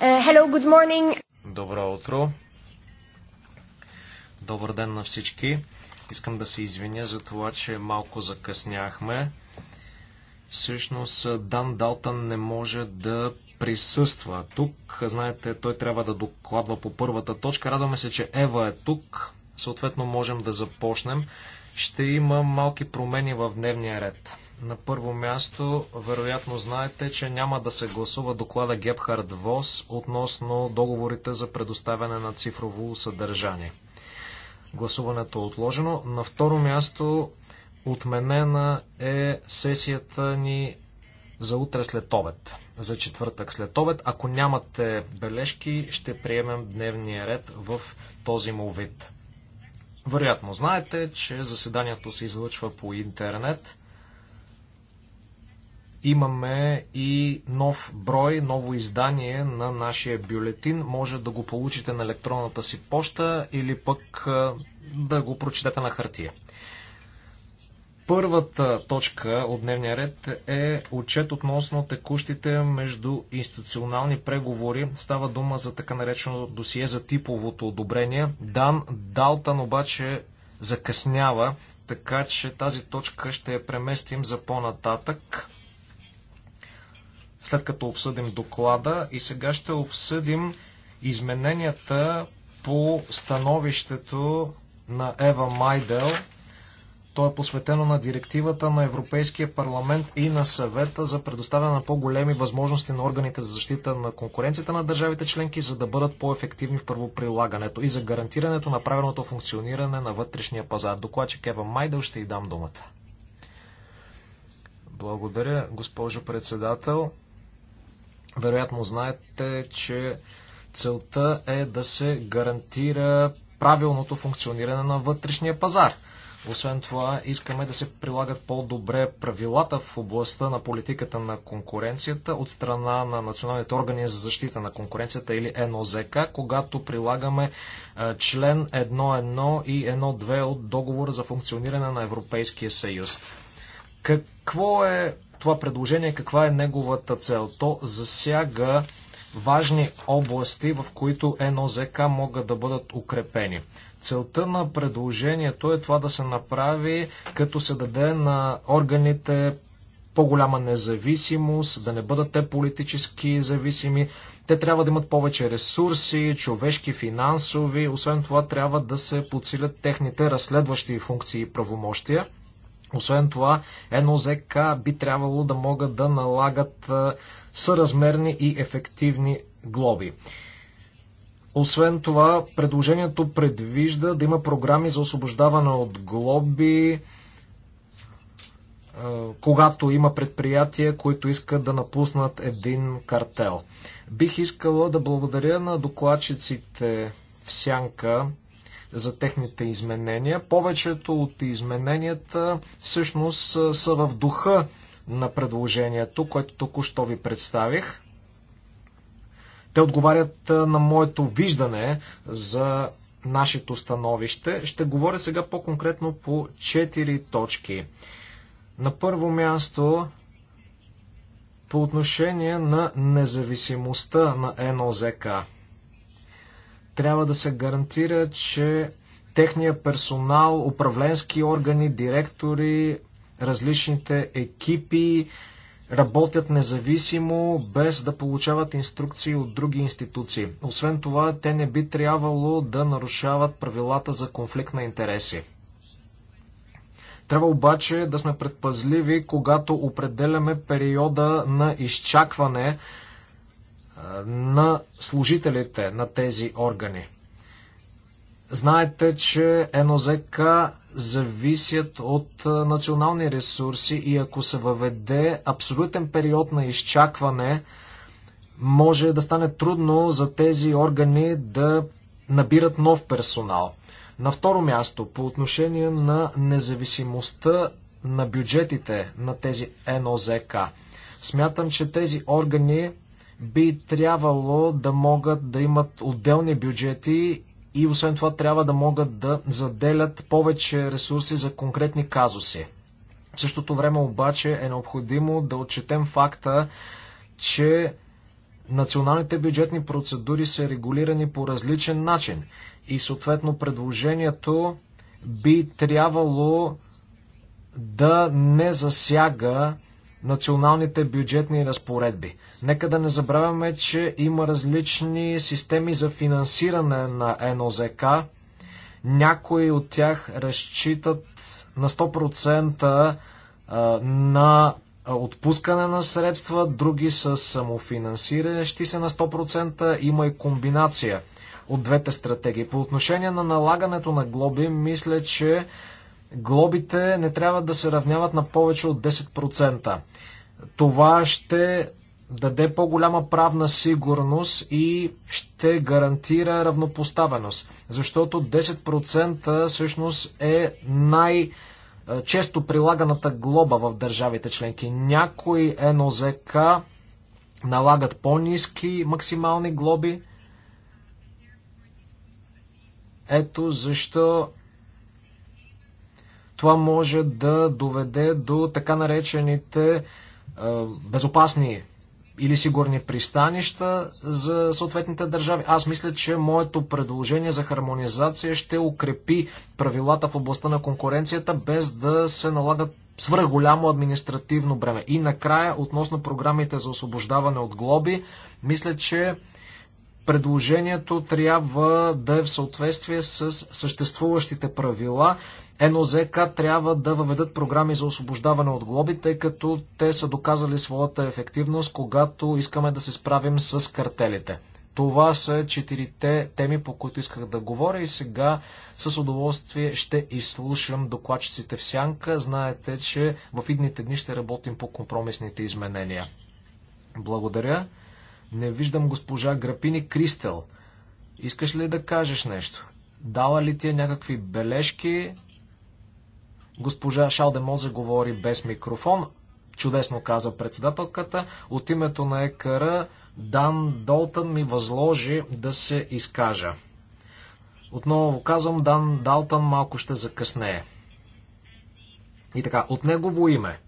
Uh, hello, good morning. Добро утро. Добър ден на всички. Искам да се извиня за това, че малко закъсняхме. Всъщност Дан Далтън не може да присъства тук. Знаете, той трябва да докладва по първата точка. Радваме се, че Ева е тук. Съответно, можем да започнем. Ще има малки промени в дневния ред. На първо място, вероятно знаете, че няма да се гласува доклада Гепхард Вос относно договорите за предоставяне на цифрово съдържание. Гласуването е отложено. На второ място, отменена е сесията ни за утре след обед, за четвъртък след обед. Ако нямате бележки, ще приемем дневния ред в този му вид. Вероятно знаете, че заседанието се излъчва по интернет имаме и нов брой, ново издание на нашия бюлетин. Може да го получите на електронната си поща или пък да го прочетете на хартия. Първата точка от дневния ред е отчет относно текущите между институционални преговори. Става дума за така наречено досие за типовото одобрение. Дан Далтан обаче закъснява, така че тази точка ще я преместим за по-нататък след като обсъдим доклада и сега ще обсъдим измененията по становището на Ева Майдел. То е посветено на директивата на Европейския парламент и на съвета за предоставяне на по-големи възможности на органите за защита на конкуренцията на държавите членки, за да бъдат по-ефективни в първоприлагането и за гарантирането на правилното функциониране на вътрешния пазар. Докладчик Ева Майдел ще й дам думата. Благодаря, госпожо председател. Вероятно знаете, че целта е да се гарантира правилното функциониране на вътрешния пазар. Освен това, искаме да се прилагат по-добре правилата в областта на политиката на конкуренцията от страна на националните органи за защита на конкуренцията или НОЗК, когато прилагаме член 1.1 и 1.2 от договора за функциониране на Европейския съюз. Какво е това предложение, каква е неговата цел. То засяга важни области, в които НОЗК могат да бъдат укрепени. Целта на предложението е това да се направи, като се даде на органите по-голяма независимост, да не бъдат те политически зависими. Те трябва да имат повече ресурси, човешки, финансови. Освен това, трябва да се подсилят техните разследващи функции и правомощия. Освен това, НОЗК би трябвало да могат да налагат съразмерни и ефективни глоби. Освен това, предложението предвижда да има програми за освобождаване от глоби, когато има предприятия, които искат да напуснат един картел. Бих искала да благодаря на докладчиците в Сянка за техните изменения. Повечето от измененията всъщност са в духа на предложението, което току-що ви представих. Те отговарят на моето виждане за нашето становище. Ще говоря сега по-конкретно по четири точки. На първо място по отношение на независимостта на НОЗК. Трябва да се гарантира, че техния персонал, управленски органи, директори, различните екипи работят независимо, без да получават инструкции от други институции. Освен това, те не би трябвало да нарушават правилата за конфликт на интереси. Трябва обаче да сме предпазливи, когато определяме периода на изчакване на служителите на тези органи. Знаете, че НОЗК зависят от национални ресурси и ако се въведе абсолютен период на изчакване, може да стане трудно за тези органи да набират нов персонал. На второ място, по отношение на независимостта на бюджетите на тези НОЗК. Смятам, че тези органи би трябвало да могат да имат отделни бюджети и освен това трябва да могат да заделят повече ресурси за конкретни казуси. В същото време обаче е необходимо да отчетем факта, че националните бюджетни процедури са регулирани по различен начин и съответно предложението би трябвало да не засяга националните бюджетни разпоредби. Нека да не забравяме, че има различни системи за финансиране на НОЗК. Някои от тях разчитат на 100% на отпускане на средства, други са самофинансиращи се на 100%, има и комбинация от двете стратегии. По отношение на налагането на глоби, мисля, че глобите не трябва да се равняват на повече от 10%. Това ще даде по-голяма правна сигурност и ще гарантира равнопоставеност, защото 10% всъщност е най- често прилаганата глоба в държавите членки. Някои НОЗК налагат по-низки максимални глоби. Ето защо това може да доведе до така наречените е, безопасни или сигурни пристанища за съответните държави. Аз мисля, че моето предложение за хармонизация ще укрепи правилата в областта на конкуренцията, без да се налагат свърх голямо административно бреме. И накрая, относно програмите за освобождаване от глоби, мисля, че предложението трябва да е в съответствие с съществуващите правила НОЗК трябва да въведат програми за освобождаване от глоби, тъй като те са доказали своята ефективност, когато искаме да се справим с картелите. Това са четирите теми, по които исках да говоря и сега с удоволствие ще изслушам докладчиците в сянка. Знаете, че в идните дни ще работим по компромисните изменения. Благодаря. Не виждам госпожа Грапини Кристел. Искаш ли да кажеш нещо? Дала ли ти е някакви бележки? Госпожа Шалдемоза говори без микрофон. Чудесно каза председателката. От името на ЕКР Дан Долтън ми възложи да се изкажа. Отново казвам, Дан Далтън малко ще закъснее. И така, от негово име.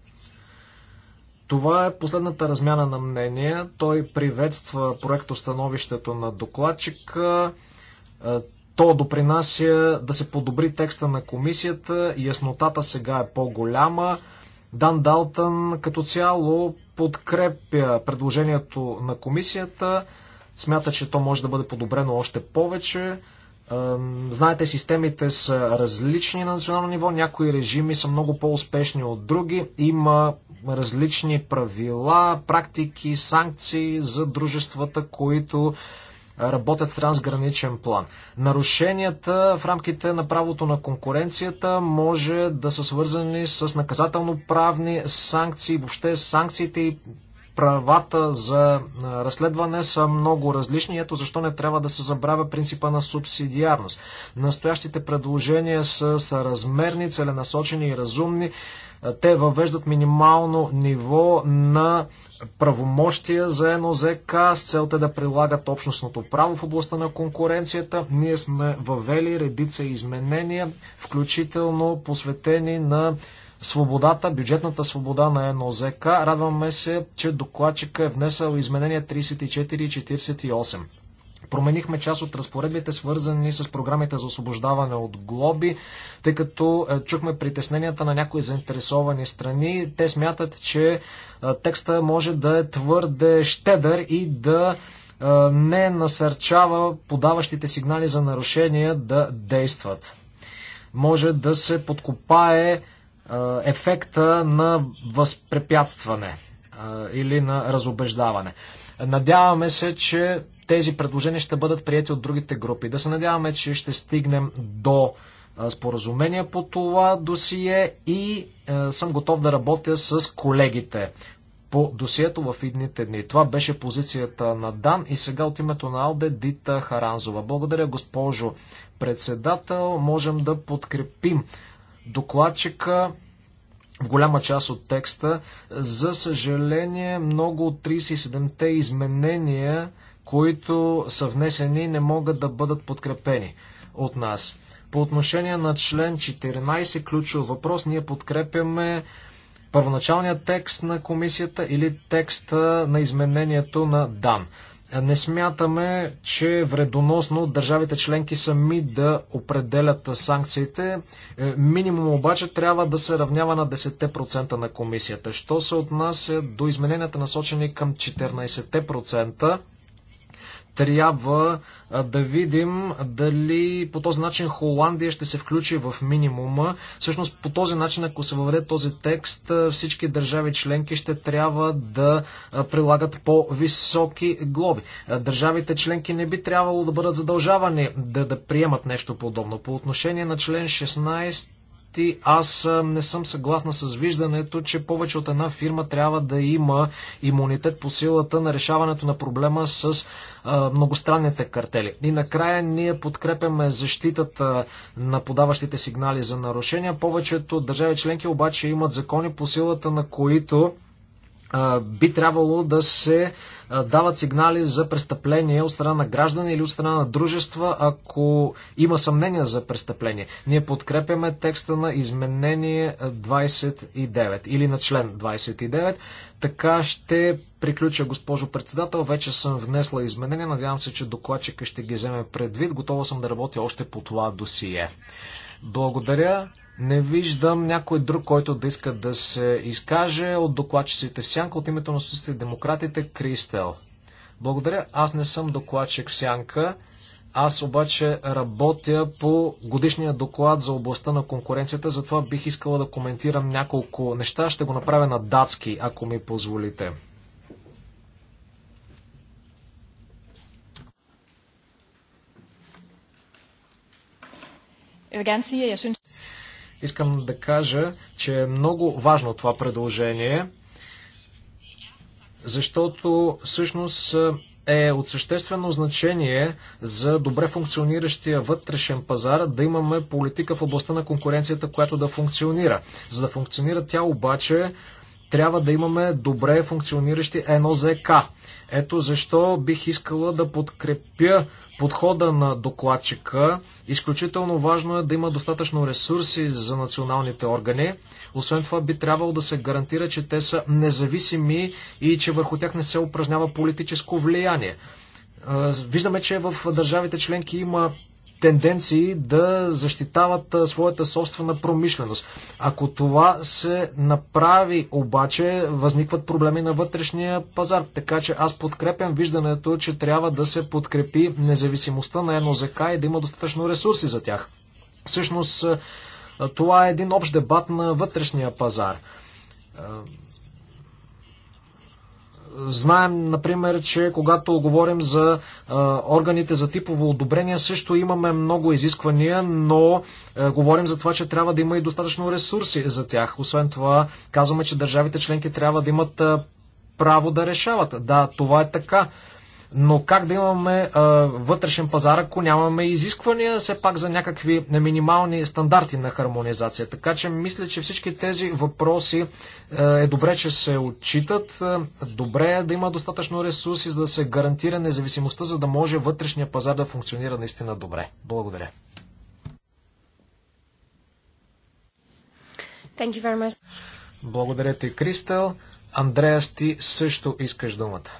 Това е последната размяна на мнения. Той приветства становището на докладчика. То допринася да се подобри текста на комисията, яснотата сега е по-голяма. Дан Далтън като цяло подкрепя предложението на комисията, смята, че то може да бъде подобрено още повече. Знаете, системите са различни на национално ниво, някои режими са много по-успешни от други, има различни правила, практики, санкции за дружествата, които работят в трансграничен план. Нарушенията в рамките на правото на конкуренцията може да са свързани с наказателно-правни санкции, въобще санкциите и правата за разследване са много различни. Ето защо не трябва да се забравя принципа на субсидиарност. Настоящите предложения са, са размерни, целенасочени и разумни. Те въвеждат минимално ниво на правомощия за НОЗК с целта да прилагат общностното право в областта на конкуренцията. Ние сме въвели редица изменения, включително посветени на свободата, бюджетната свобода на НОЗК. Радваме се, че докладчика е внесъл изменения 34 и 48. Променихме част от разпоредбите, свързани с програмите за освобождаване от глоби, тъй като е, чухме притесненията на някои заинтересовани страни. Те смятат, че е, текста може да е твърде щедър и да е, не насърчава подаващите сигнали за нарушения да действат. Може да се подкопае ефекта на възпрепятстване или на разобеждаване. Надяваме се, че тези предложения ще бъдат прияти от другите групи. Да се надяваме, че ще стигнем до споразумение по това досие и съм готов да работя с колегите по досието в идните дни. Това беше позицията на Дан и сега от името на Алде Дита Харанзова. Благодаря, госпожо председател. Можем да подкрепим докладчика в голяма част от текста. За съжаление, много от 37-те изменения, които са внесени, не могат да бъдат подкрепени от нас. По отношение на член 14, ключов въпрос, ние подкрепяме първоначалния текст на комисията или текста на изменението на ДАН. Не смятаме, че е вредоносно държавите членки сами да определят санкциите. Е, минимум обаче трябва да се равнява на 10% на комисията. Що се отнася до измененията насочени към 14%, трябва да видим дали по този начин Холандия ще се включи в минимума. Всъщност по този начин, ако се въведе този текст, всички държави членки ще трябва да прилагат по-високи глоби. Държавите членки не би трябвало да бъдат задължавани да, да приемат нещо подобно. По отношение на член 16 аспекти аз не съм съгласна с виждането, че повече от една фирма трябва да има имунитет по силата на решаването на проблема с а, многостранните картели. И накрая ние подкрепяме защитата на подаващите сигнали за нарушения. Повечето държави членки обаче имат закони по силата на които би трябвало да се дават сигнали за престъпление от страна на граждани или от страна на дружества, ако има съмнение за престъпление. Ние подкрепяме текста на изменение 29 или на член 29. Така ще приключа, госпожо председател. Вече съм внесла изменения. Надявам се, че докладчика ще ги вземе предвид. Готова съм да работя още по това досие. Благодаря. Не виждам някой друг, който да иска да се изкаже от докладчиците в сянка от името на социалистите демократите Кристел. Благодаря, аз не съм докладчик в сянка. Аз обаче работя по годишния доклад за областта на конкуренцията, затова бих искала да коментирам няколко неща. Ще го направя на датски, ако ми позволите. Jeg vil gerne sige, at jeg synes, Искам да кажа, че е много важно това предложение, защото всъщност е, е от съществено значение за добре функциониращия вътрешен пазар да имаме политика в областта на конкуренцията, която да функционира. За да функционира тя обаче, трябва да имаме добре функциониращи НОЗК. Ето защо бих искала да подкрепя подхода на докладчика. Изключително важно е да има достатъчно ресурси за националните органи. Освен това би трябвало да се гарантира, че те са независими и че върху тях не се упражнява политическо влияние. Виждаме, че в държавите членки има тенденции да защитават своята собствена промишленост. Ако това се направи, обаче възникват проблеми на вътрешния пазар. Така че аз подкрепям виждането, че трябва да се подкрепи независимостта на НОЗК и да има достатъчно ресурси за тях. Всъщност, това е един общ дебат на вътрешния пазар. Знаем, например, че когато говорим за а, органите за типово одобрение, също имаме много изисквания, но а, говорим за това, че трябва да има и достатъчно ресурси за тях. Освен това, казваме, че държавите членки трябва да имат а, право да решават. Да, това е така. Но как да имаме а, вътрешен пазар, ако нямаме изисквания все пак за някакви минимални стандарти на хармонизация? Така че мисля, че всички тези въпроси а, е добре, че се отчитат. А, добре е да има достатъчно ресурси, за да се гарантира независимостта, за да може вътрешния пазар да функционира наистина добре. Благодаря. Thank you very much. Благодаря ти, Кристал. Андреас, ти също искаш думата.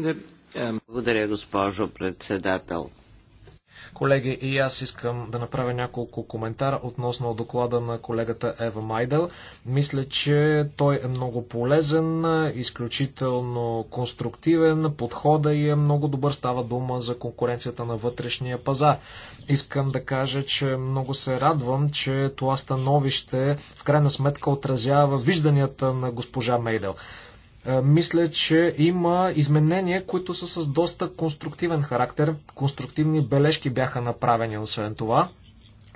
Um, Благодаря, госпожо председател. Колеги, и аз искам да направя няколко коментара относно доклада на колегата Ева Майдел. Мисля, че той е много полезен, изключително конструктивен, подхода и е много добър. Става дума за конкуренцията на вътрешния пазар. Искам да кажа, че много се радвам, че това становище в крайна сметка отразява вижданията на госпожа Мейдел мисля, че има изменения, които са с доста конструктивен характер. Конструктивни бележки бяха направени, освен това.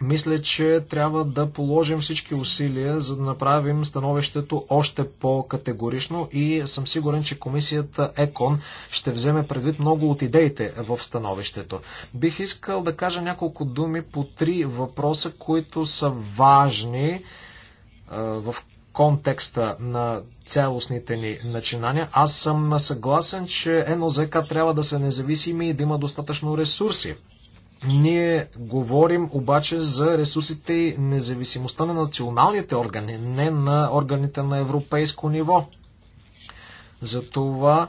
Мисля, че трябва да положим всички усилия, за да направим становището още по-категорично и съм сигурен, че комисията ЕКОН ще вземе предвид много от идеите в становището. Бих искал да кажа няколко думи по три въпроса, които са важни в контекста на цялостните ни начинания. Аз съм съгласен, че НОЗК трябва да са независими и да има достатъчно ресурси. Ние говорим обаче за ресурсите и независимостта на националните органи, не на органите на европейско ниво. Затова,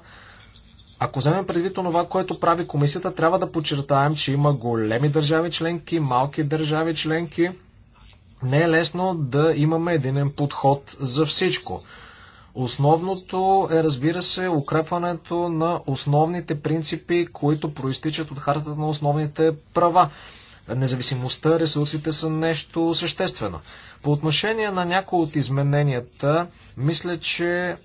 ако вземем предвид това, което прави комисията, трябва да подчертаем, че има големи държави членки, малки държави членки. Не е лесно да имаме единен подход за всичко. Основното е, разбира се, укрепването на основните принципи, които проистичат от хартата на основните права. Независимостта, ресурсите са нещо съществено. По отношение на някои от измененията, мисля, че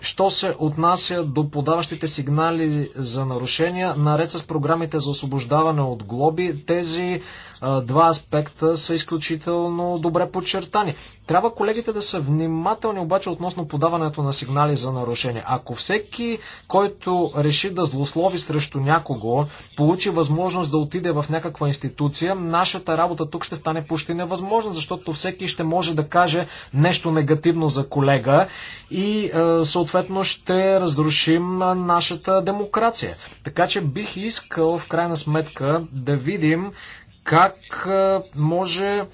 Що се отнася до подаващите сигнали за нарушения, наред с програмите за освобождаване от глоби, тези а, два аспекта са изключително добре подчертани. Трябва колегите да са внимателни обаче относно подаването на сигнали за нарушения. Ако всеки, който реши да злослови срещу някого, получи възможност да отиде в някаква институция, нашата работа тук ще стане почти невъзможна, защото всеки ще може да каже нещо негативно за колега и а, съответно ще разрушим нашата демокрация. Така че бих искал в крайна сметка да видим как може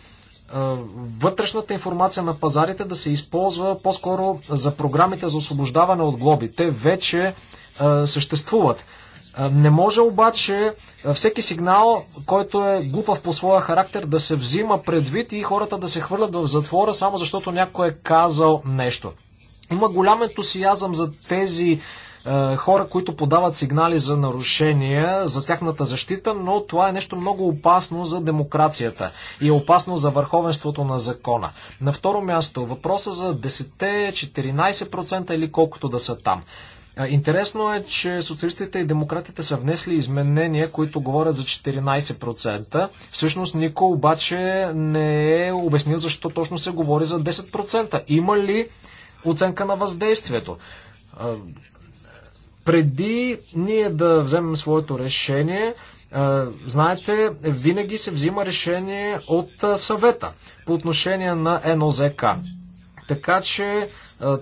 вътрешната информация на пазарите да се използва по-скоро за програмите за освобождаване от глоби. Те вече съществуват. Не може обаче всеки сигнал, който е глупав по своя характер, да се взима предвид и хората да се хвърлят в затвора, само защото някой е казал нещо. Има голям ентусиазъм за тези е, хора, които подават сигнали за нарушения, за тяхната защита, но това е нещо много опасно за демокрацията и е опасно за върховенството на закона. На второ място, въпроса за 10-14% или колкото да са там. Е, интересно е, че социалистите и демократите са внесли изменения, които говорят за 14%. Всъщност никой обаче не е обяснил защо точно се говори за 10%. Има ли оценка на въздействието. Преди ние да вземем своето решение, знаете, винаги се взима решение от съвета по отношение на НОЗК. Така че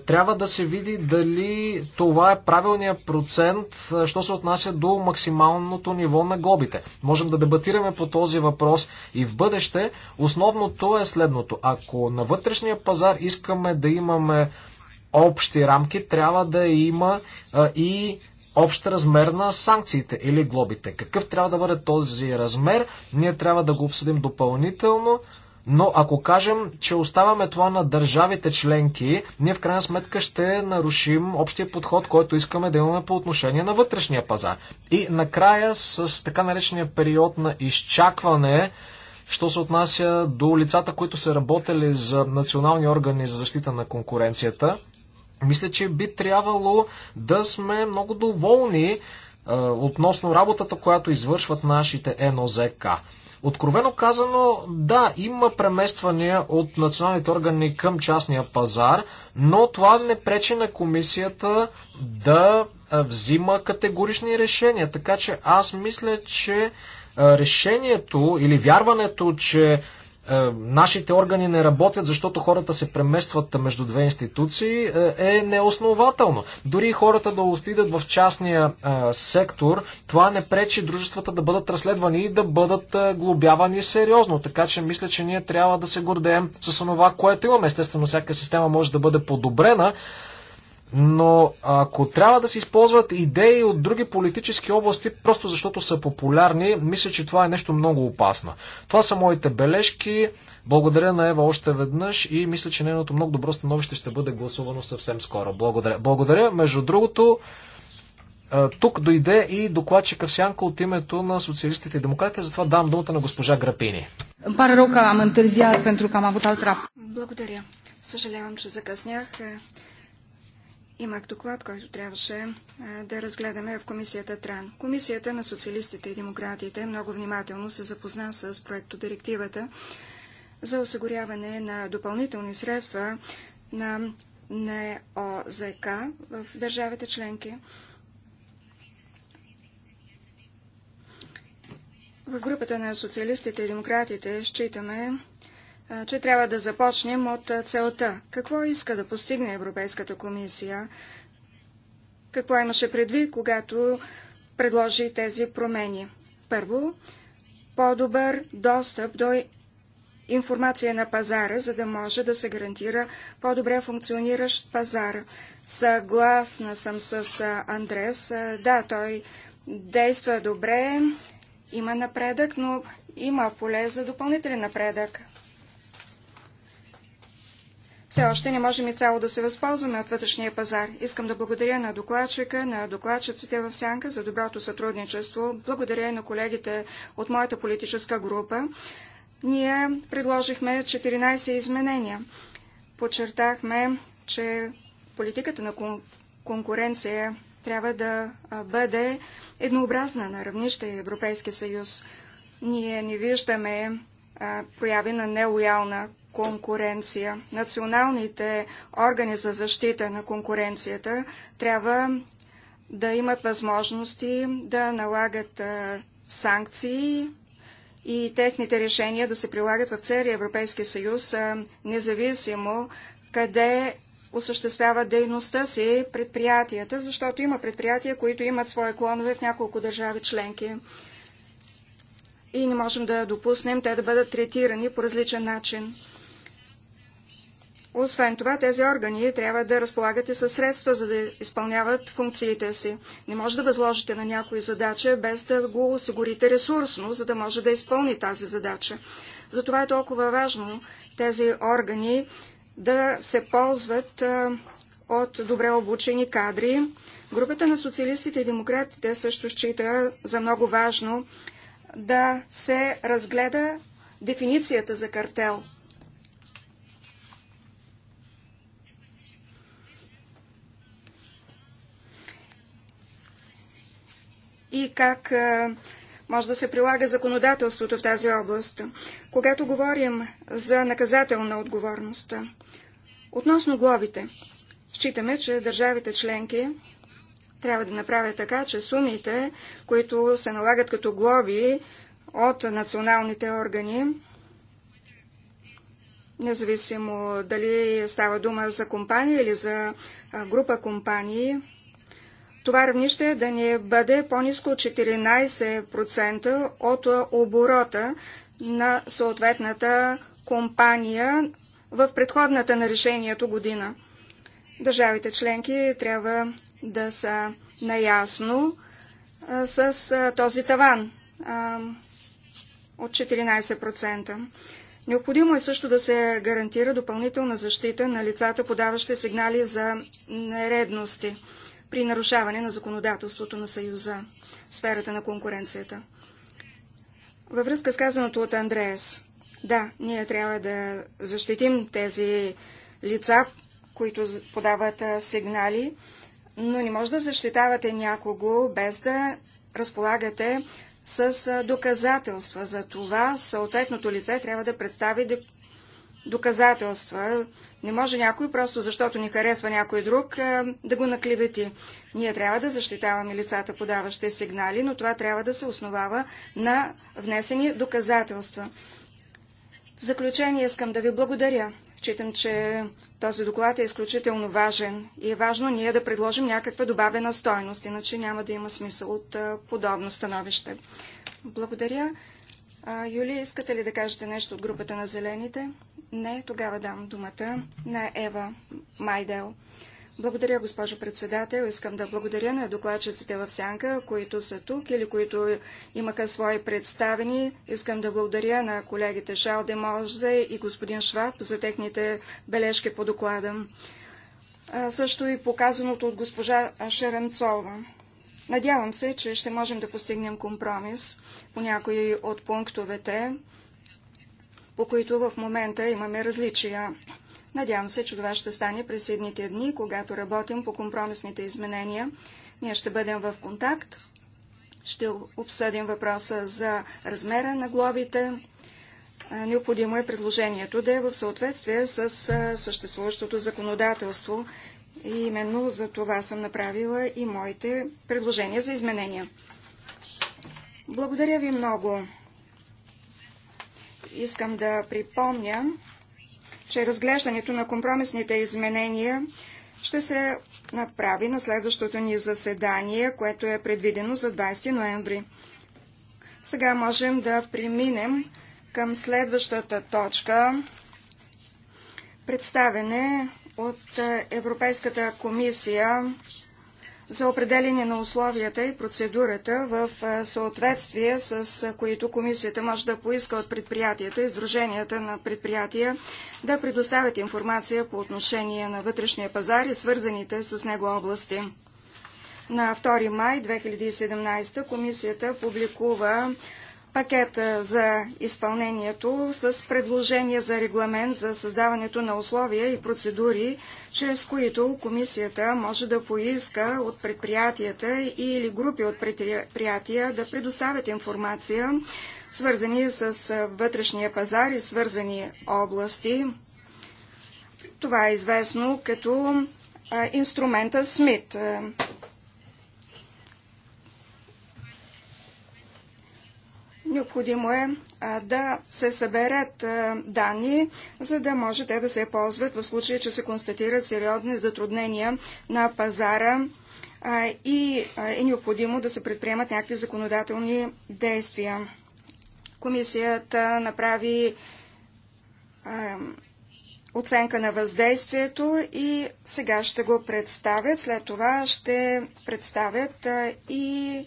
трябва да се види дали това е правилният процент, що се отнася до максималното ниво на глобите. Можем да дебатираме по този въпрос и в бъдеще. Основното е следното. Ако на вътрешния пазар искаме да имаме общи рамки, трябва да има и общ размер на санкциите или глобите. Какъв трябва да бъде този размер, ние трябва да го обсъдим допълнително. Но ако кажем, че оставаме това на държавите членки, ние в крайна сметка ще нарушим общия подход, който искаме да имаме по отношение на вътрешния пазар. И накрая с така наречения период на изчакване, що се отнася до лицата, които са работели за национални органи за защита на конкуренцията, мисля, че би трябвало да сме много доволни е, относно работата, която извършват нашите НОЗК. Откровено казано, да, има премествания от националните органи към частния пазар, но това не пречи на комисията да взима категорични решения. Така че аз мисля, че решението или вярването, че е, нашите органи не работят, защото хората се преместват между две институции, е, е неоснователно. Дори хората да отидат в частния е, сектор, това не пречи дружествата да бъдат разследвани и да бъдат глобявани сериозно. Така че мисля, че ние трябва да се гордеем с това, което имаме. Естествено, всяка система може да бъде подобрена, но ако трябва да се използват идеи от други политически области, просто защото са популярни, мисля, че това е нещо много опасно. Това са моите бележки. Благодаря на Ева още веднъж и мисля, че нейното много добро становище ще бъде гласувано съвсем скоро. Благодаря. Благодаря. Между другото, тук дойде и докладчика в сянка от името на социалистите и демократите, затова давам думата на госпожа Грапини. Благодаря. Съжалявам, че закъснях. Имах доклад, който трябваше да разгледаме в комисията Тран. Комисията на социалистите и демократите много внимателно се запозна с проекто директивата за осигуряване на допълнителни средства на НОЗК в държавите членки. В групата на социалистите и демократите считаме, че трябва да започнем от целта. Какво иска да постигне Европейската комисия? Какво имаше предвид, когато предложи тези промени? Първо, по-добър достъп до информация на пазара, за да може да се гарантира по-добре функциониращ пазар. Съгласна съм с Андрес. Да, той действа добре, има напредък, но има поле за допълнителен напредък все още не можем цяло да се възползваме от вътрешния пазар. Искам да благодаря на докладчика, на докладчиците в Сянка за доброто сътрудничество. Благодаря и на колегите от моята политическа група. Ние предложихме 14 изменения. Подчертахме, че политиката на кон конкуренция трябва да бъде еднообразна на равнище Европейски съюз. Ние не виждаме а, прояви на нелоялна конкуренция. Националните органи за защита на конкуренцията трябва да имат възможности да налагат санкции и техните решения да се прилагат в целия Европейски съюз, независимо къде осъществяват дейността си предприятията, защото има предприятия, които имат свои клонове в няколко държави членки. И не можем да допуснем те да бъдат третирани по различен начин. Освен това, тези органи трябва да разполагат и със средства, за да изпълняват функциите си. Не може да възложите на някои задача, без да го осигурите ресурсно, за да може да изпълни тази задача. Затова е толкова важно тези органи да се ползват от добре обучени кадри. Групата на социалистите и демократите също счита за много важно да се разгледа дефиницията за картел. и как може да се прилага законодателството в тази област, когато говорим за наказателна отговорност. Относно глобите, считаме, че държавите членки трябва да направят така, че сумите, които се налагат като глоби от националните органи, независимо дали става дума за компания или за група компании, това равнище да не бъде по-низко от 14% от оборота на съответната компания в предходната на решението година. Държавите членки трябва да са наясно с този таван от 14%. Необходимо е също да се гарантира допълнителна защита на лицата, подаващи сигнали за нередности при нарушаване на законодателството на Съюза в сферата на конкуренцията. Във връзка с казаното от Андреас, да, ние трябва да защитим тези лица, които подават сигнали, но не може да защитавате някого без да разполагате с доказателства. За това съответното лице трябва да представи доказателства. Не може някой просто защото ни харесва някой друг да го наклевети. Ние трябва да защитаваме лицата, подаващи сигнали, но това трябва да се основава на внесени доказателства. В заключение искам да ви благодаря. Читам, че този доклад е изключително важен и е важно ние да предложим някаква добавена стойност, иначе няма да има смисъл от подобно становище. Благодаря. А, Юли, искате ли да кажете нещо от групата на зелените? Не, тогава дам думата на Ева Майдел. Благодаря, госпожо председател. Искам да благодаря на докладчиците в Сянка, които са тук или които имаха свои представени. Искам да благодаря на колегите Шал Мозе и господин Шваб за техните бележки по доклада. А, също и показаното от госпожа Шеренцова. Надявам се, че ще можем да постигнем компромис по някои от пунктовете, по които в момента имаме различия. Надявам се, че това ще стане през едните дни, когато работим по компромисните изменения. Ние ще бъдем в контакт, ще обсъдим въпроса за размера на глобите. Необходимо е предложението да е в съответствие с съществуващото законодателство, и именно за това съм направила и моите предложения за изменения. Благодаря ви много. Искам да припомня, че разглеждането на компромисните изменения ще се направи на следващото ни заседание, което е предвидено за 20 ноември. Сега можем да преминем към следващата точка представене от е, Европейската комисия за определение на условията и процедурата в е, съответствие с е, които комисията може да поиска от предприятията и сдруженията на предприятия да предоставят информация по отношение на вътрешния пазар и свързаните с него области. На 2 май 2017 комисията публикува пакета за изпълнението с предложение за регламент за създаването на условия и процедури, чрез които комисията може да поиска от предприятията или групи от предприятия да предоставят информация, свързани с вътрешния пазар и свързани области. Това е известно като инструмента СМИТ. Необходимо е да се съберат данни, за да може те да се ползват в случай, че се констатират сериозни затруднения на пазара и е необходимо да се предприемат някакви законодателни действия. Комисията направи оценка на въздействието и сега ще го представят. След това ще представят и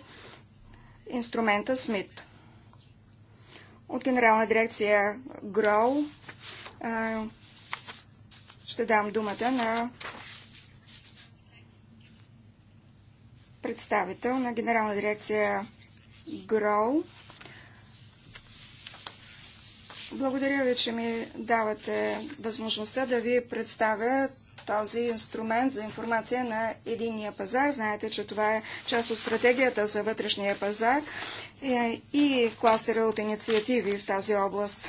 инструмента СМИТ от Генерална дирекция ГРОУ. Ще дам думата на представител на Генерална дирекция ГРОУ. Благодаря ви, че ми давате възможността да ви представя този инструмент за информация на единния пазар. Знаете, че това е част от стратегията за вътрешния пазар е, и кластера от инициативи в тази област.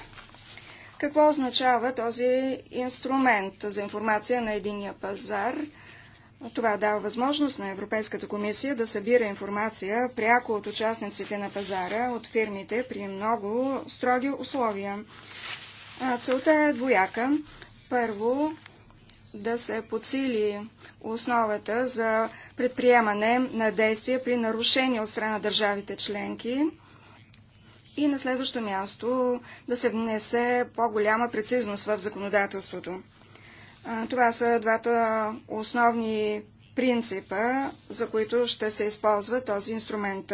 Какво означава този инструмент за информация на единния пазар? Това дава възможност на Европейската комисия да събира информация пряко от участниците на пазара, от фирмите при много строги условия. Целта е двояка. Първо, да се подсили основата за предприемане на действия при нарушение от страна на държавите членки. И на следващо място да се внесе по-голяма прецизност в законодателството. Това са двата основни принципа, за които ще се използва този инструмент.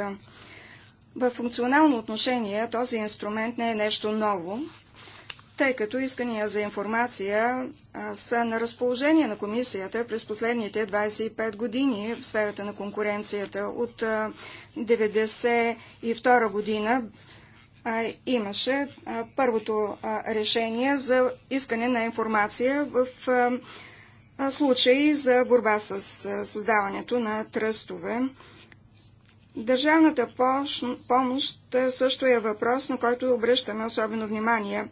В функционално отношение този инструмент не е нещо ново тъй като искания за информация са на разположение на комисията през последните 25 години в сферата на конкуренцията. От 1992 година имаше първото решение за искане на информация в случаи за борба с създаването на тръстове. Държавната помощ също е въпрос, на който обръщаме особено внимание.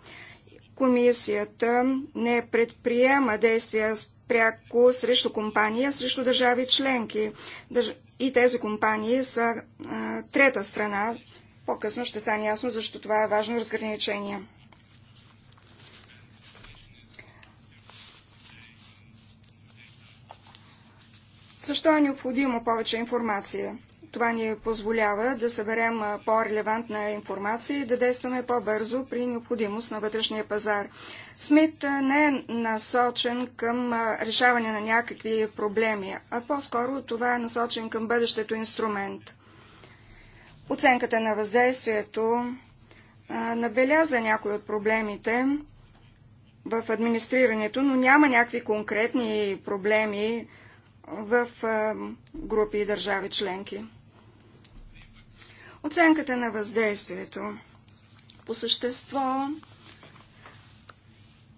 Комисията не предприема действия пряко срещу компания, срещу държави членки. И тези компании са а, трета страна. По-късно ще стане ясно, защо това е важно разграничение. Защо е необходимо повече информация? Това ни позволява да съберем по-релевантна информация и да действаме по-бързо при необходимост на вътрешния пазар. Смит не е насочен към решаване на някакви проблеми, а по-скоро това е насочен към бъдещето инструмент. Оценката на въздействието набеляза някои от проблемите в администрирането, но няма някакви конкретни проблеми в групи и държави членки. Оценката на въздействието. По същество,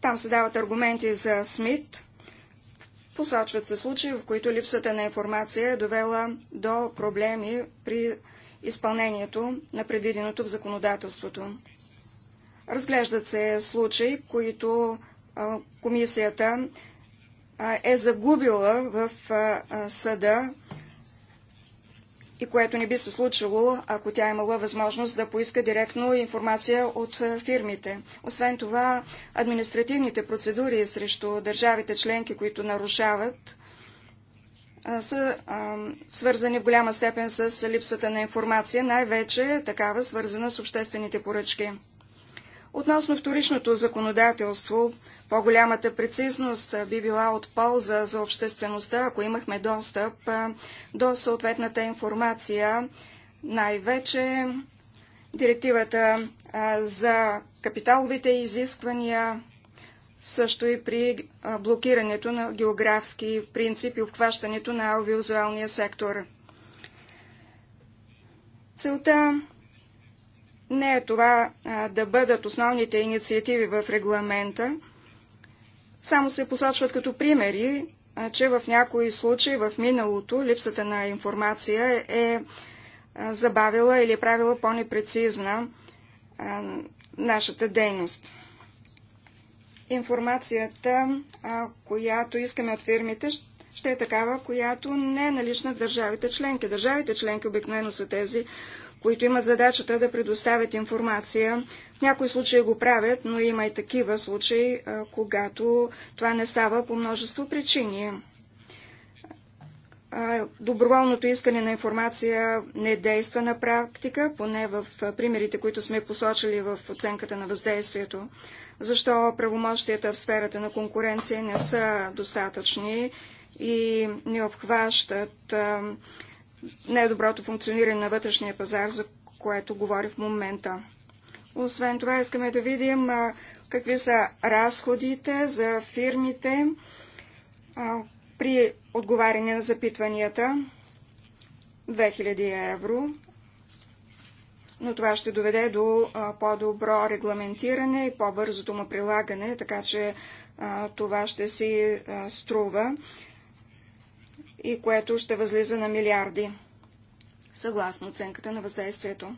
там се дават аргументи за СМИТ. Посочват се случаи, в които липсата на информация е довела до проблеми при изпълнението на предвиденото в законодателството. Разглеждат се случаи, които комисията е загубила в съда и което не би се случило, ако тя е имала възможност да поиска директно информация от е, фирмите. Освен това, административните процедури срещу държавите членки, които нарушават, са свързани в голяма степен с липсата на информация, най-вече такава свързана с обществените поръчки. Относно вторичното законодателство, по-голямата прецизност би била от полза за обществеността, ако имахме достъп до съответната информация, най-вече директивата за капиталовите изисквания, също и при блокирането на географски принципи, обхващането на аудиовизуалния сектор. Целта не е това а, да бъдат основните инициативи в регламента. Само се посочват като примери, а, че в някои случаи в миналото липсата на информация е а, забавила или е правила по-непрецизна нашата дейност. Информацията, която искаме от фирмите, ще е такава, която не е налична в държавите членки. Държавите членки обикновено са тези, които имат задачата да предоставят информация. В някои случаи го правят, но има и такива случаи, когато това не става по множество причини. Доброволното искане на информация не действа на практика, поне в примерите, които сме посочили в оценката на въздействието. Защо правомощията в сферата на конкуренция не са достатъчни и не обхващат недоброто функциониране на вътрешния пазар, за което говори в момента. Освен това, искаме да видим какви са разходите за фирмите при отговаряне на запитванията. 2000 евро. Но това ще доведе до по-добро регламентиране и по-бързото му прилагане, така че това ще си струва и което ще възлиза на милиарди, съгласно оценката на въздействието.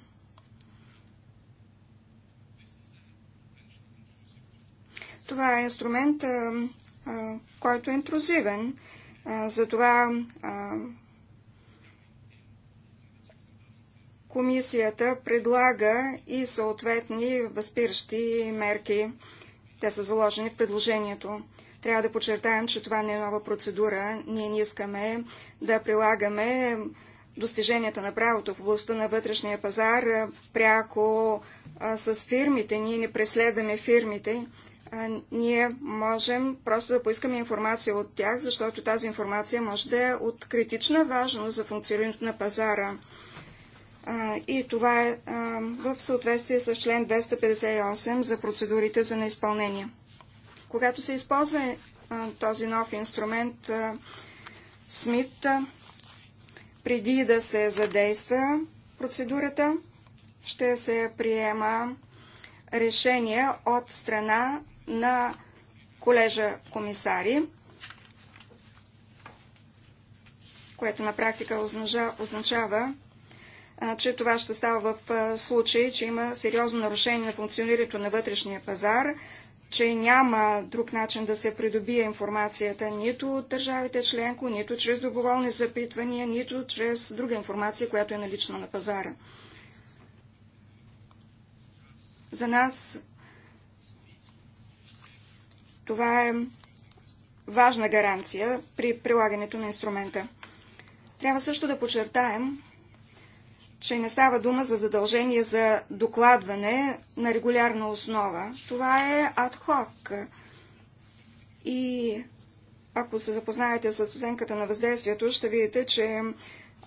Това е инструмент, който е интрузивен. затова комисията предлага и съответни възпиращи мерки. Те са заложени в предложението. Трябва да подчертаем, че това не е нова процедура. Ние не искаме да прилагаме достиженията на правото в областта на вътрешния пазар пряко а, с фирмите. Ние не преследваме фирмите. А, ние можем просто да поискаме информация от тях, защото тази информация може да е от критична важност за функционирането на пазара. А, и това е в съответствие с член 258 за процедурите за неизпълнение. Когато се използва е, този нов инструмент СМИТ, преди да се задейства процедурата, ще се приема решение от страна на колежа комисари, което на практика означава, че това ще става в случай, че има сериозно нарушение на функционирането на вътрешния пазар, че няма друг начин да се придобие информацията нито от държавите членко, нито чрез доброволни запитвания, нито чрез друга информация, която е налична на пазара. За нас това е важна гаранция при прилагането на инструмента. Трябва също да подчертаем, че не става дума за задължение за докладване на регулярна основа. Това е адхок. И ако се запознаете с оценката на въздействието, ще видите, че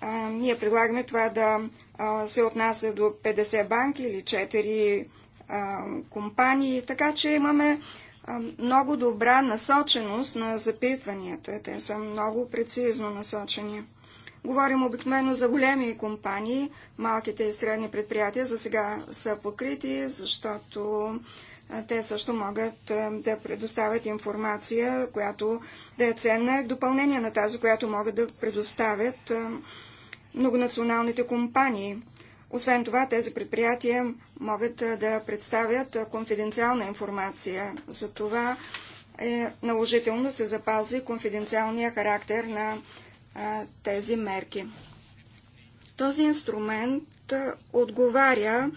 а, ние предлагаме това да а, се отнася до 50 банки или 4 а, компании, така че имаме а, много добра насоченост на запитванията. Те са много прецизно насочени. Говорим обикновено за големи компании. Малките и средни предприятия за сега са покрити, защото те също могат да предоставят информация, която да е ценна в допълнение на тази, която могат да предоставят многонационалните компании. Освен това, тези предприятия могат да представят конфиденциална информация. За това е наложително да се запази конфиденциалния характер на а, тези мерки. Този инструмент отговаря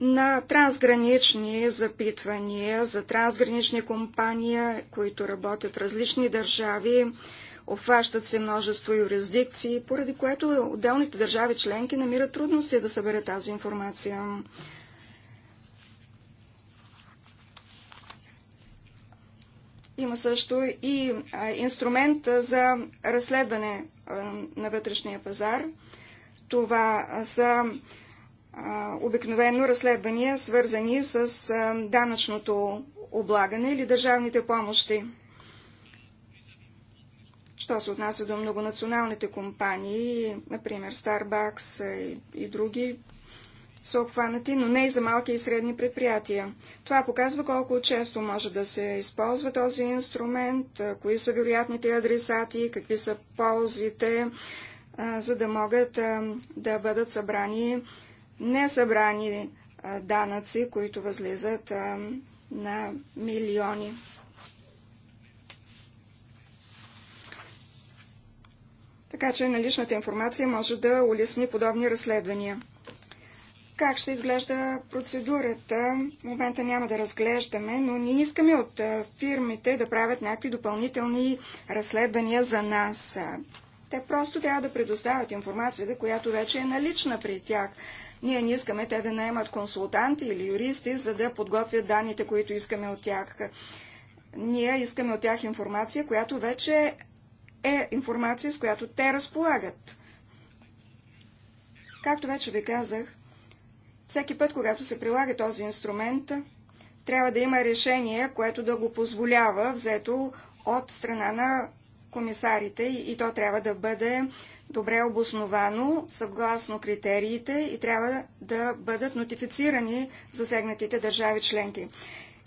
на трансгранични запитвания за трансгранични компании, които работят в различни държави, обхващат се множество юрисдикции, поради което отделните държави членки намират трудности да съберат тази информация. Има също и инструмент за разследване на вътрешния пазар. Това са обикновено разследвания, свързани с данъчното облагане или държавните помощи. Що се отнася до многонационалните компании, например Starbucks и други, са обхванати, но не и за малки и средни предприятия. Това показва колко често може да се използва този инструмент, кои са вероятните адресати, какви са ползите, за да могат да бъдат събрани несъбрани данъци, които възлизат на милиони. Така че наличната информация може да улесни подобни разследвания. Как ще изглежда процедурата? В момента няма да разглеждаме, но ние искаме от фирмите да правят някакви допълнителни разследвания за нас. Те просто трябва да предоставят информацията, която вече е налична при тях. Ние не искаме те да наемат консултанти или юристи, за да подготвят данните, които искаме от тях. Ние искаме от тях информация, която вече е информация, с която те разполагат. Както вече ви казах, всеки път, когато се прилага този инструмент, трябва да има решение, което да го позволява, взето от страна на комисарите и то трябва да бъде добре обосновано, съгласно критериите и трябва да бъдат нотифицирани засегнатите държави членки.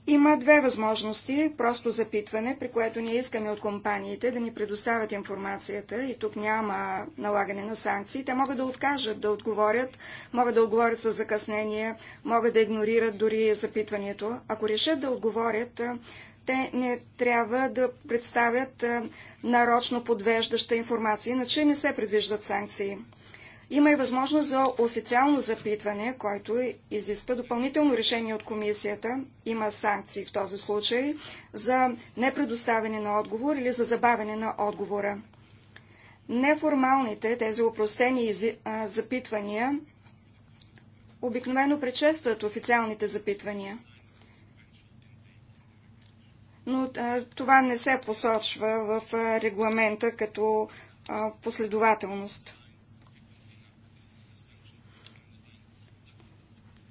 Има две възможности, просто запитване, при което ние искаме от компаниите да ни предоставят информацията и тук няма налагане на санкции. Те могат да откажат да отговорят, могат да отговорят с закъснение, могат да игнорират дори запитването. Ако решат да отговорят, те не трябва да представят нарочно подвеждаща информация, иначе не се предвиждат санкции. Има и възможност за официално запитване, който изисква допълнително решение от комисията. Има санкции в този случай за непредоставяне на отговор или за забавяне на отговора. Неформалните, тези упростени запитвания, обикновено предшестват официалните запитвания. Но това не се посочва в регламента като последователност.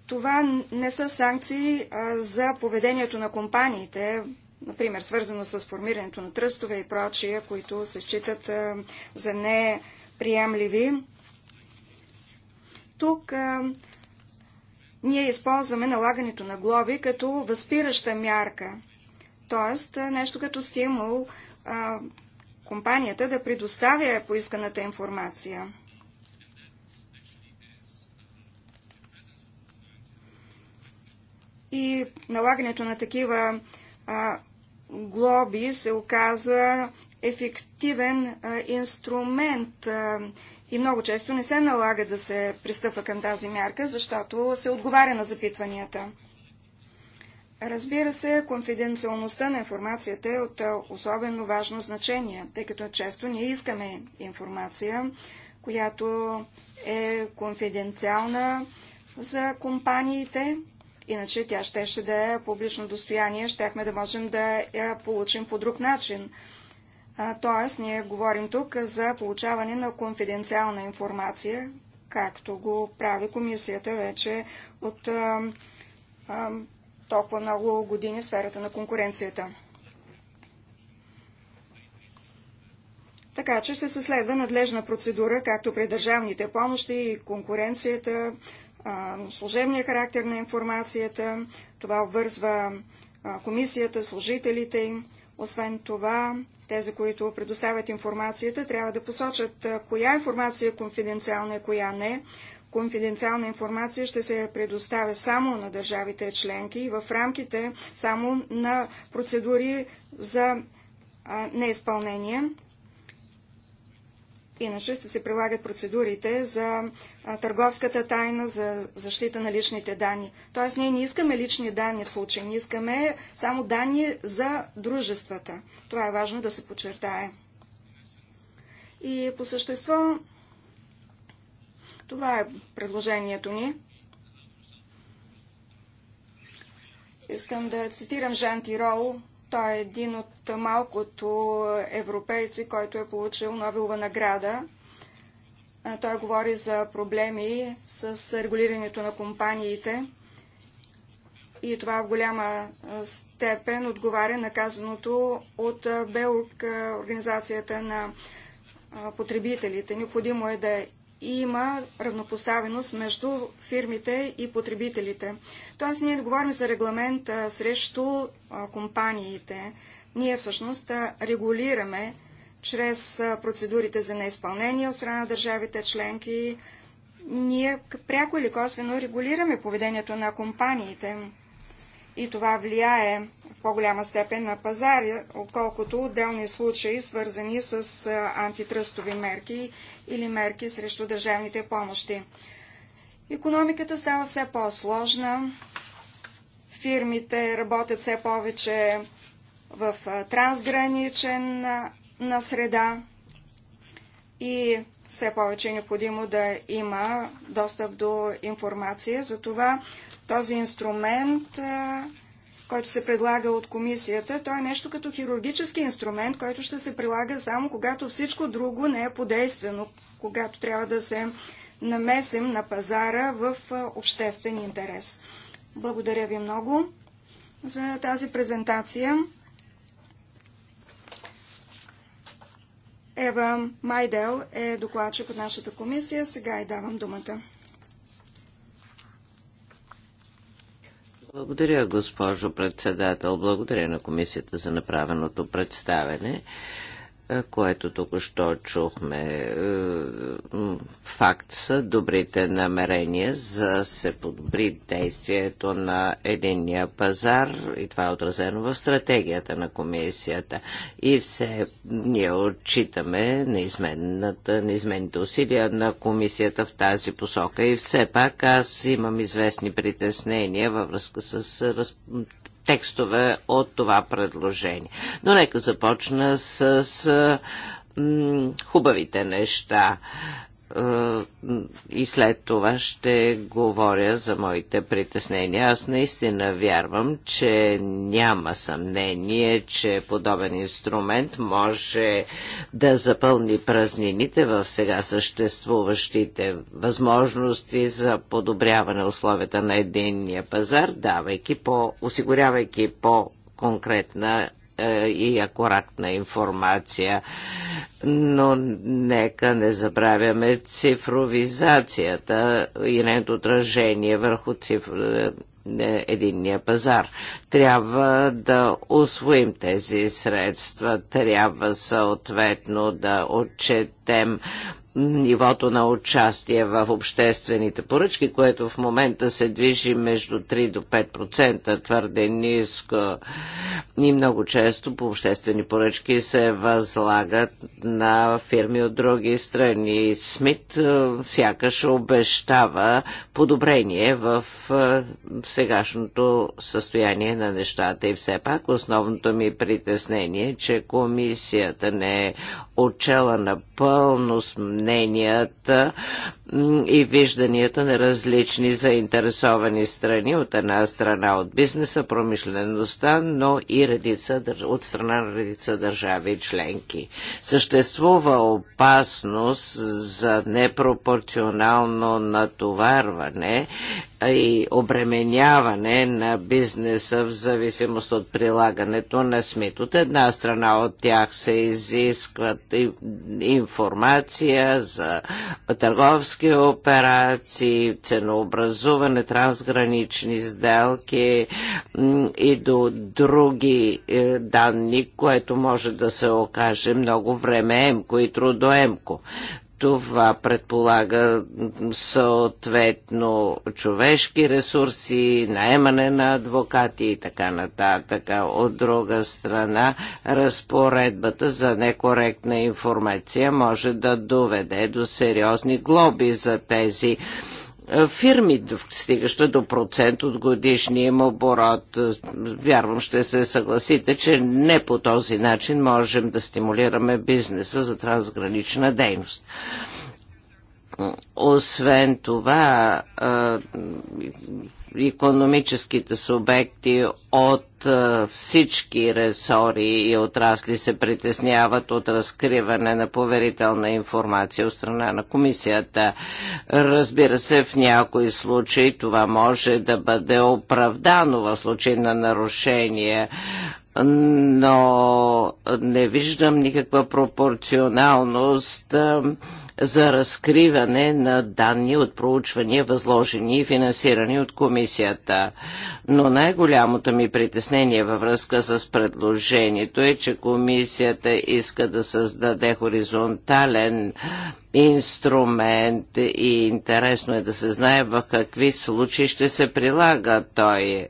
Това не са санкции а, за поведението на компаниите, например, свързано с формирането на тръстове и прочия, които се считат а, за неприемливи. Тук а, ние използваме налагането на глоби като възпираща мярка, т.е. нещо като стимул а, компанията да предоставя поисканата информация. и налагането на такива а, глоби се оказа ефективен а, инструмент а, и много често не се налага да се пристъпва към тази мярка, защото се отговаря на запитванията. Разбира се, конфиденциалността на информацията е от особено важно значение, тъй като често ние искаме информация, която е конфиденциална за компаниите, Иначе тя щеше да е публично достояние, щяхме да можем да я получим по друг начин. Тоест, ние говорим тук за получаване на конфиденциална информация, както го прави комисията вече от а, а, толкова много години в сферата на конкуренцията. Така че ще се следва надлежна процедура, както при държавните помощи и конкуренцията, служебния характер на информацията, това обвързва комисията, служителите им. Освен това, тези, които предоставят информацията, трябва да посочат коя информация е конфиденциална и коя не. Конфиденциална информация ще се предоставя само на държавите членки и в рамките само на процедури за неизпълнение. Иначе ще се прилагат процедурите за търговската тайна, за защита на личните данни. Тоест ние не искаме лични данни в случай, не искаме само данни за дружествата. Това е важно да се подчертае. И по същество това е предложението ни. Искам да цитирам Жан Тирол, той е един от малкото европейци, който е получил Нобелова награда. Той говори за проблеми с регулирането на компаниите и това в голяма степен отговаря на казаното от БЕЛК, Организацията на потребителите. Необходимо е да има равнопоставеност между фирмите и потребителите. Тоест ние говорим за регламент а, срещу а, компаниите. Ние всъщност а, регулираме чрез процедурите за неизпълнение от страна на държавите членки. Ние пряко или косвено регулираме поведението на компаниите. И това влияе в по-голяма степен на пазари, отколкото отделни случаи, свързани с антитръстови мерки или мерки срещу държавните помощи. Економиката става все по-сложна, фирмите работят все повече в трансграничен на среда и все повече е необходимо да има достъп до информация. Затова този инструмент който се предлага от комисията, той е нещо като хирургически инструмент, който ще се прилага само когато всичко друго не е подействено, когато трябва да се намесим на пазара в обществен интерес. Благодаря ви много за тази презентация. Ева Майдел е докладчик от нашата комисия. Сега и давам думата. Благодаря, госпожо председател. Благодаря на комисията за направеното представене. Е, което току-що чухме. Е, факт са добрите намерения за се подобри действието на единния пазар и това е отразено в стратегията на комисията. И все ние отчитаме неизменните усилия на комисията в тази посока и все пак аз имам известни притеснения във връзка с текстове от това предложение. Но нека започна с, с хубавите неща и след това ще говоря за моите притеснения. Аз наистина вярвам, че няма съмнение, че подобен инструмент може да запълни празнините в сега съществуващите възможности за подобряване условията на единния пазар, давайки по, осигурявайки по конкретна е, и акуратна информация. Но нека не забравяме цифровизацията и нейното отражение върху цифр е, единния пазар. Трябва да освоим тези средства, трябва съответно да отчетем нивото на участие в обществените поръчки, което в момента се движи между 3 до 5%, твърде ниско. И много често по обществени поръчки се възлагат на фирми от други страни. Смит е, сякаш обещава подобрение в е, сегашното състояние на нещата. И все пак основното ми притеснение е, че комисията не е отчела напълно измененията и вижданията на различни заинтересовани страни, от една страна от бизнеса, промишлеността, но и редица, от страна на редица държави и членки. Съществува опасност за непропорционално натоварване и обременяване на бизнеса в зависимост от прилагането на СМИТ. От една страна от тях се изискват информация за търговски търговски операции, ценообразуване, трансгранични сделки и до други е, данни, което може да се окаже много времеемко и трудоемко. Това предполага съответно човешки ресурси, наемане на адвокати и така нататък. От друга страна, разпоредбата за некоректна информация може да доведе до сериозни глоби за тези е, фирми, стигаща до процент от годишния им оборот. Е, вярвам, ще се съгласите, че не по този начин можем да стимулираме бизнеса за трансгранична дейност. Освен това, економическите субекти от всички ресори и отрасли се притесняват от разкриване на поверителна информация от страна на комисията. Разбира се, в някои случаи това може да бъде оправдано в случай на нарушение но не виждам никаква пропорционалност за разкриване на данни от проучвания, възложени и финансирани от комисията. Но най-голямото ми притеснение във връзка с предложението е, че комисията иска да създаде хоризонтален инструмент и интересно е да се знае в какви случаи ще се прилага той е,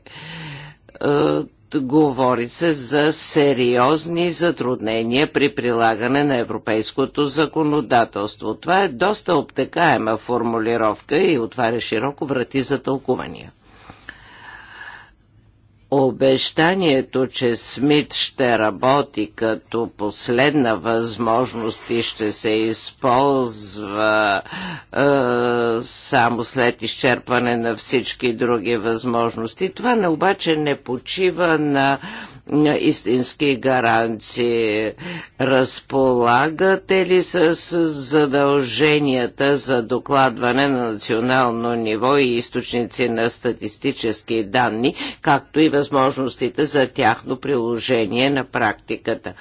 Говори се за сериозни затруднения при прилагане на европейското законодателство. Това е доста обтекаема формулировка и отваря широко врати за тълкувания. Обещанието, че Смит ще работи като последна възможност и ще се използва е, само след изчерпване на всички други възможности, това не обаче не почива на истински гаранции. Разполагате ли с задълженията за докладване на национално ниво и източници на статистически данни, както и възможностите за тяхно приложение на практиката?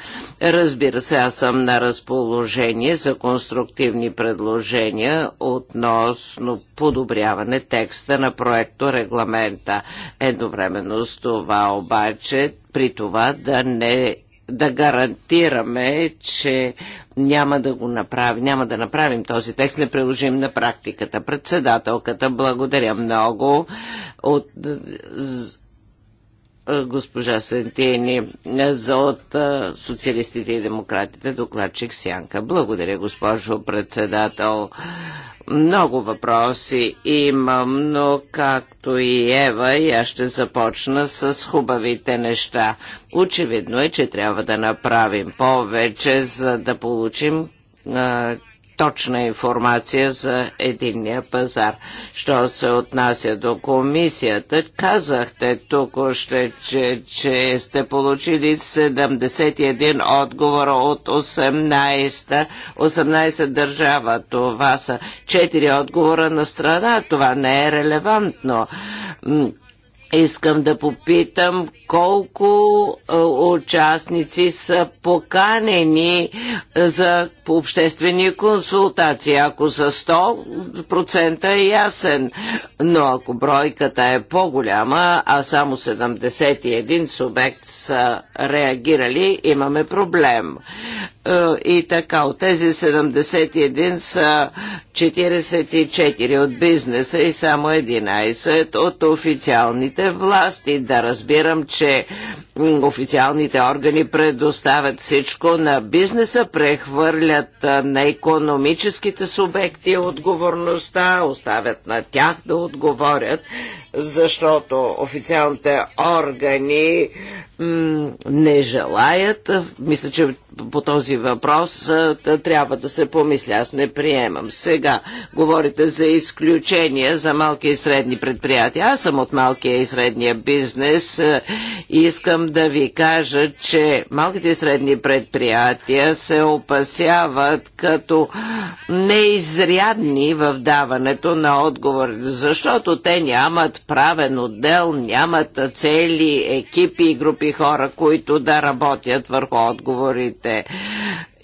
Разбира се, аз съм на разположение за конструктивни предложения относно подобряване текста на проекто регламента. Едновременно с това обаче, при това да не да гарантираме, че няма да го направим, няма да направим този текст, не приложим на практиката. Председателката, благодаря много от госпожа Сентини за от социалистите и демократите, докладчик Сянка. Благодаря, госпожо председател. Много въпроси имам, но както и Ева, и аз ще започна с хубавите неща. Очевидно е, че трябва да направим повече, за да получим точна информация за единния пазар. Що се отнася до комисията, казахте тук още, че, че сте получили 71 отговора от 18, 18 държава. Това са 4 отговора на страна. Това не е релевантно Искам да попитам колко е, участници са поканени е, за обществени консултации. Ако са 100%, е ясен, но ако бройката е по-голяма, а само 71 субект са реагирали, имаме проблем. Е, и така. От тези 71 са 44 от бизнеса и само 11 от официалните власти. Да разбирам, че официалните органи предоставят всичко на бизнеса, прехвърлят е, на економическите субекти отговорността, оставят на тях да отговорят, защото официалните органи не желаят, мисля, че по този въпрос трябва да се помисля. Аз не приемам. Сега говорите за изключения за малки и средни предприятия. Аз съм от малкия и средния бизнес. и Искам да ви кажа, че малките и средни предприятия се опасяват като неизрядни в даването на отговор, защото те нямат правен отдел, нямат цели екипи и групи хора, които да работят върху отговорите държавите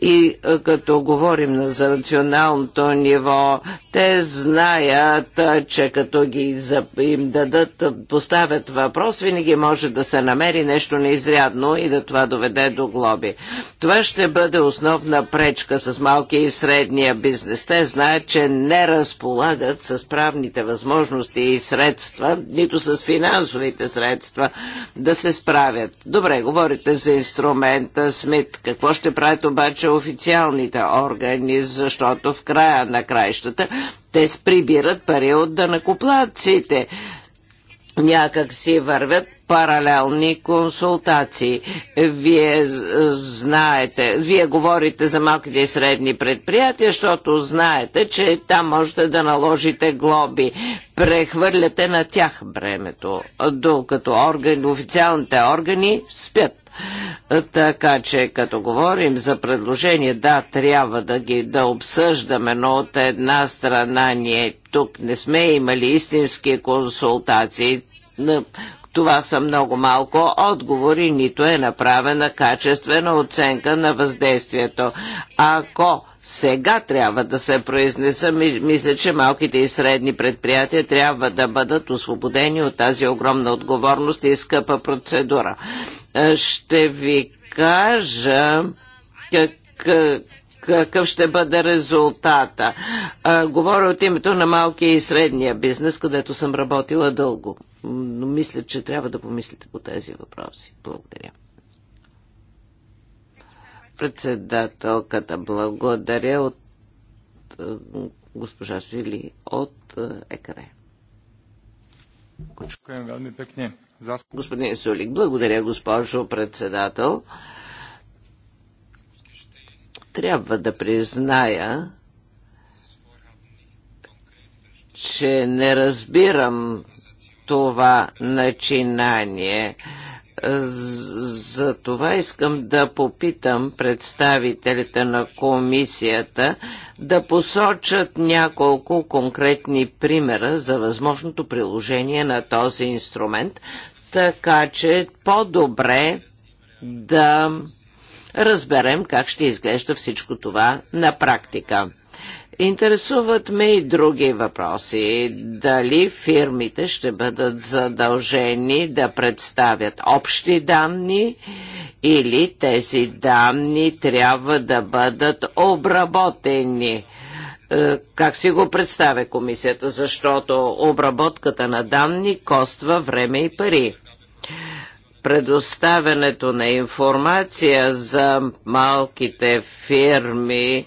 и е, като говорим за националното ниво, те знаят, е, че като ги им дадат, е, поставят въпрос, винаги може да се намери нещо неизрядно и да това доведе до глоби. Това ще бъде основна пречка с малкия и средния бизнес. Те знаят, че не разполагат с правните възможности и средства, нито с финансовите средства да се справят. Добре, говорите за инструмента Смит. Какво ще правят обаче официалните органи, защото в края на краищата те прибират пари от данакоплаците. Някак си вървят паралелни консултации. Вие знаете, вие говорите за малките и средни предприятия, защото знаете, че там можете да наложите глоби. Прехвърляте на тях бремето, докато органи, официалните органи спят. Така че, като говорим за предложение, да, трябва да ги да обсъждаме, но от една страна ние тук не сме имали истински консултации. Това са много малко отговори, нито е направена качествена оценка на въздействието. Ако сега трябва да се произнеса. Мисля, че малките и средни предприятия трябва да бъдат освободени от тази огромна отговорност и скъпа процедура. Ще ви кажа как, какъв ще бъде резултата. говоря от името на малкия и средния бизнес, където съм работила дълго. Но мисля, че трябва да помислите по тези въпроси. Благодаря. Председателката, благодаря от госпожа Свили от Екаре. Господин Сулик, благодаря, госпожо председател. Трябва да призная, че не разбирам това начинание. За това искам да попитам представителите на комисията да посочат няколко конкретни примера за възможното приложение на този инструмент, така че по-добре да разберем как ще изглежда всичко това на практика. Интересуват ме и други въпроси. Дали фирмите ще бъдат задължени да представят общи данни или тези данни трябва да бъдат обработени? Е, как си го представя комисията? Защото обработката на данни коства време и пари предоставянето на информация за малките фирми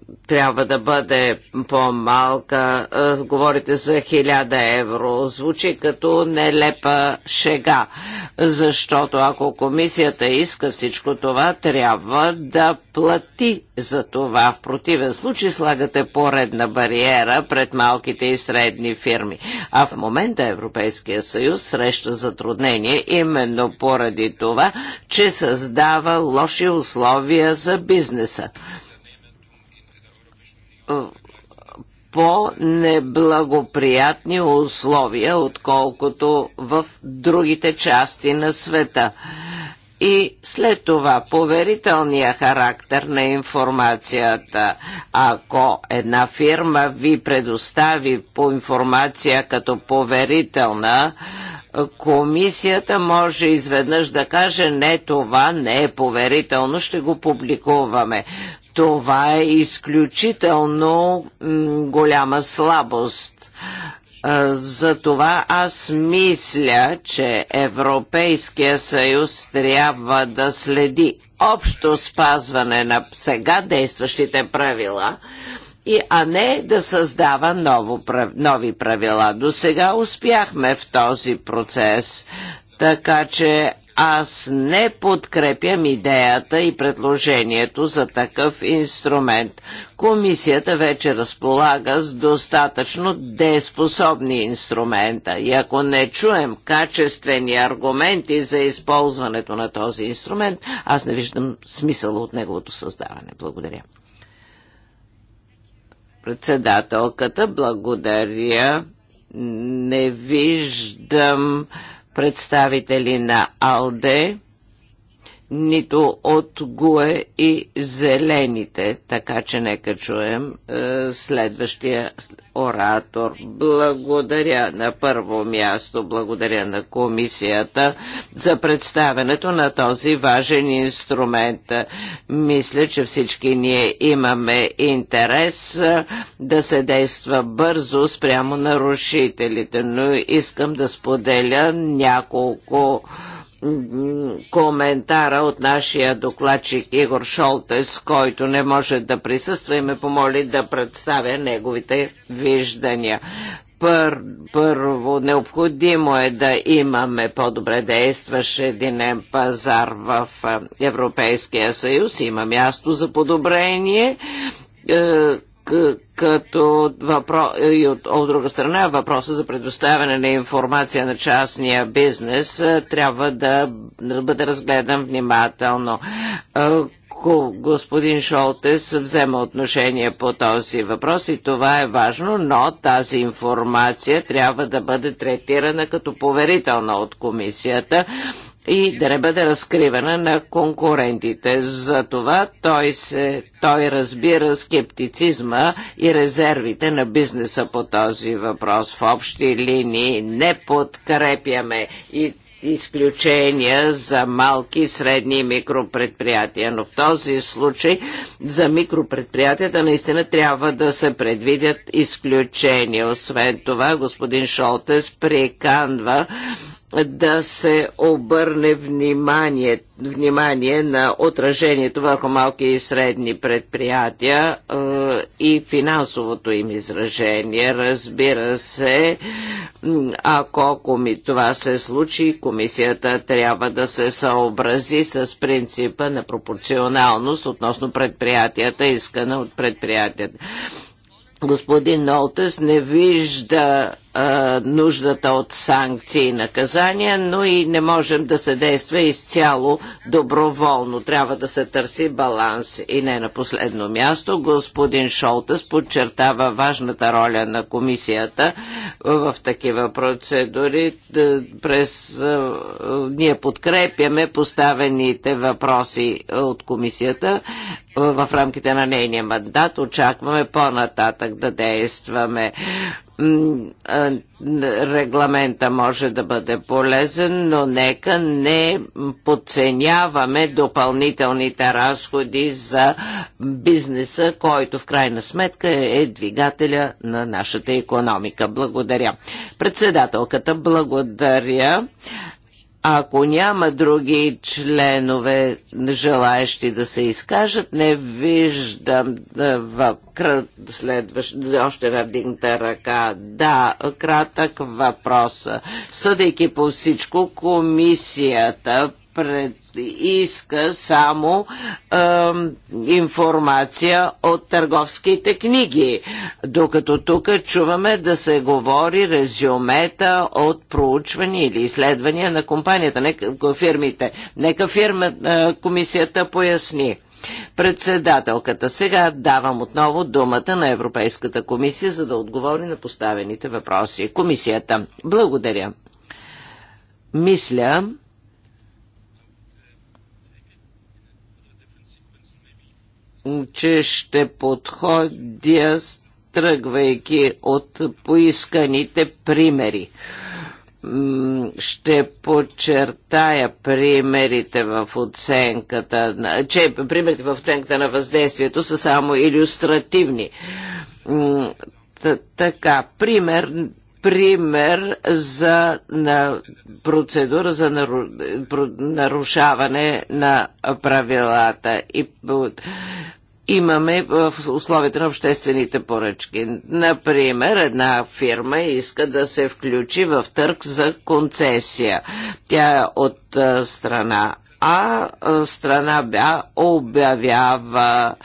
трябва да бъде по-малка. Е, говорите за 1000 евро. Звучи като нелепа шега, защото ако комисията иска всичко това, трябва да плати за това. В противен случай слагате поредна бариера пред малките и средни фирми. А в момента Европейския съюз среща затруднение именно поради това, че създава лоши условия за бизнеса по-неблагоприятни условия, отколкото в другите части на света. И след това поверителния характер на информацията. Ако една фирма ви предостави по информация като поверителна, комисията може изведнъж да каже не, това не е поверително, ще го публикуваме. Това е изключително голяма слабост. Затова аз мисля, че Европейския съюз трябва да следи общо спазване на сега действащите правила, и, а не да създава ново, нови правила. До сега успяхме в този процес, така че аз не подкрепям идеята и предложението за такъв инструмент. Комисията вече разполага с достатъчно деспособни инструмента и ако не чуем качествени аргументи за използването на този инструмент, аз не виждам смисъла от неговото създаване. Благодаря. Председателката, благодаря. Не виждам представители на АЛДЕ нито от ГУЕ и Зелените. Така че нека чуем е, следващия оратор. Благодаря на първо място, благодаря на комисията за представенето на този важен инструмент. Мисля, че всички ние имаме интерес е, да се действа бързо спрямо нарушителите, но искам да споделя няколко коментара от нашия докладчик Игор Шолтес, който не може да присъства и ме помоли да представя неговите виждания пър, първо необходимо е да имаме по-добре действащ единен пазар в е, Европейския съюз. Има място за подобрение е, като въпро... и от, от друга страна въпроса за предоставяне на информация на частния бизнес трябва да, да бъде разгледан внимателно господин Шолтес взема отношение по този въпрос и това е важно, но тази информация трябва да бъде третирана като поверителна от комисията и да не бъде разкривана на конкурентите. Затова той, се, той разбира скептицизма и резервите на бизнеса по този въпрос. В общи линии не подкрепяме и изключения за малки и средни микропредприятия, но в този случай за микропредприятията наистина трябва да се предвидят изключения. Освен това, господин Шолтес приканва да се обърне внимание, внимание на отражението върху малки и средни предприятия е, и финансовото им изражение. Разбира се, ако коми, това се случи, комисията трябва да се съобрази с принципа на пропорционалност относно предприятията, искана от предприятията. Господин Нолтес не вижда а, нуждата от санкции и наказания, но и не можем да се действа изцяло доброволно. Трябва да се търси баланс. И не на последно място, господин Шолтас подчертава важната роля на комисията в такива процедури. През, а, ние подкрепяме поставените въпроси от комисията в рамките на нейния мандат. Очакваме по-нататък да действаме. Регламента може да бъде полезен, но нека не подценяваме допълнителните разходи за бизнеса, който в крайна сметка е двигателя на нашата економика. Благодаря. Председателката, благодаря. Ако няма други членове, желаещи да се изкажат, не виждам в кръг следващ, още вдигната ръка. Да, кратък въпрос. Съдейки по всичко, комисията пред иска само е, информация от търговските книги, докато тук чуваме да се говори резюмета от проучвания или изследвания на компанията, нека фирмите. Нека фирма, е, комисията поясни. Председателката, сега давам отново думата на Европейската комисия, за да отговори на поставените въпроси. Комисията, благодаря. Мисля, че ще подходя, тръгвайки от поисканите примери. Ще подчертая примерите в оценката, че примерите в оценката на въздействието са само иллюстративни. Т така, пример пример за на процедура за нарушаване на правилата и имаме в условията на обществените поръчки. Например, една фирма иска да се включи в търг за концесия. Тя е от страна а страна бя обявява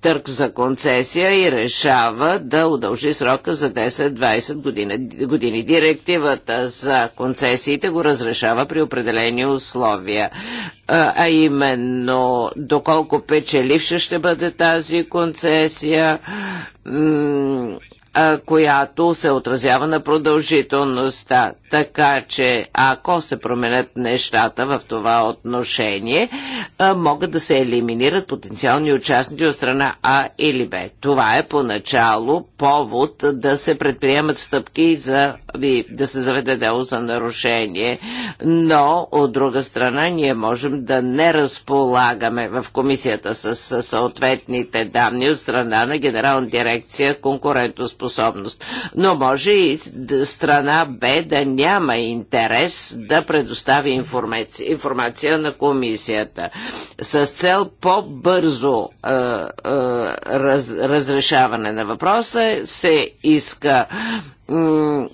търг за концесия и решава да удължи срока за 10-20 години. години. Директивата за концесиите го разрешава при определени условия а именно доколко печеливша ще бъде тази концесия, която се отразява на продължителността. Така че, ако се променят нещата в това отношение, могат да се елиминират потенциални участници от страна А или Б. Това е поначало повод да се предприемат стъпки за да се заведе дело за нарушение. Но, от друга страна, ние можем да не разполагаме в комисията с съответните данни от страна на Генерална дирекция конкурентоспособност способност. Но може и страна Б да няма интерес да предостави информация, информация на комисията с цел по-бързо е, е, раз, разрешаване на въпроса се иска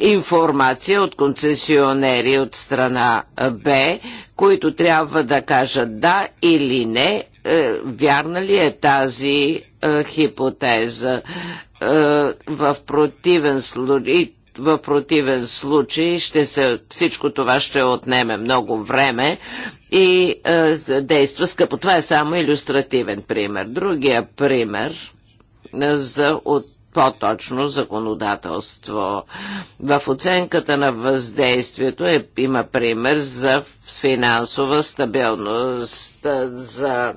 информация от концесионери от страна Б, които трябва да кажат да или не, е, вярна ли е тази хипотеза. Е, в противен случай в противен случай ще се, всичко това ще отнеме много време и е, действа скъпо. Това е само иллюстративен пример. Другия пример е, за от по-точно законодателство. В оценката на въздействието е, има пример за финансова стабилност, за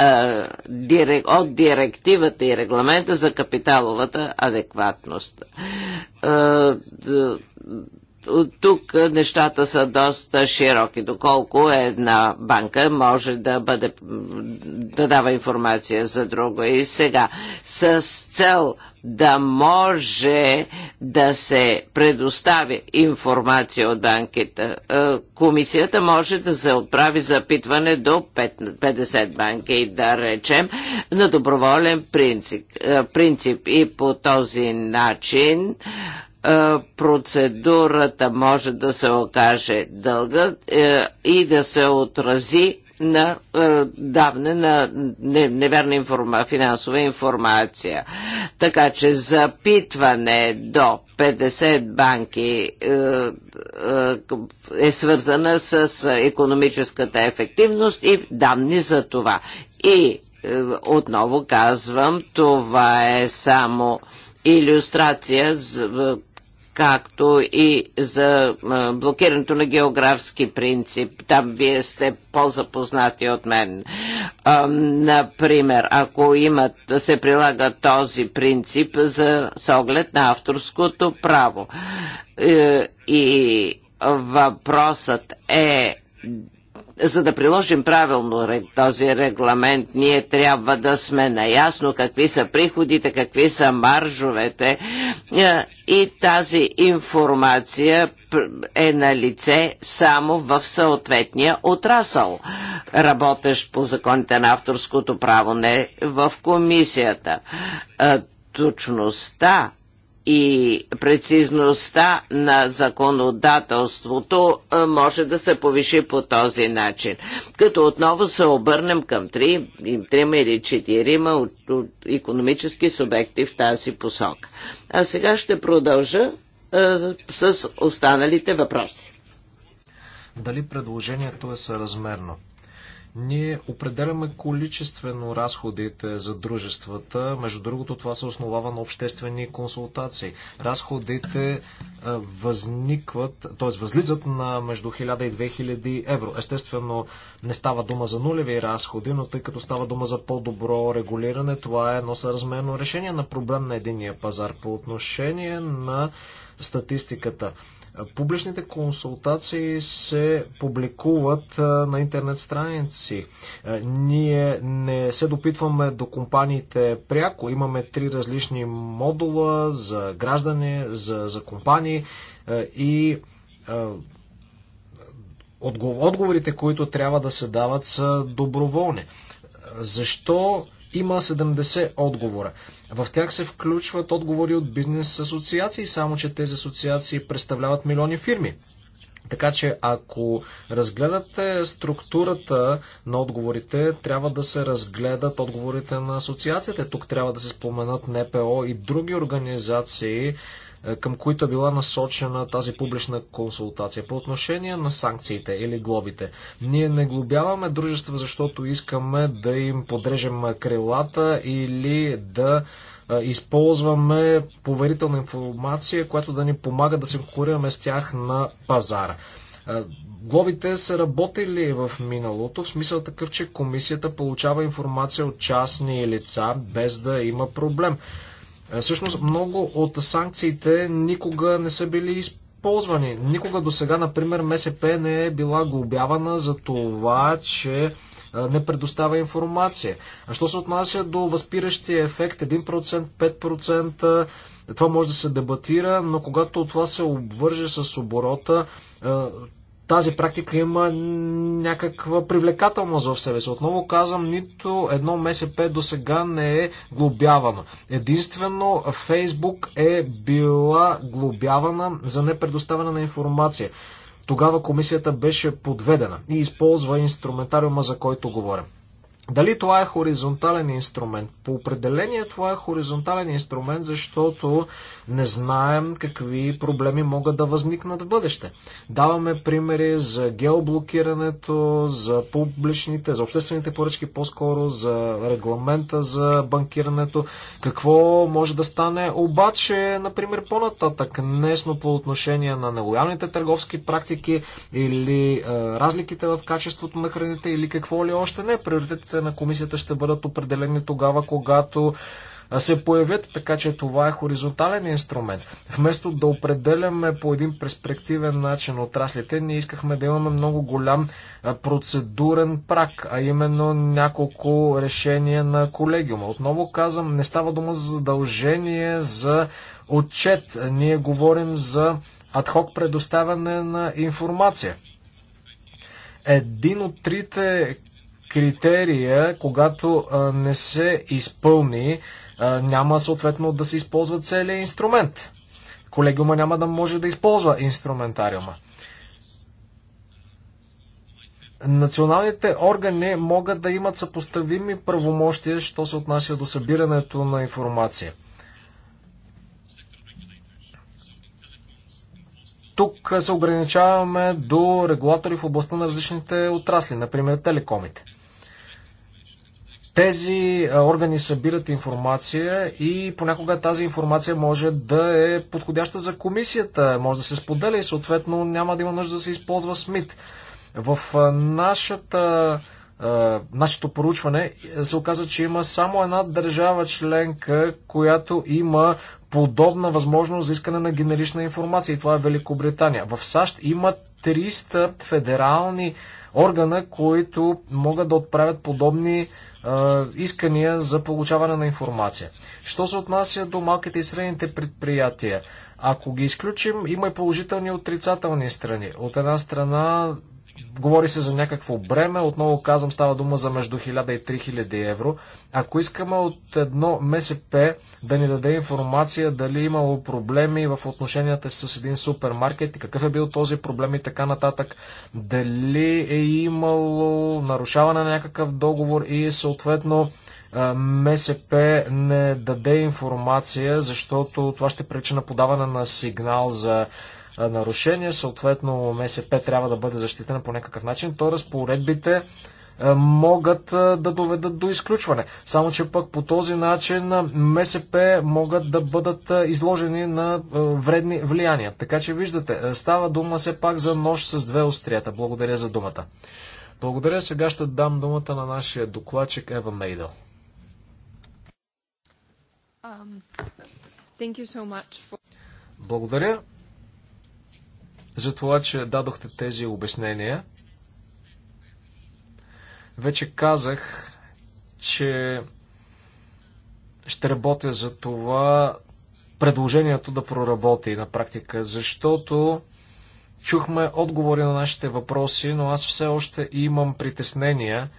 е, от директивата и регламента за капиталовата адекватност е, тук нещата са доста широки, доколко една банка може да, бъде, да дава информация за друго. И сега, с цел да може да се предостави информация от банките, е, комисията може да се отправи запитване до 50 банки и да речем на доброволен принцип. Е, принцип. И по този начин процедурата може да се окаже дълга е, и да се отрази на е, давне на неверна информа, финансова информация. Така че запитване до 50 банки е, е, свързана с економическата ефективност и данни за това. И отново казвам, това е само иллюстрация, както и за блокирането на географски принцип. Там вие сте по-запознати от мен. Например, ако имат, се прилага този принцип за оглед на авторското право. Е, и въпросът е за да приложим правилно този регламент, ние трябва да сме наясно какви са приходите, какви са маржовете е, и тази информация е на лице само в съответния отрасъл, работещ по законите на авторското право, не в комисията. Е, точността и прецизността на законодателството може да се повиши по този начин. Като отново се обърнем към три, трима или четирима от, от економически субекти в тази посока. А сега ще продължа с останалите въпроси. Дали предложението е съразмерно? Ние определяме количествено разходите за дружествата. Между другото, това се основава на обществени консултации. Разходите е, възникват, т.е. възлизат на между 1000 и 2000 евро. Естествено, не става дума за нулеви разходи, но тъй като става дума за по-добро регулиране, това е едно съразмерно решение на проблем на единия пазар по отношение на статистиката. Публичните консултации се публикуват на интернет страници. Ние не се допитваме до компаниите пряко. Имаме три различни модула за граждане, за, за компании и отговорите, които трябва да се дават, са доброволни. Защо има 70 отговора? В тях се включват отговори от бизнес асоциации, само че тези асоциации представляват милиони фирми. Така че ако разгледате структурата на отговорите, трябва да се разгледат отговорите на асоциациите. Тук трябва да се споменат НПО и други организации, е, към които е била насочена тази публична консултация. По отношение на санкциите или глобите, ние не глобяваме дружества, защото искаме да им подрежем крилата или да е, използваме поверителна информация, която да ни помага да се конкурираме с тях на пазара. Е, глобите са работили в миналото, в смисъл такъв, че комисията получава информация от частни лица, без да има проблем. Е, всъщност много от санкциите никога не са били използвани. Никога до сега, например, МСП не е била глобявана за това, че е, не предоставя информация. А що се отнася до възпиращия ефект 1%, 5%, това може да се дебатира, но когато това се обвърже с оборота, е, тази практика има някаква привлекателност в себе си. Отново казвам, нито едно МСП до сега не е глобявано. Единствено Фейсбук е била глобявана за непредоставяне на информация. Тогава комисията беше подведена и използва инструментариума, за който говоря. Дали това е хоризонтален инструмент? По определение това е хоризонтален инструмент, защото не знаем какви проблеми могат да възникнат в бъдеще. Даваме примери за геоблокирането, за публичните, за обществените поръчки, по-скоро за регламента за банкирането. Какво може да стане обаче, например, по-нататък, несно по отношение на нелоялните търговски практики или е, разликите в качеството на храните или какво ли още не. Приоритетите членовете на комисията ще бъдат определени тогава, когато се появят, така че това е хоризонтален инструмент. Вместо да определяме по един перспективен начин отраслите, ние искахме да имаме много голям процедурен прак, а именно няколко решения на колегиума. Отново казвам, не става дума за задължение за отчет. Ние говорим за адхок предоставяне на информация. Един от трите критерия, когато не се изпълни, няма съответно да се използва целият инструмент. Колегиума няма да може да използва инструментариума. Националните органи могат да имат съпоставими правомощия, що се отнася до събирането на информация. Тук се ограничаваме до регулатори в областта на различните отрасли, например телекомите. Тези органи събират информация и понякога тази информация може да е подходяща за комисията, може да се споделя и съответно няма да има нужда да се използва СМИТ. В нашата нашето поручване се оказа, че има само една държава членка, която има подобна възможност за искане на генерична информация и това е Великобритания. В САЩ има 300 федерални органа, които могат да отправят подобни е, искания за получаване на информация. Що се отнася до малките и средните предприятия? Ако ги изключим, има и положителни и отрицателни страни. От една страна Говори се за някакво бреме, отново казвам, става дума за между 1000 и 3000 евро. Ако искаме от едно МСП да ни даде информация дали е имало проблеми в отношенията с един супермаркет и какъв е бил този проблем и така нататък, дали е имало нарушаване на някакъв договор и съответно МСП не даде информация, защото това ще пречи на подаване на сигнал за нарушение, съответно МСП трябва да бъде защитена по някакъв начин, то разпоредбите могат да доведат до изключване. Само, че пък по този начин МСП могат да бъдат изложени на вредни влияния. Така че виждате, става дума все пак за нож с две острията. Благодаря за думата. Благодаря. Сега ще дам думата на нашия докладчик Ева Мейдъл. Um, Благодаря за това, че дадохте тези обяснения. Вече казах, че ще работя за това предложението да проработи на практика, защото чухме отговори на нашите въпроси, но аз все още имам притеснения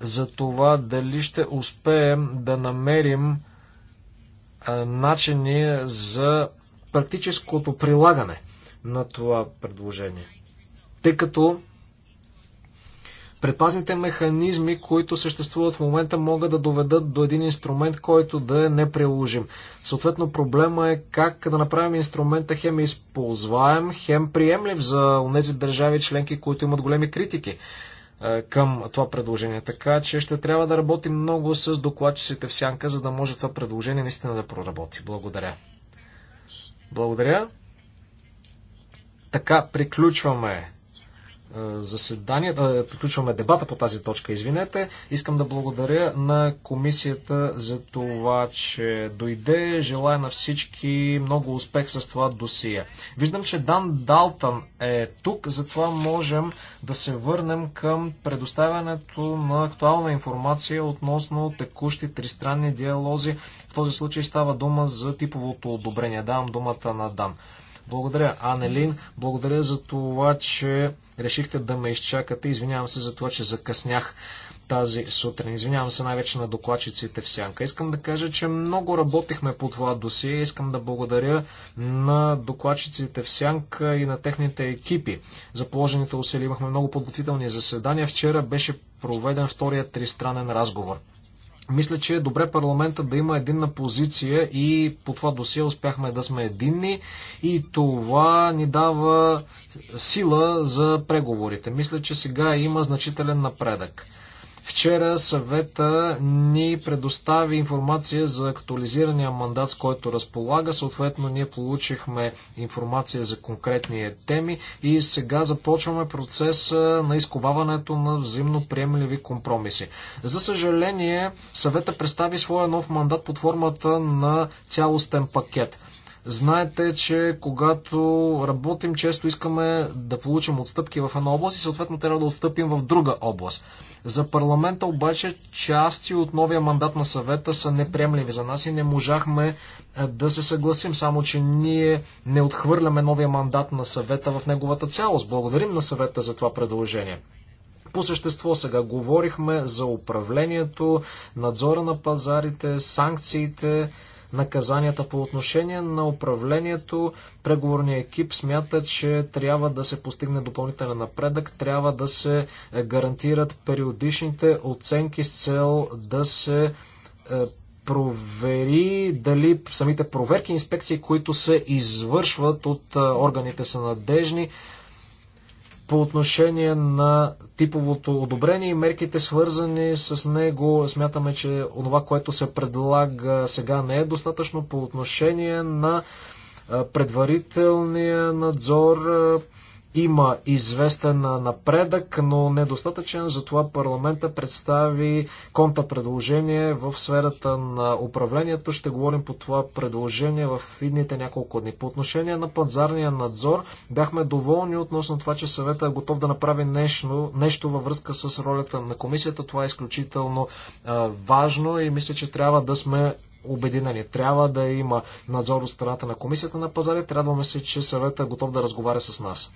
за това дали ще успеем да намерим начини за практическото прилагане на това предложение. Тъй като предпазните механизми, които съществуват в момента, могат да доведат до един инструмент, който да е неприложим. Съответно, проблема е как да направим инструмента хем използваем, хем приемлив за тези държави членки, които имат големи критики е, към това предложение. Така че ще трябва да работим много с докладчиците в сянка, за да може това предложение наистина да проработи. Благодаря. Благодаря. Така, приключваме заседанието, приключваме дебата по тази точка, извинете. Искам да благодаря на комисията за това, че дойде. Желая на всички много успех с това досие. Виждам, че Дан Далтън е тук, затова можем да се върнем към предоставянето на актуална информация относно текущи тристранни диалози. В този случай става дума за типовото одобрение. Давам думата на Дан. Благодаря, Анелин. Благодаря за това, че решихте да ме изчакате. Извинявам се за това, че закъснях тази сутрин. Извинявам се най-вече на докладчиците в Сянка. Искам да кажа, че много работихме по това досие. Искам да благодаря на докладчиците в Сянка и на техните екипи. За положените усилия имахме много подготвителни заседания. Вчера беше проведен втория тристранен разговор. Мисля, че е добре парламента да има единна позиция и по това досие успяхме да сме единни и това ни дава сила за преговорите. Мисля, че сега има значителен напредък. Вчера съвета ни предостави информация за актуализирания мандат, с който разполага. Съответно, ние получихме информация за конкретни теми и сега започваме процеса на изковаването на взаимно приемливи компромиси. За съжаление, съвета представи своя нов мандат под формата на цялостен пакет. Знаете, че когато работим, често искаме да получим отстъпки в една област и съответно трябва да отстъпим в друга област. За парламента обаче части от новия мандат на съвета са неприемливи за нас и не можахме да се съгласим, само че ние не отхвърляме новия мандат на съвета в неговата цялост. Благодарим на съвета за това предложение. По същество сега говорихме за управлението, надзора на пазарите, санкциите, наказанията. По отношение на управлението, преговорният екип смята, че трябва да се постигне допълнителен напредък, трябва да се гарантират периодичните оценки с цел да се е, провери дали самите проверки, инспекции, които се извършват от е, органите са надежни, по отношение на типовото одобрение и мерките свързани с него. Смятаме, че това, което се предлага сега не е достатъчно по отношение на предварителния надзор, има известен напредък, но недостатъчен. Затова парламента представи контрапредложение в сферата на управлението. Ще говорим по това предложение в идните няколко дни. По отношение на пазарния надзор бяхме доволни относно това, че съвета е готов да направи нещо, нещо във връзка с ролята на комисията. Това е изключително а, важно и мисля, че трябва да сме обединени. Трябва да има надзор от страната на комисията на пазари. Трябваме се, че съвета е готов да разговаря с нас.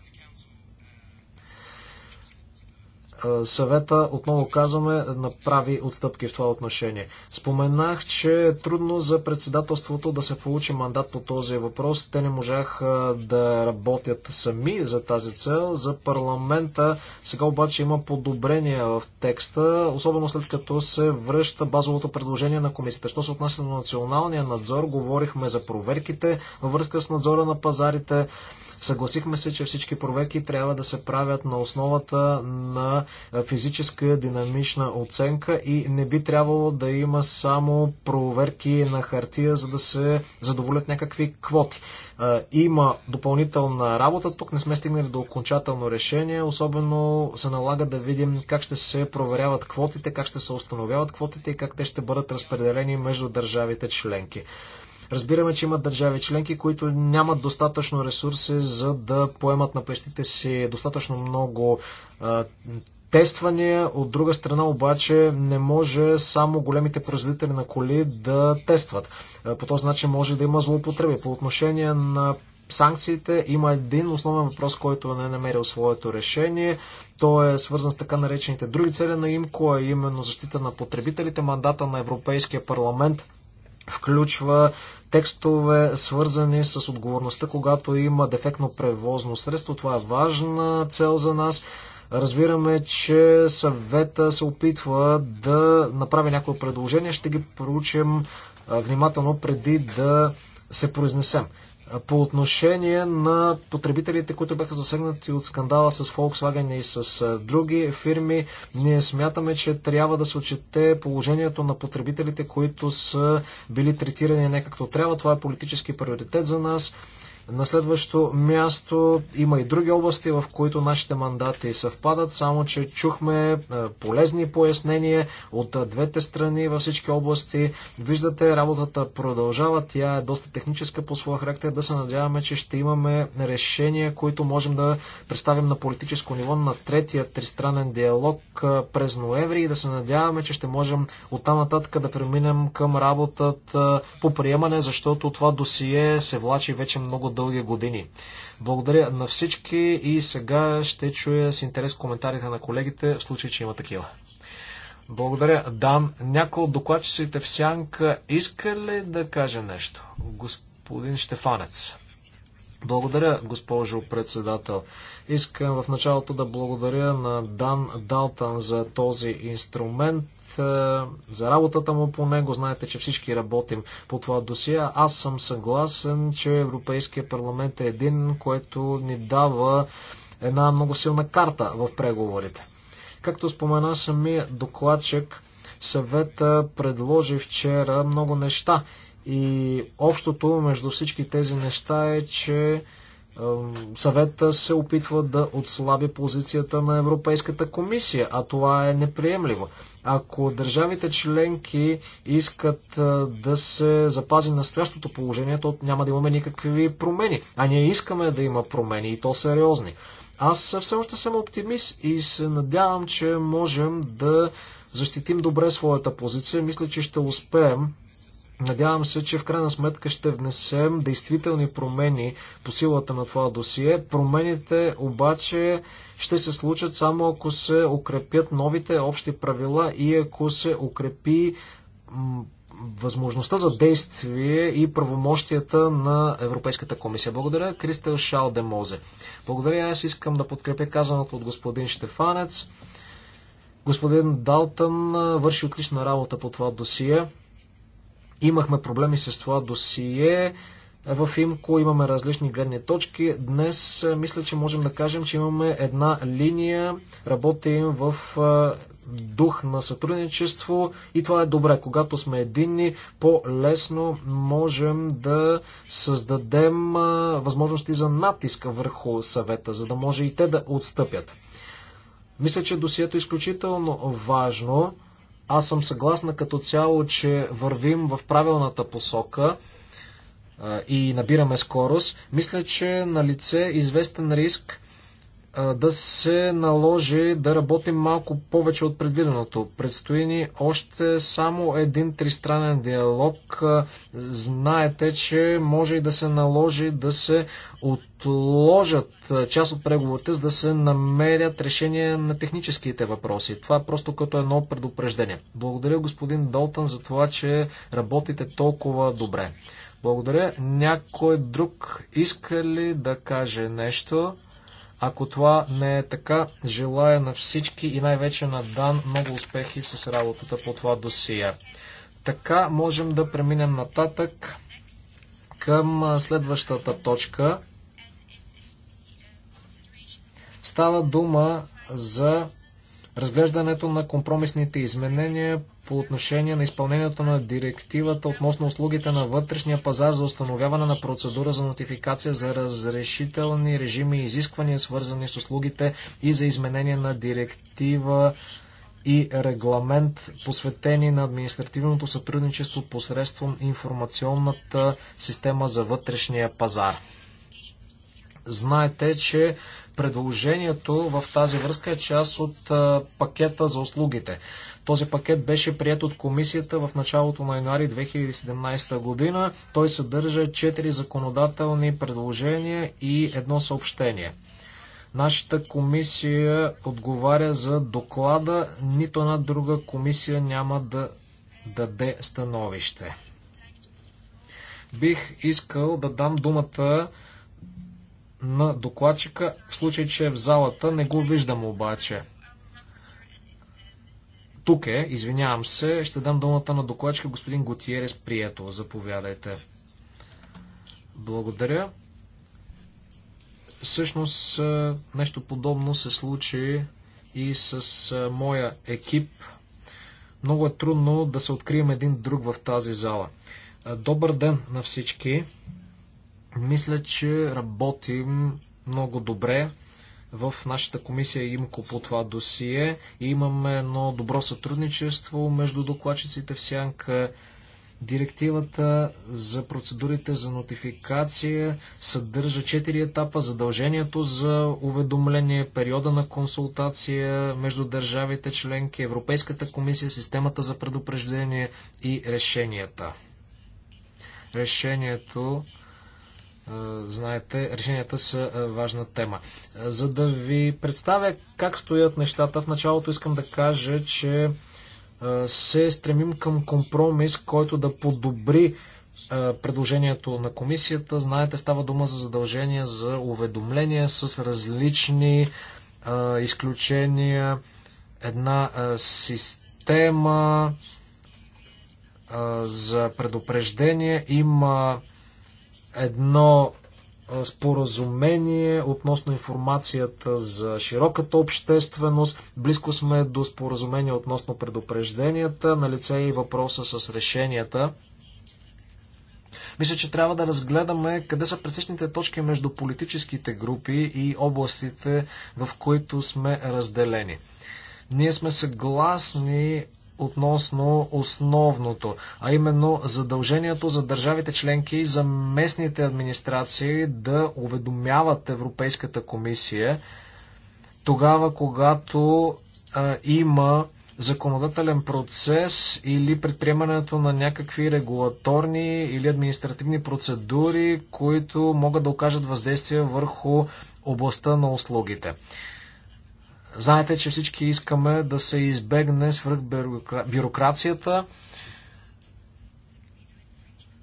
Е, съвета, отново казваме, направи отстъпки в това отношение. Споменах, че е трудно за председателството да се получи мандат по този въпрос. Те не можаха е, да работят сами за тази цел. За парламента сега обаче има подобрения в текста, особено след като се връща базовото предложение на комисията. Що се отнася до националния надзор, говорихме за проверките във връзка с надзора на пазарите. Съгласихме се, че всички проверки трябва да се правят на основата на физическа динамична оценка и не би трябвало да има само проверки на хартия, за да се задоволят някакви квоти. Има допълнителна работа, тук не сме стигнали до окончателно решение, особено се налага да видим как ще се проверяват квотите, как ще се установяват квотите и как те ще бъдат разпределени между държавите членки. Разбираме, че има държави членки, които нямат достатъчно ресурси за да поемат на плещите си достатъчно много а, тествания. От друга страна обаче не може само големите производители на коли да тестват. По този начин може да има злоупотреби. По отношение на санкциите има един основен въпрос, който не е намерил своето решение. То е свързан с така наречените други цели на ИМКО, а именно защита на потребителите, мандата на Европейския парламент включва текстове, свързани с отговорността, когато има дефектно превозно средство. Това е важна цел за нас. Разбираме, че съвета се опитва да направи някои предложения. Ще ги проучим внимателно преди да се произнесем по отношение на потребителите, които бяха засегнати от скандала с Volkswagen и с други фирми, ние смятаме, че трябва да се отчете положението на потребителите, които са били третирани не както трябва. Това е политически приоритет за нас. На следващо място има и други области, в които нашите мандати съвпадат, само че чухме е, полезни пояснения от е, двете страни във всички области. Виждате, работата продължава, тя е доста техническа по своя характер. Да се надяваме, че ще имаме решения, които можем да представим на политическо ниво на третия тристранен диалог е, през ноември и да се надяваме, че ще можем оттам нататък да преминем към работата по приемане, защото това досие се влачи вече много дълго дълги години. Благодаря на всички и сега ще чуя с интерес коментарите на колегите, в случай, че има такива. Благодаря. Дан. някой от докладчиците в сянка иска ли да каже нещо? Господин Штефанец. Благодаря, госпожо председател. Искам в началото да благодаря на Дан Далтан за този инструмент, е, за работата му по него. Знаете, че всички работим по това досия. Аз съм съгласен, че Европейския парламент е един, което ни дава една много силна карта в преговорите. Както спомена самия докладчик, съвета предложи вчера много неща и общото между всички тези неща е, че съвета се опитва да отслаби позицията на Европейската комисия, а това е неприемливо. Ако държавите членки искат да се запази настоящото положение, то няма да имаме никакви промени. А ние искаме да има промени и то сериозни. Аз все още съм оптимист и се надявам, че можем да защитим добре своята позиция. Мисля, че ще успеем Надявам се, че в крайна сметка ще внесем действителни промени по силата на това досие. Промените обаче ще се случат само ако се укрепят новите общи правила и ако се укрепи възможността за действие и правомощията на Европейската комисия. Благодаря, Кристел Шал де Мозе. Благодаря, аз искам да подкрепя казаното от господин Штефанец. Господин Далтън върши отлична работа по това досие. Имахме проблеми с това досие. В Имко имаме различни гледни точки. Днес мисля, че можем да кажем, че имаме една линия, работим в дух на сътрудничество и това е добре. Когато сме единни, по-лесно можем да създадем възможности за натиска върху съвета, за да може и те да отстъпят. Мисля, че досието е изключително важно. Аз съм съгласна като цяло, че вървим в правилната посока и набираме скорост. Мисля, че на лице известен риск да се наложи да работим малко повече от предвиденото. Предстои ни още само един тристранен диалог. Знаете, че може и да се наложи да се отложат част от преговорите, за да се намерят решения на техническите въпроси. Това е просто като едно предупреждение. Благодаря господин Долтън за това, че работите толкова добре. Благодаря. Някой друг иска ли да каже нещо? Ако това не е така, желая на всички и най-вече на Дан много успехи с работата по това досия. Така можем да преминем нататък към следващата точка. Става дума за разглеждането на компромисните изменения по отношение на изпълнението на директивата относно услугите на вътрешния пазар за установяване на процедура за нотификация за разрешителни режими и изисквания, свързани с услугите и за изменение на директива и регламент, посветени на административното сътрудничество посредством информационната система за вътрешния пазар. Знаете, че Предложението в тази връзка е част от пакета за услугите. Този пакет беше прият от комисията в началото на януари 2017 година. Той съдържа 4 законодателни предложения и едно съобщение. Нашата комисия отговаря за доклада, нито една друга комисия няма да даде становище. Бих искал да дам думата на докладчика, в случай, че е в залата, не го виждам обаче. Тук е, извинявам се, ще дам думата на докладчика господин Готиерес Прието. Заповядайте. Благодаря. Всъщност е, нещо подобно се случи и с е, моя екип. Много е трудно да се открием един друг в тази зала. Добър ден на всички! Мисля, че работим много добре в нашата комисия ИМКО по това досие и имаме едно добро сътрудничество между докладчиците в Сянка. Директивата за процедурите за нотификация съдържа четири етапа. Задължението за уведомление, периода на консултация между държавите членки, Европейската комисия, системата за предупреждение и решенията. Решението знаете, решенията са важна тема. За да ви представя как стоят нещата, в началото искам да кажа, че се стремим към компромис, който да подобри предложението на комисията. Знаете, става дума за задължения за уведомления с различни изключения, една система за предупреждение, има едно споразумение относно информацията за широката общественост. Близко сме до споразумение относно предупрежденията. На лице е и въпроса с решенията. Мисля, че трябва да разгледаме къде са пресечните точки между политическите групи и областите, в които сме разделени. Ние сме съгласни относно основното, а именно задължението за държавите членки и за местните администрации да уведомяват Европейската комисия тогава, когато а, има законодателен процес или предприемането на някакви регулаторни или административни процедури, които могат да окажат въздействие върху областта на услугите. Знаете, че всички искаме да се избегне свръх бюрокрацията.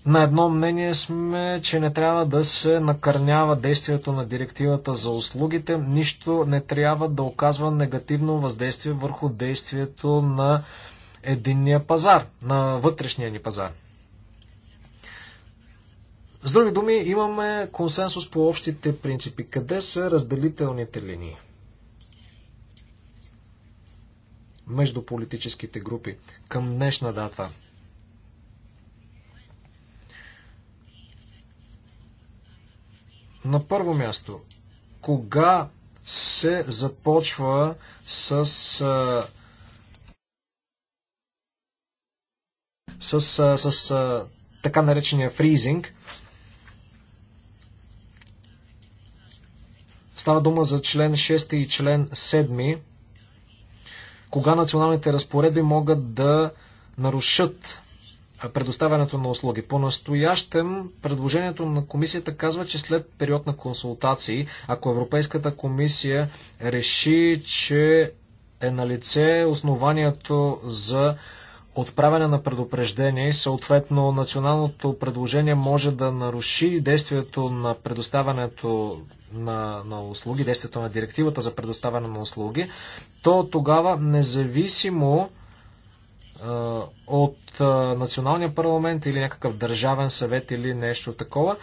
На едно мнение сме, че не трябва да се накърнява действието на директивата за услугите. Нищо не трябва да оказва негативно въздействие върху действието на единния пазар, на вътрешния ни пазар. С други думи, имаме консенсус по общите принципи. Къде са разделителните линии? между политическите групи към днешна дата. На първо място, кога се започва с с, с, с така наречения фризинг. Става дума за член 6 и член кога националните разпоредби могат да нарушат предоставянето на услуги. По-настоящем предложението на комисията казва, че след период на консултации, ако Европейската комисия реши, че е на лице основанието за отправяне на предупреждение съответно националното предложение може да наруши действието на предоставянето на, на услуги, действието на директивата за предоставяне на услуги, то тогава независимо от националния парламент или някакъв държавен съвет или нещо такова,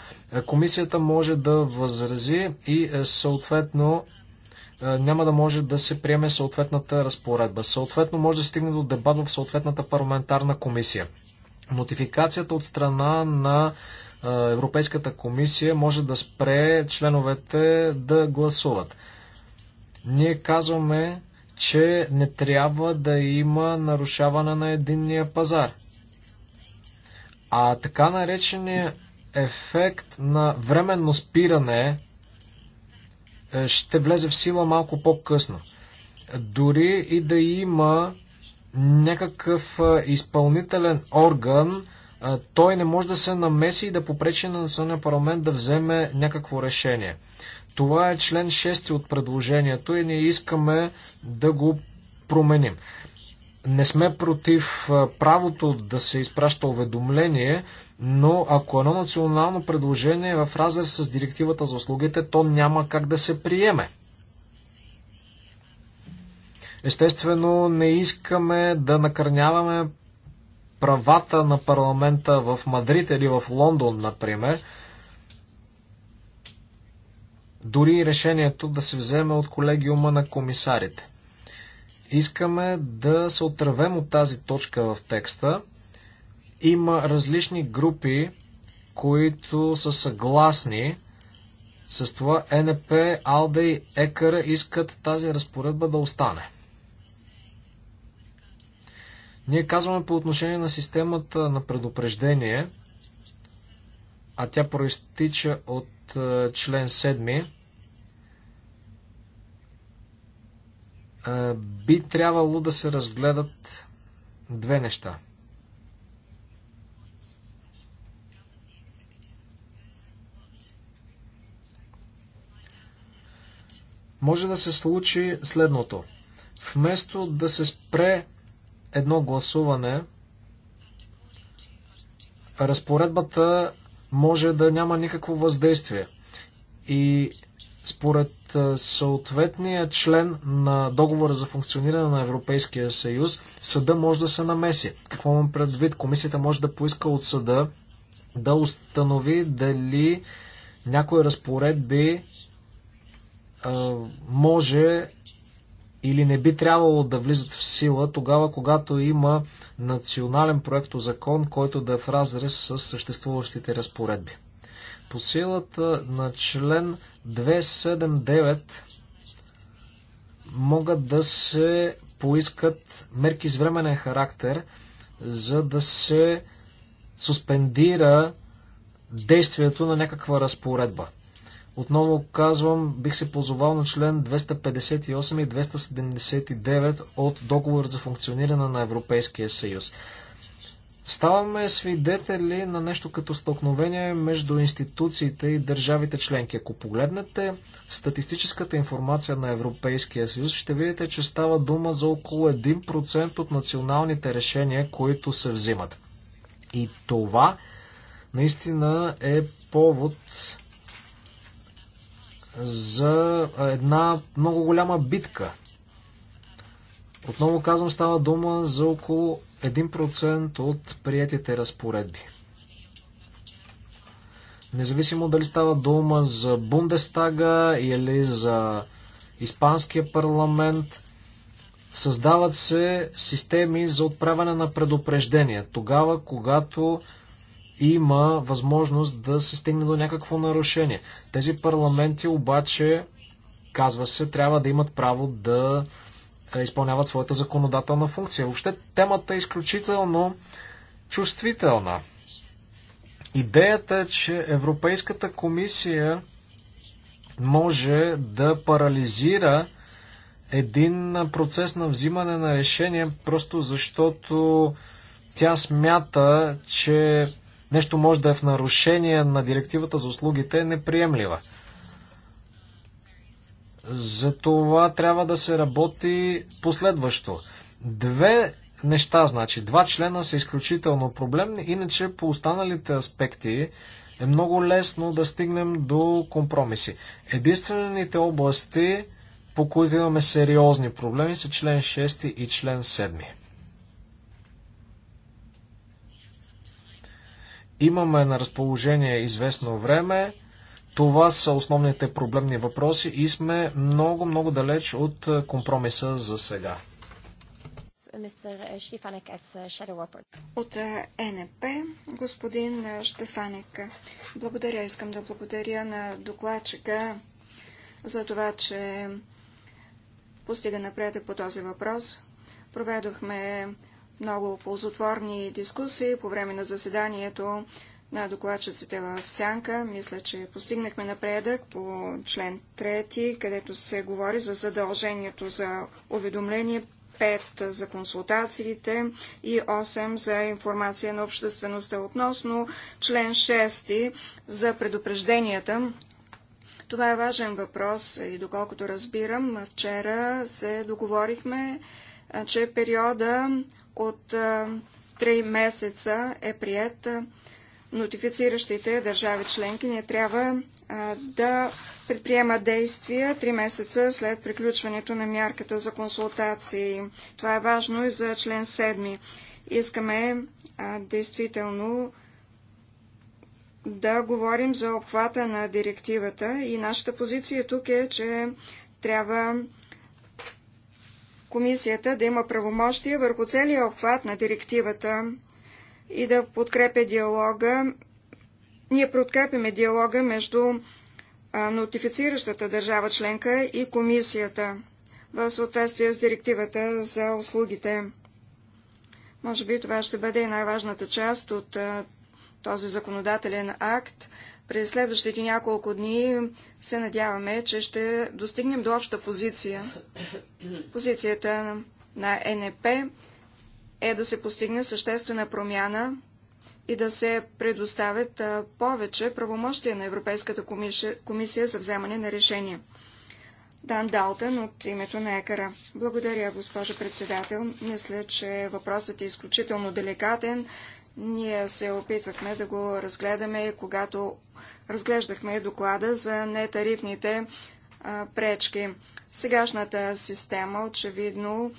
комисията може да възрази и е, съответно няма да може да се приеме съответната разпоредба. Съответно може да стигне до дебат в съответната парламентарна комисия. Нотификацията от страна на Европейската комисия може да спре членовете да гласуват. Ние казваме, че не трябва да има нарушаване на единния пазар. А така наречения ефект на временно спиране е, ще влезе в сила малко по-късно. Дори и да има някакъв изпълнителен орган, той не може да се намеси и да попречи на националния парламент да вземе някакво решение. Това е член 6 от предложението и ние искаме да го променим. Не сме против правото да се изпраща уведомление, но ако едно национално предложение е в разрез с директивата за услугите, то няма как да се приеме. Естествено, не искаме да накърняваме правата на парламента в Мадрид или в Лондон, например, дори решението да се вземе от колегиума на комисарите. Искаме да се отървем от тази точка в текста. Има различни групи, които са съгласни с това НП, Алде и Екара искат тази разпоредба да остане. Ние казваме по отношение на системата на предупреждение, а тя проистича от е, член 7, е, би трябвало да се разгледат две неща. Може да се случи следното. Вместо да се спре едно гласуване, разпоредбата може да няма никакво въздействие. И според съответния член на договора за функциониране на Европейския съюз, съда може да се намеси. Какво имам предвид? Комисията може да поиска от съда да установи дали някои разпоредби може или не би трябвало да влизат в сила тогава, когато има национален проектозакон, който да е в разрез с съществуващите разпоредби. По силата на член 279 могат да се поискат мерки с временен характер, за да се суспендира действието на някаква разпоредба. Отново казвам, бих се позовал на член 258 и 279 от договор за функциониране на Европейския съюз. Ставаме свидетели на нещо като столкновение между институциите и държавите членки. Ако погледнете статистическата информация на Европейския съюз, ще видите, че става дума за около 1% от националните решения, които се взимат. И това наистина е повод за една много голяма битка. Отново казвам, става дума за около 1% от приятите разпоредби. Независимо дали става дума за Бундестага или за Испанския парламент, създават се системи за отправяне на предупреждения. Тогава, когато има възможност да се стигне до някакво нарушение. Тези парламенти обаче, казва се, трябва да имат право да е, изпълняват своята законодателна функция. Въобще темата е изключително чувствителна. Идеята е, че Европейската комисия може да парализира един процес на взимане на решение, просто защото тя смята, че нещо може да е в нарушение на директивата за услугите, е неприемлива. За това трябва да се работи последващо. Две неща, значи, два члена са изключително проблемни, иначе по останалите аспекти е много лесно да стигнем до компромиси. Единствените области, по които имаме сериозни проблеми, са член 6 и член 7. Имаме на разположение известно време. Това са основните проблемни въпроси и сме много, много далеч от е, компромиса за сега. Е, е от НП, господин Штефаник. Благодаря, искам да благодаря на докладчика за това, че постига напредък по този въпрос. Проведохме много ползотворни дискусии по време на заседанието на докладчиците в Сянка. Мисля, че постигнахме напредък по член 3, където се говори за задължението за уведомление, 5 за консултациите и 8 за информация на обществеността относно член 6 за предупрежденията. Това е важен въпрос и доколкото разбирам, вчера се договорихме, че периода от три месеца е прият, нотифициращите държави членки Ние трябва да предприема действия три месеца след приключването на мярката за консултации. Това е важно и за член 7. Искаме действително да говорим за обхвата на директивата и нашата позиция тук е, че трябва комисията да има правомощия върху целия обхват на директивата и да подкрепя диалога. Ние подкрепяме диалога между нотифициращата държава членка и комисията в съответствие с директивата за услугите. Може би това ще бъде най-важната част от този законодателен акт, през следващите няколко дни се надяваме, че ще достигнем до обща позиция. Позицията на НП е да се постигне съществена промяна и да се предоставят повече правомощия на Европейската комисия, комисия за вземане на решения. Дан Далтън от името на Екара. Благодаря, госпожо председател. Мисля, че въпросът е изключително деликатен. Ние се опитвахме да го разгледаме, когато разглеждахме доклада за нетарифните пречки. Сегашната система очевидно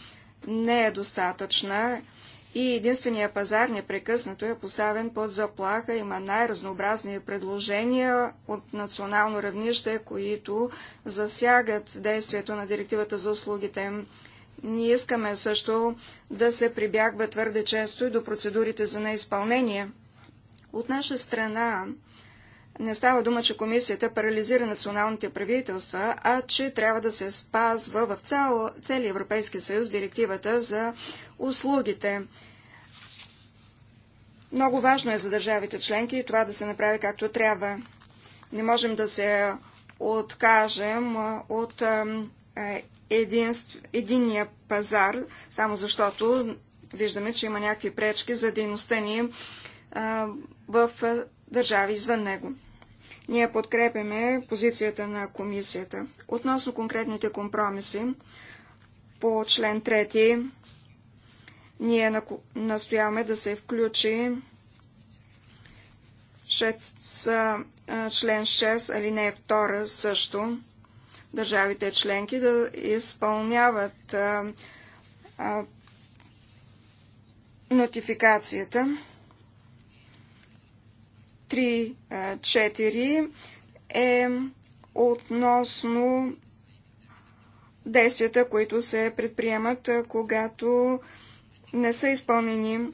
не е достатъчна и единствения пазар непрекъснато е поставен под заплаха. Има най-разнообразни предложения от национално равнище, които засягат действието на директивата за услугите. Ние искаме също да се прибягва твърде често и до процедурите за неизпълнение. От наша страна не става дума, че комисията парализира националните правителства, а че трябва да се спазва в цял, целия Европейски съюз директивата за услугите. Много важно е за държавите членки и това да се направи както трябва. Не можем да се откажем от е, единств, единния пазар, само защото виждаме, че има някакви пречки за дейността ни в държави извън него. Ние подкрепяме позицията на комисията. Относно конкретните компромиси по член 3, ние настояваме да се включи 6, член 6, алинея 2 също държавите членки да изпълняват а, а, нотификацията. 3.4 е относно действията, които се предприемат, когато не са изпълнени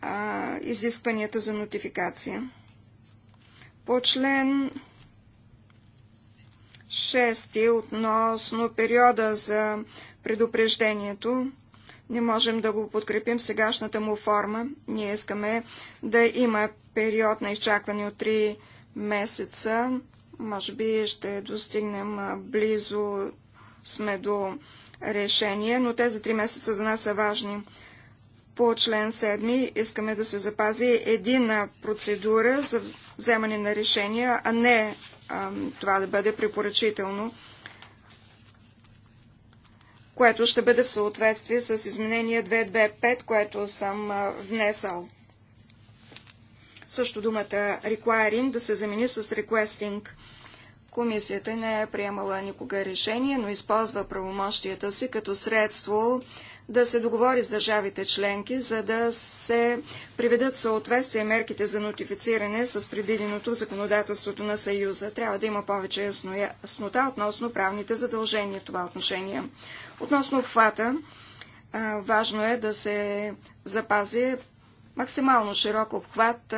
а, изискванията за нотификация. По член Шести относно периода за предупреждението. Не можем да го подкрепим в сегашната му форма. Ние искаме да има период на изчакване от 3 месеца. Може би ще достигнем близо сме до решение, но тези 3 месеца за нас са важни. По член 7 искаме да се запази едина процедура за вземане на решения, а не това да бъде препоръчително, което ще бъде в съответствие с изменение 225, което съм внесал. Също думата requiring да се замени с requesting. Комисията не е приемала никога решение, но използва правомощията си като средство да се договори с държавите членки, за да се приведат съответствие мерките за нотифициране с предвиденото в законодателството на Съюза. Трябва да има повече яснота относно правните задължения в това отношение. Относно обхвата, важно е да се запази максимално широк обхват,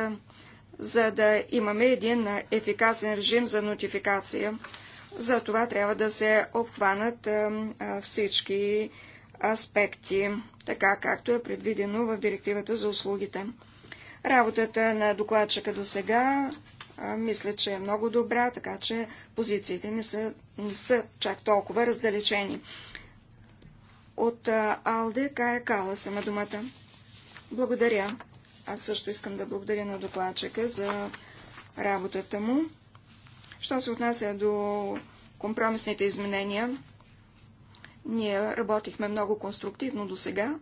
за да имаме един ефикасен режим за нотификация. За това трябва да се обхванат всички аспекти, така както е предвидено в директивата за услугите. Работата на докладчика до сега мисля, че е много добра, така че позициите не са, не са чак толкова раздалечени. От Алде Кая Кала сама думата. Благодаря. Аз също искам да благодаря на докладчика за работата му. Що се отнася до компромисните изменения, ние работихме много конструктивно до сега.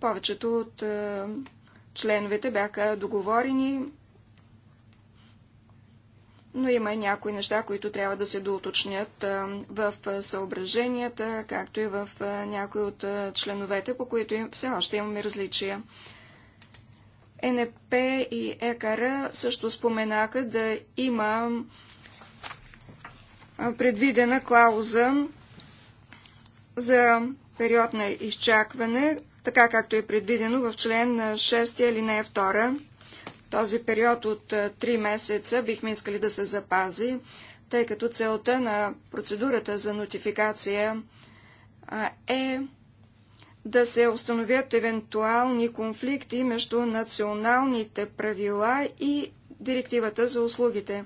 Повечето от е, членовете бяха договорени, но има и някои неща, които трябва да се доуточнят е, в съображенията, както и в е, някои от е, членовете, по които все още имаме различия. НП и ЕКР също споменаха да има предвидена клауза за период на изчакване, така както е предвидено в член 6 алинея 2. Този период от 3 месеца бихме искали да се запази, тъй като целта на процедурата за нотификация е да се установят евентуални конфликти между националните правила и директивата за услугите.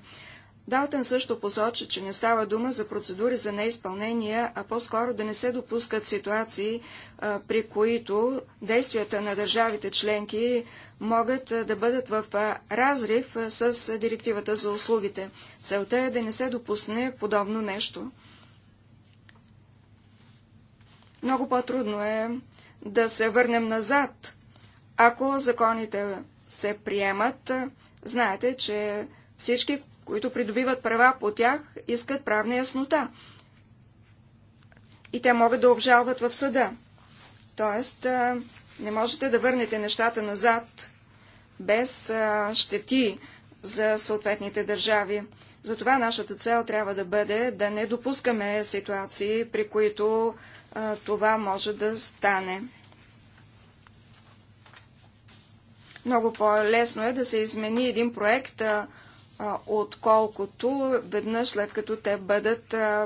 Далтън също посочи, че не става дума за процедури за неизпълнение, а по-скоро да не се допускат ситуации, при които действията на държавите членки могат да бъдат в разрив с директивата за услугите. Целта е да не се допусне подобно нещо. Много по-трудно е да се върнем назад. Ако законите се приемат, знаете, че всички които придобиват права по тях, искат правна яснота. И те могат да обжалват в съда. Тоест, не можете да върнете нещата назад без щети за съответните държави. Затова нашата цел трябва да бъде да не допускаме ситуации, при които това може да стане. Много по-лесно е да се измени един проект отколкото веднъж след като те бъдат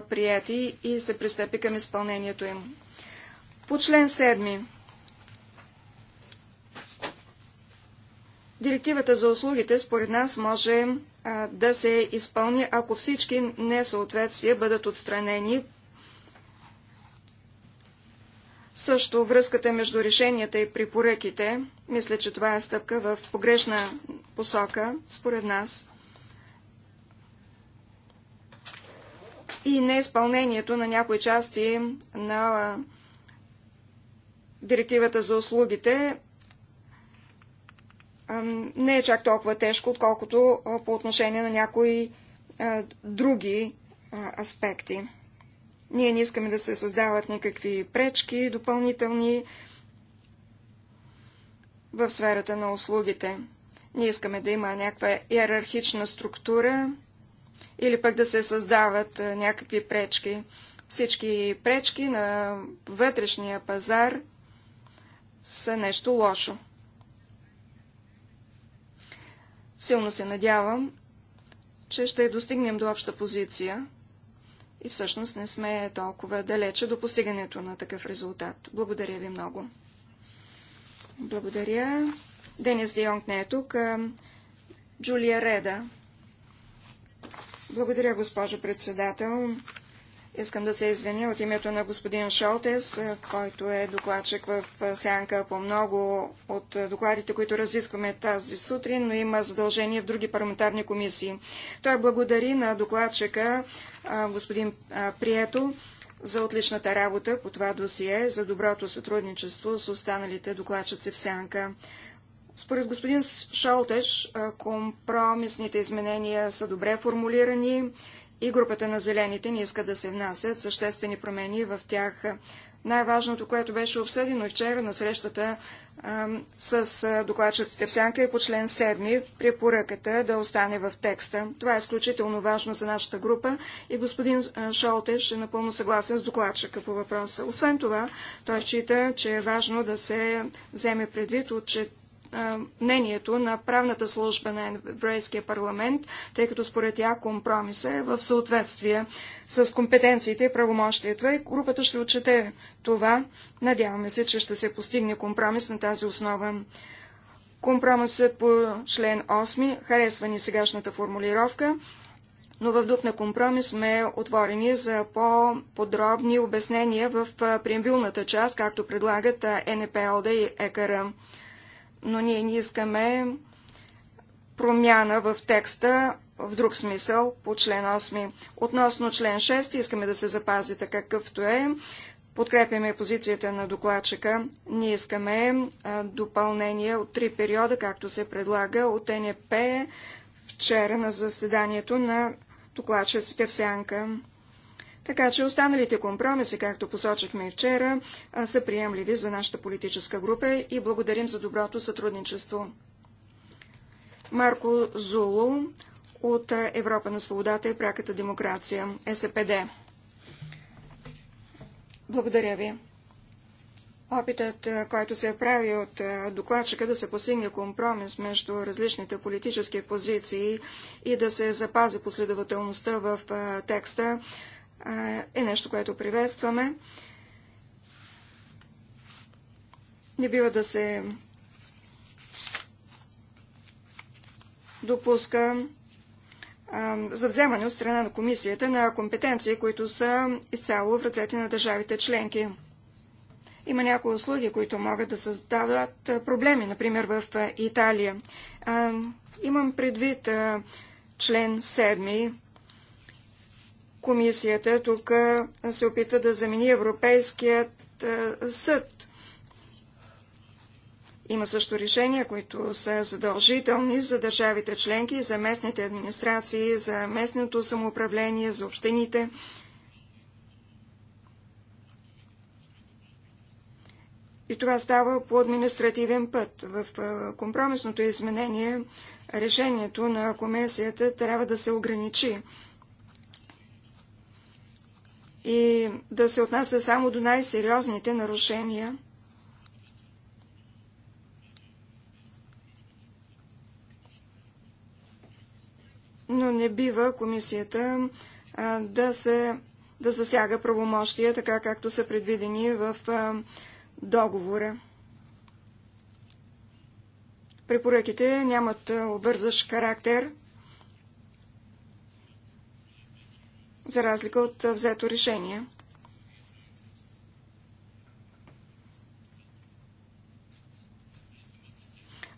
прияти и се пристъпи към изпълнението им. По член 7. Директивата за услугите според нас може да се изпълни, ако всички несъответствия бъдат отстранени. Също връзката между решенията и препоръките, мисля, че това е стъпка в погрешна посока, според нас. и неизпълнението на някои части на директивата за услугите не е чак толкова тежко, отколкото по отношение на някои други аспекти. Ние не искаме да се създават никакви пречки, допълнителни в сферата на услугите. Ние искаме да има някаква иерархична структура, или пък да се създават някакви пречки. Всички пречки на вътрешния пазар са нещо лошо. Силно се надявам, че ще достигнем до обща позиция и всъщност не сме толкова далече до постигането на такъв резултат. Благодаря ви много. Благодаря. Денис Дионг не е тук. Джулия Реда. Благодаря, госпожо председател. Искам да се извиня от името на господин Шолтес, който е докладчик в сянка по много от докладите, които разискваме тази сутрин, но има задължение в други парламентарни комисии. Той благодари на докладчика господин Прието за отличната работа по това досие, за доброто сътрудничество с останалите докладчици в сянка. Според господин Шалтеш, компромисните изменения са добре формулирани и групата на зелените не иска да се внасят съществени промени в тях. Най-важното, което беше обсъдено вчера на срещата а, с докладчиците в Сянка е по член 7, препоръката да остане в текста. Това е изключително важно за нашата група и господин Шолтеш е напълно съгласен с докладчика по въпроса. Освен това, той счита, че е важно да се вземе предвид, че мнението на правната служба на Еврейския парламент, тъй като според тя компромиса е в съответствие с компетенциите и правомощията и групата ще отчете това. Надяваме се, че ще се постигне компромис на тази основа. Компромисът по член 8 харесва ни сегашната формулировка, но в дух на компромис сме отворени за по-подробни обяснения в преамбилната част, както предлагат НПЛД и ЕКРМ но ние не искаме промяна в текста в друг смисъл по член 8. Относно член 6 искаме да се запази така какъвто е. Подкрепяме позицията на докладчика. Ние искаме допълнение от три периода, както се предлага от НП вчера на заседанието на докладчиците в Сянка. Така че останалите компромиси, както посочихме и вчера, са приемливи за нашата политическа група и благодарим за доброто сътрудничество. Марко Зулу от Европа на свободата и пряката демокрация, СПД. Благодаря ви. Опитът, който се е прави от докладчика да се постигне компромис между различните политически позиции и да се запази последователността в текста, е нещо, което приветстваме. Не бива да се допуска за вземане от страна на комисията на компетенции, които са изцяло в ръцете на държавите членки. Има някои услуги, които могат да създават проблеми, например в Италия. Имам предвид член комисията тук се опитва да замени Европейският съд. Има също решения, които са задължителни за държавите членки, за местните администрации, за местното самоуправление, за общините. И това става по административен път. В компромисното изменение решението на комисията трябва да се ограничи и да се отнася само до най-сериозните нарушения. Но не бива комисията а, да, се, да засяга правомощия, така както са предвидени в а, договора. Препоръките нямат обързащ характер – за разлика от взето решение.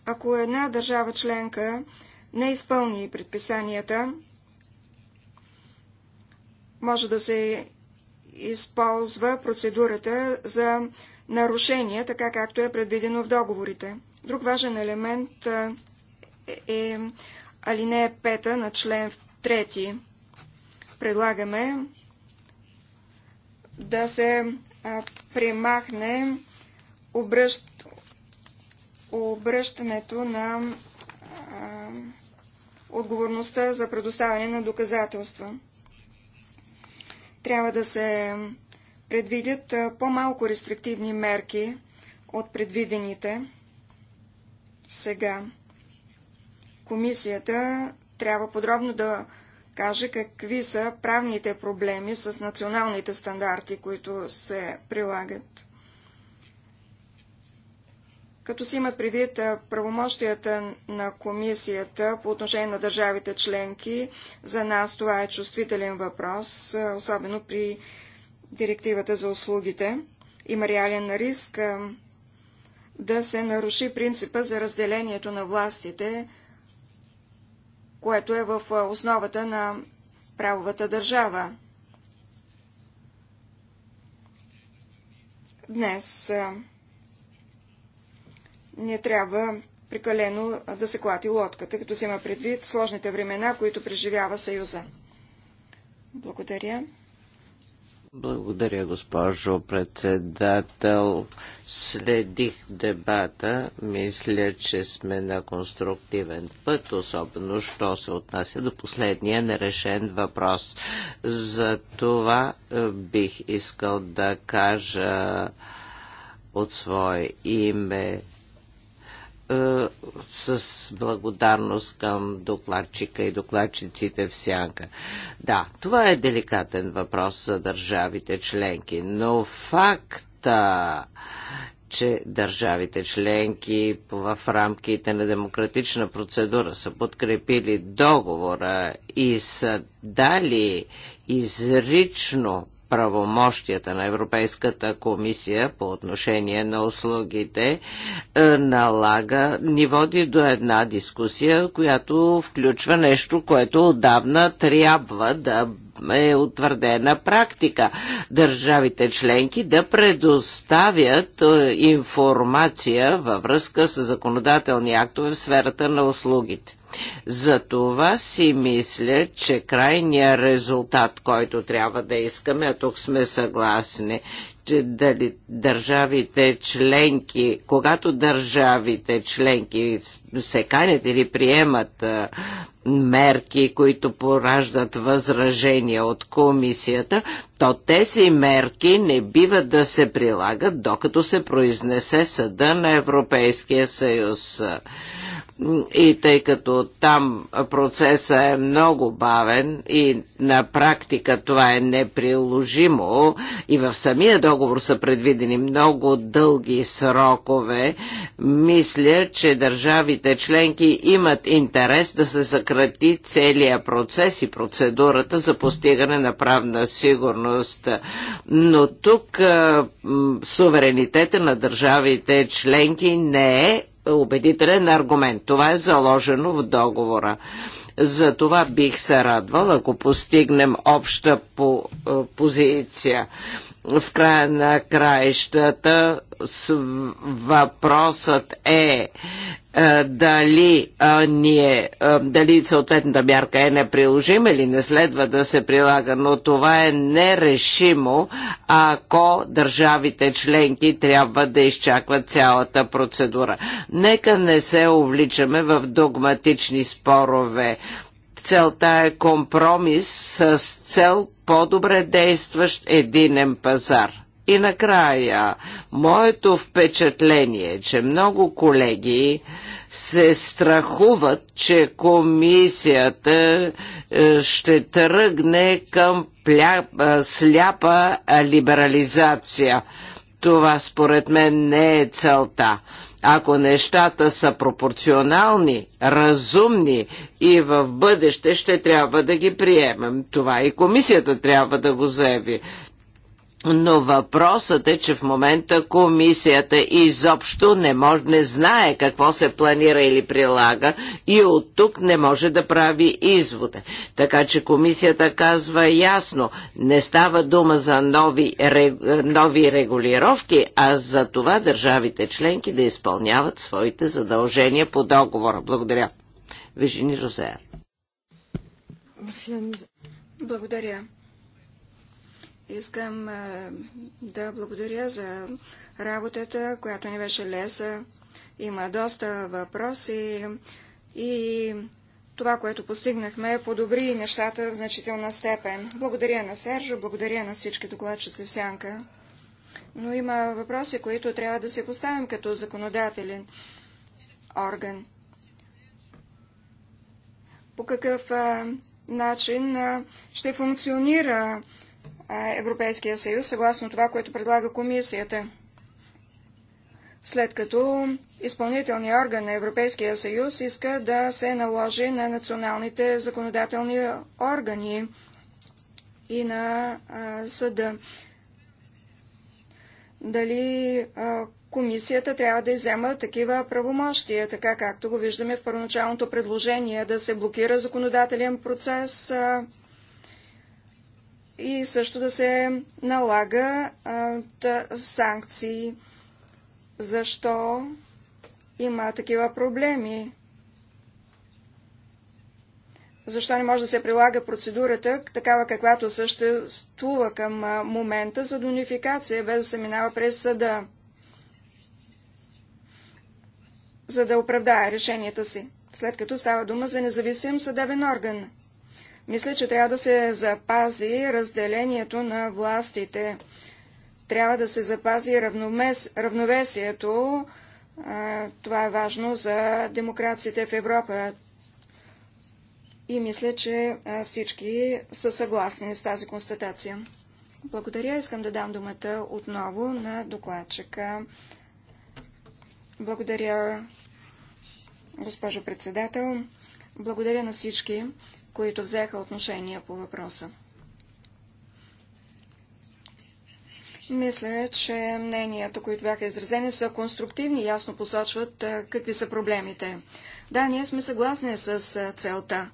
Ако една държава членка не изпълни предписанията, може да се използва процедурата за нарушение, така както е предвидено в договорите. Друг важен елемент е, е алинея 5 на член предлагаме да се премахне обръщ... обръщането на отговорността за предоставяне на доказателства. Трябва да се предвидят по-малко рестриктивни мерки от предвидените сега. Комисията трябва подробно да каже какви са правните проблеми с националните стандарти, които се прилагат. Като си имат предвид правомощията на комисията по отношение на държавите членки, за нас това е чувствителен въпрос, особено при директивата за услугите. Има реален риск да се наруши принципа за разделението на властите което е в основата на правовата държава. Днес не трябва прекалено да се клати лодката, като се има предвид сложните времена, които преживява Съюза. Благодаря. Благодаря, госпожо председател. Следих дебата. Мисля, че сме на конструктивен път, особено що се отнася до последния нерешен въпрос. За това е, бих искал да кажа от свое име е, с благодарност към докладчика и докладчиците в сянка. Да, това е деликатен въпрос за държавите членки, но факта че държавите членки в рамките на демократична процедура са подкрепили договора и са дали изрично правомощията на Европейската комисия по отношение на услугите е, налага, ни води до една дискусия, която включва нещо, което отдавна трябва да е утвърдена практика държавите членки да предоставят е, информация във връзка с законодателни актове в сферата на услугите. За това си мисля, че крайният резултат, който трябва да искаме, а тук сме съгласни, че дали държавите членки, когато държавите членки се канят или приемат мерки, които пораждат възражения от комисията, то тези мерки не бива да се прилагат, докато се произнесе съда на Европейския съюз. И тъй като там процесът е много бавен и на практика това е неприложимо и в самия договор са предвидени много дълги срокове, мисля, че държавите членки имат интерес да се съкрати целият процес и процедурата за постигане на правна сигурност. Но тук суверенитета на държавите членки не е убедителен аргумент. Това е заложено в договора. За това бих се радвал, ако постигнем обща по, е, позиция. В края на краищата въпросът е е, дали, а, ние, а, е, дали съответната мярка е неприложима или не следва да се прилага, но това е нерешимо, ако държавите членки трябва да изчакват цялата процедура. Нека не се увличаме в догматични спорове. Целта е компромис с цел по-добре действащ единен пазар и накрая, моето впечатление е, че много колеги се страхуват, че комисията е, ще тръгне към пля... Е, сляпа либерализация. Това според мен не е целта. Ако нещата са пропорционални, разумни и в бъдеще ще трябва да ги приемем. Това и комисията трябва да го заяви. Но въпросът е, че в момента комисията изобщо не може, не знае какво се планира или прилага и от тук не може да прави извода. Така че комисията казва ясно, не става дума за нови, нови регулировки, а за това държавите членки да изпълняват своите задължения по договора. Благодаря. Вижини Розея. Благодаря. Искам да благодаря за работата, която ни беше леса. Има доста въпроси и това, което постигнахме, подобри нещата в значителна степен. Благодаря на Сержо, благодаря на всички докладчици в Сянка. Но има въпроси, които трябва да се поставим като законодателен орган. По какъв а, начин а, ще функционира Европейския съюз, съгласно това, което предлага комисията. След като изпълнителният орган на Европейския съюз иска да се наложи на националните законодателни органи и на а, съда. Дали а, комисията трябва да изема такива правомощия, така както го виждаме в първоначалното предложение, да се блокира законодателен процес, а, и също да се налага а, да, санкции. Защо има такива проблеми? Защо не може да се прилага процедурата, такава каквато съществува към момента за донификация, без да се минава през съда, за да оправдае решенията си, след като става дума за независим съдебен орган? Мисля, че трябва да се запази разделението на властите. Трябва да се запази равномес... равновесието. това е важно за демокрациите в Европа. И мисля, че всички са съгласни с тази констатация. Благодаря. Искам да дам думата отново на докладчика. Благодаря, госпожо председател. Благодаря на всички, които взеха отношение по въпроса. Мисля, че мненията, които бяха изразени, са конструктивни и ясно посочват какви са проблемите. Да, ние сме съгласни с целта.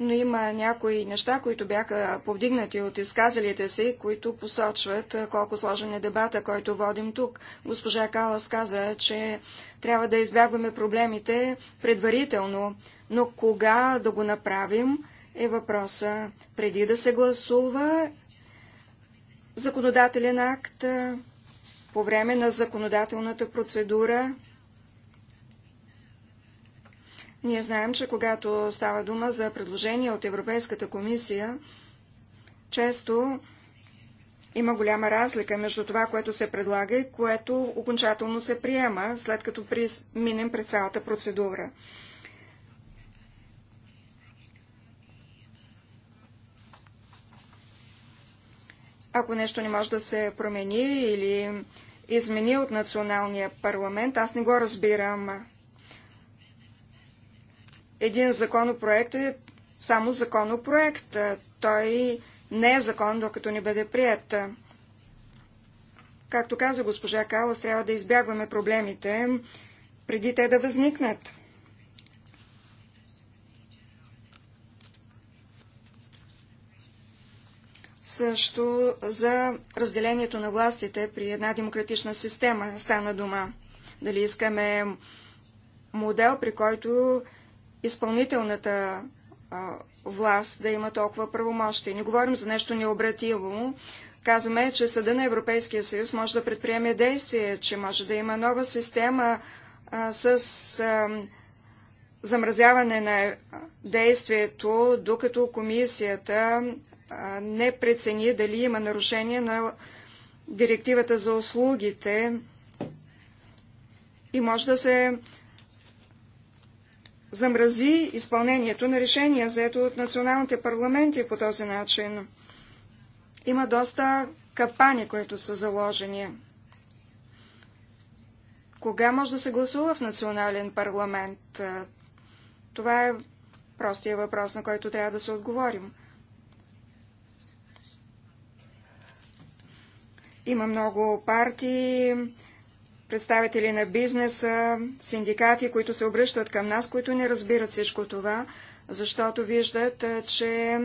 но има някои неща, които бяха повдигнати от изказалите си, които посочват колко сложен е дебата, който водим тук. Госпожа Калас каза, че трябва да избягваме проблемите предварително, но кога да го направим е въпроса. Преди да се гласува законодателен акт, по време на законодателната процедура, ние знаем, че когато става дума за предложения от Европейската комисия, често има голяма разлика между това, което се предлага и което окончателно се приема, след като минем през цялата процедура. Ако нещо не може да се промени или измени от националния парламент, аз не го разбирам един законопроект е само законопроект. Той не е закон, докато не бъде прият. Както каза госпожа Калас, трябва да избягваме проблемите преди те да възникнат. Също за разделението на властите при една демократична система стана дума. Дали искаме модел, при който изпълнителната а, власт да има толкова правомощи. Не говорим за нещо необратимо. Казваме, че Съда на Европейския съюз може да предприеме действие, че може да има нова система а, с а, замразяване на действието, докато комисията а, не прецени дали има нарушение на директивата за услугите и може да се замрази изпълнението на решения, взето от националните парламенти по този начин. Има доста капани, които са заложени. Кога може да се гласува в национален парламент? Това е простия въпрос, на който трябва да се отговорим. Има много партии, представители на бизнеса, синдикати, които се обръщат към нас, които не разбират всичко това, защото виждат, че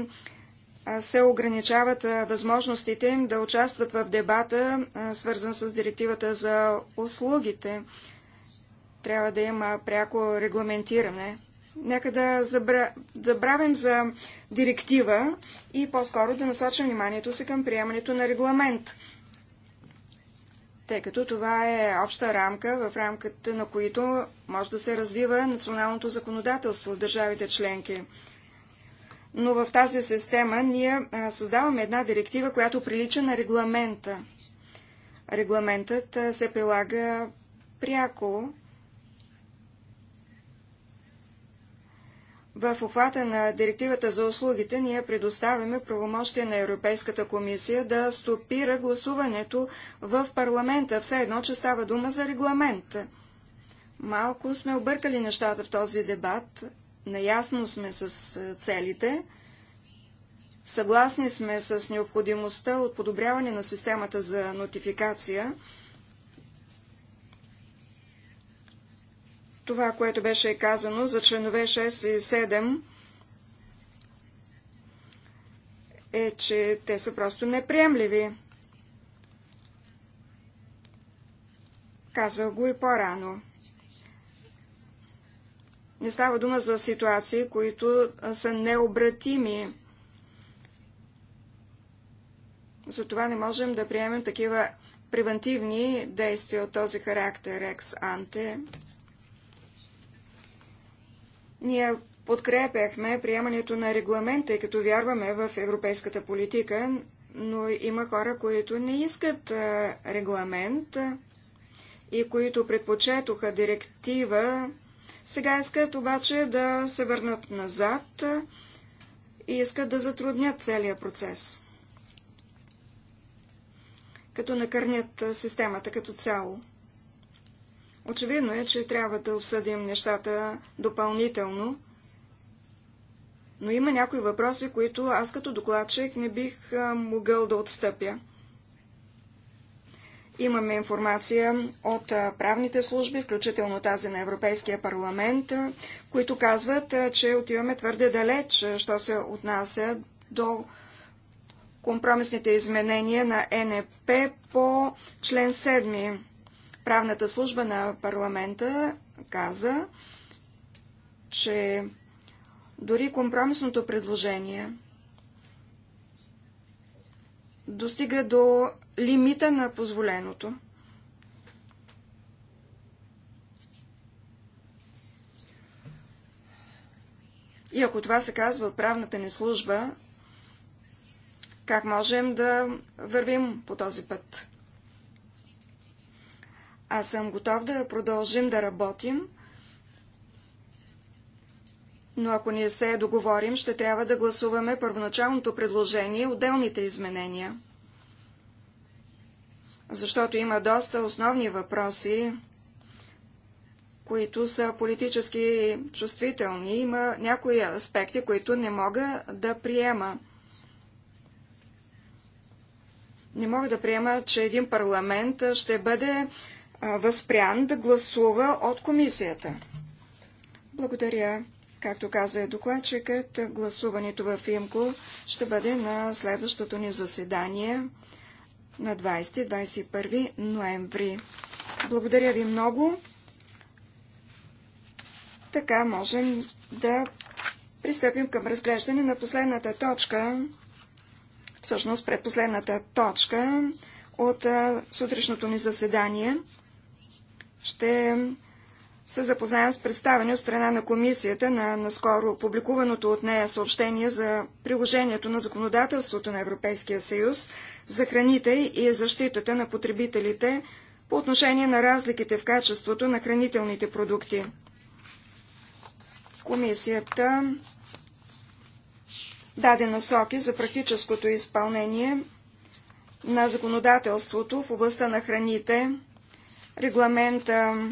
се ограничават възможностите им да участват в дебата, свързан с директивата за услугите. Трябва да има пряко регламентиране. Нека да забравим за директива и по-скоро да насочим вниманието си към приемането на регламент – тъй като това е обща рамка, в рамката на които може да се развива националното законодателство в държавите членки. Но в тази система ние създаваме една директива, която прилича на регламента. Регламентът се прилага пряко В обхвата на директивата за услугите ние предоставяме правомощие на Европейската комисия да стопира гласуването в парламента, все едно, че става дума за регламент. Малко сме объркали нещата в този дебат, наясно сме с е, целите, съгласни сме с необходимостта от подобряване на системата за нотификация – това, което беше казано за членове 6 и 7, е, че те са просто неприемливи. Казал го и по-рано. Не става дума за ситуации, които са необратими. Затова не можем да приемем такива превентивни действия от този характер екс анте. Ние подкрепяхме приемането на регламент, тъй като вярваме в европейската политика, но има хора, които не искат регламент и които предпочетоха директива. Сега искат обаче да се върнат назад и искат да затруднят целият процес, като накърнят системата като цяло. Очевидно е, че трябва да обсъдим нещата допълнително, но има някои въпроси, които аз като докладчик не бих могъл да отстъпя. Имаме информация от правните служби, включително тази на Европейския парламент, които казват, че отиваме твърде далеч, що се отнася до компромисните изменения на НП по член 7. Правната служба на парламента каза, че дори компромисното предложение достига до лимита на позволеното. И ако това се казва от правната ни служба, как можем да вървим по този път? Аз съм готов да продължим да работим, но ако не се договорим, ще трябва да гласуваме първоначалното предложение, отделните изменения. Защото има доста основни въпроси, които са политически чувствителни. Има някои аспекти, които не мога да приема. Не мога да приема, че един парламент ще бъде възпрян да гласува от комисията. Благодаря. Както каза и докладчикът, гласуването в ИМКО ще бъде на следващото ни заседание на 20-21 ноември. Благодаря ви много. Така можем да пристъпим към разглеждане на последната точка, всъщност предпоследната точка от сутрешното ни заседание ще се запознаем с представени от страна на комисията на наскоро публикуваното от нея съобщение за приложението на законодателството на Европейския съюз за храните и защитата на потребителите по отношение на разликите в качеството на хранителните продукти. Комисията даде насоки за практическото изпълнение на законодателството в областта на храните – регламента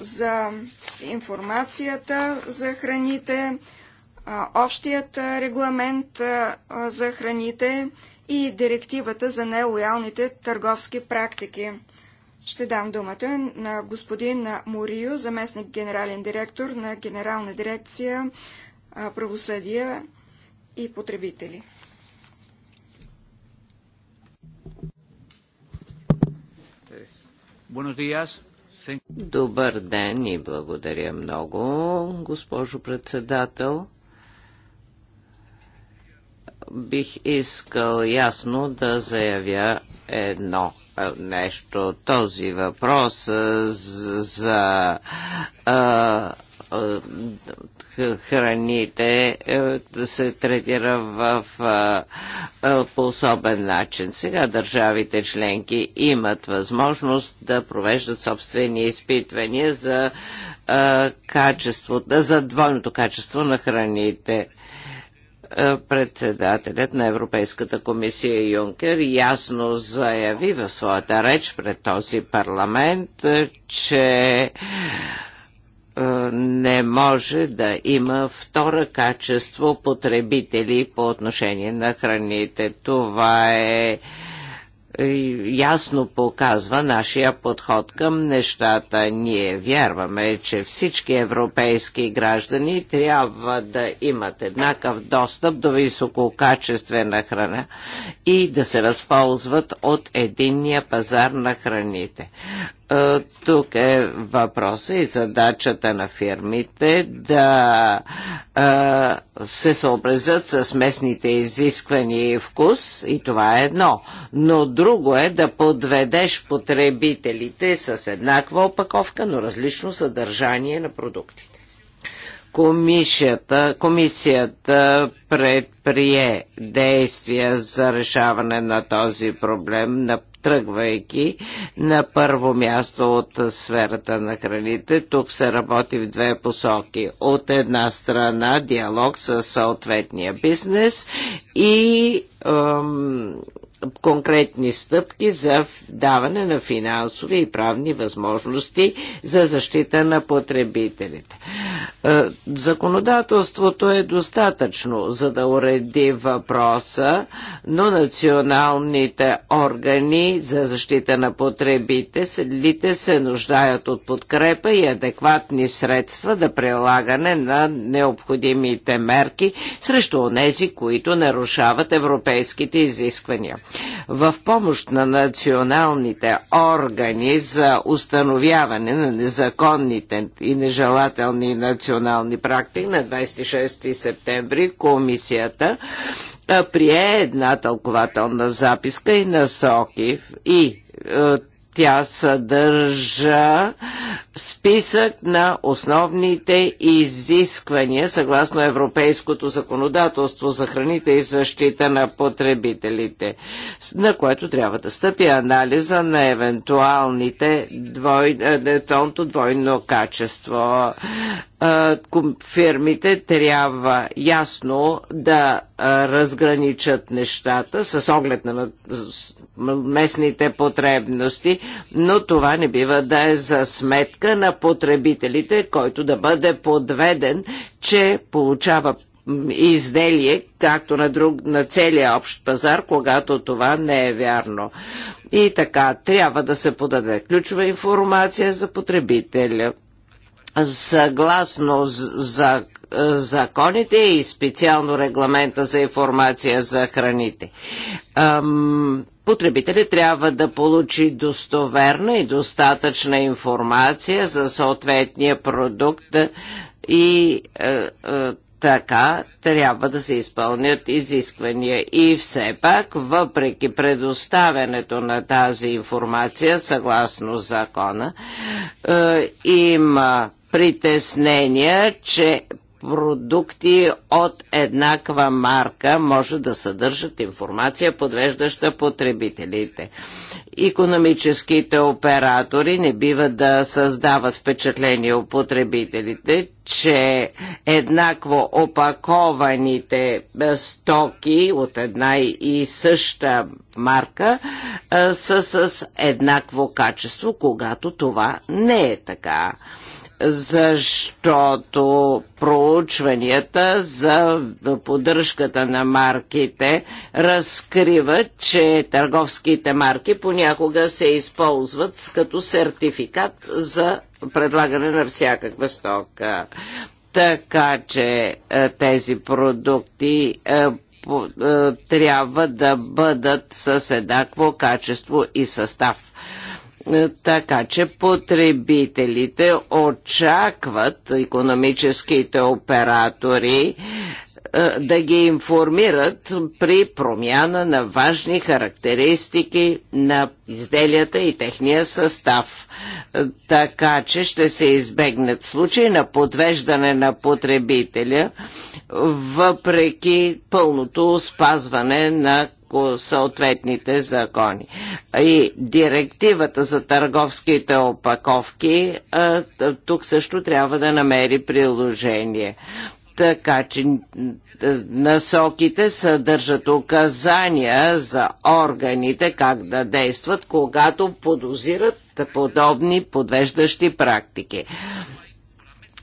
за информацията за храните, общият регламент за храните и директивата за нелоялните търговски практики. Ще дам думата на господин Морио, заместник генерален директор на Генерална дирекция правосъдие и потребители. Добър ден и благодаря много, госпожо председател. Бих искал ясно да заявя едно нещо. Този въпрос за а, е, храните да е, се третира в, е, по особен начин. Сега държавите членки имат възможност да провеждат собствени изпитвания за качество, за двойното качество на храните председателят на Европейската комисия Юнкер ясно заяви в своята реч пред този парламент, че е, не може да има втора качество потребители по отношение на храните. Това е, е ясно показва нашия подход към нещата. Ние вярваме, че всички европейски граждани трябва да имат еднакъв достъп до висококачествена храна и да се разползват от единния пазар на храните. Е, тук е въпроса и задачата на фирмите да е, се съобразят с местните изисквания и вкус и това е едно. Но друго е да подведеш потребителите с еднаква опаковка, но различно съдържание на продуктите. Комисията, комисията предприе действия за решаване на този проблем, тръгвайки на първо място от сферата на храните. Тук се работи в две посоки. От една страна диалог с съответния бизнес и конкретни стъпки за даване на финансови и правни възможности за защита на потребителите. Е, законодателството е достатъчно, за да уреди въпроса, но националните органи за защита на потребителите се нуждаят от подкрепа и адекватни средства да прилагане на необходимите мерки срещу онези, които нарушават европейските изисквания в помощ на националните органи за установяване на незаконните и нежелателни национални практики на 26 септември комисията прие една тълкователна записка и насоки и тя съдържа списък на основните изисквания съгласно европейското законодателство за храните и защита на потребителите, на което трябва да стъпи анализа на евентуалните двой, е, двойно качество фирмите трябва ясно да разграничат нещата с оглед на местните потребности, но това не бива да е за сметка на потребителите, който да бъде подведен, че получава изделие, както на, друг, на целия общ пазар, когато това не е вярно. И така, трябва да се подаде ключова информация за потребителя съгласно за законите и специално регламента за информация за храните. Потребителят трябва да получи достоверна и достатъчна информация за съответния продукт и е, е, така трябва да се изпълнят изисквания. И все пак, въпреки предоставянето на тази информация, съгласно закона, е, има притеснения, че продукти от еднаква марка може да съдържат информация, подвеждаща потребителите. Економическите оператори не бива да създават впечатление у потребителите, че еднакво опакованите е, стоки от една и съща марка е, са с еднакво качество, когато това не е така защото проучванията за поддръжката на марките разкриват, че търговските марки понякога се използват като сертификат за предлагане на всякаква стока. Така че е, тези продукти е, е, трябва да бъдат с еднакво качество и състав е, така че потребителите очакват економическите оператори е, да ги информират при промяна на важни характеристики на изделията и техния състав. Е, така че ще се избегнат случаи на подвеждане на потребителя, въпреки пълното спазване на съответните закони. И директивата за търговските опаковки тук също трябва да намери приложение. Така че насоките съдържат указания за органите как да действат, когато подозират подобни подвеждащи практики.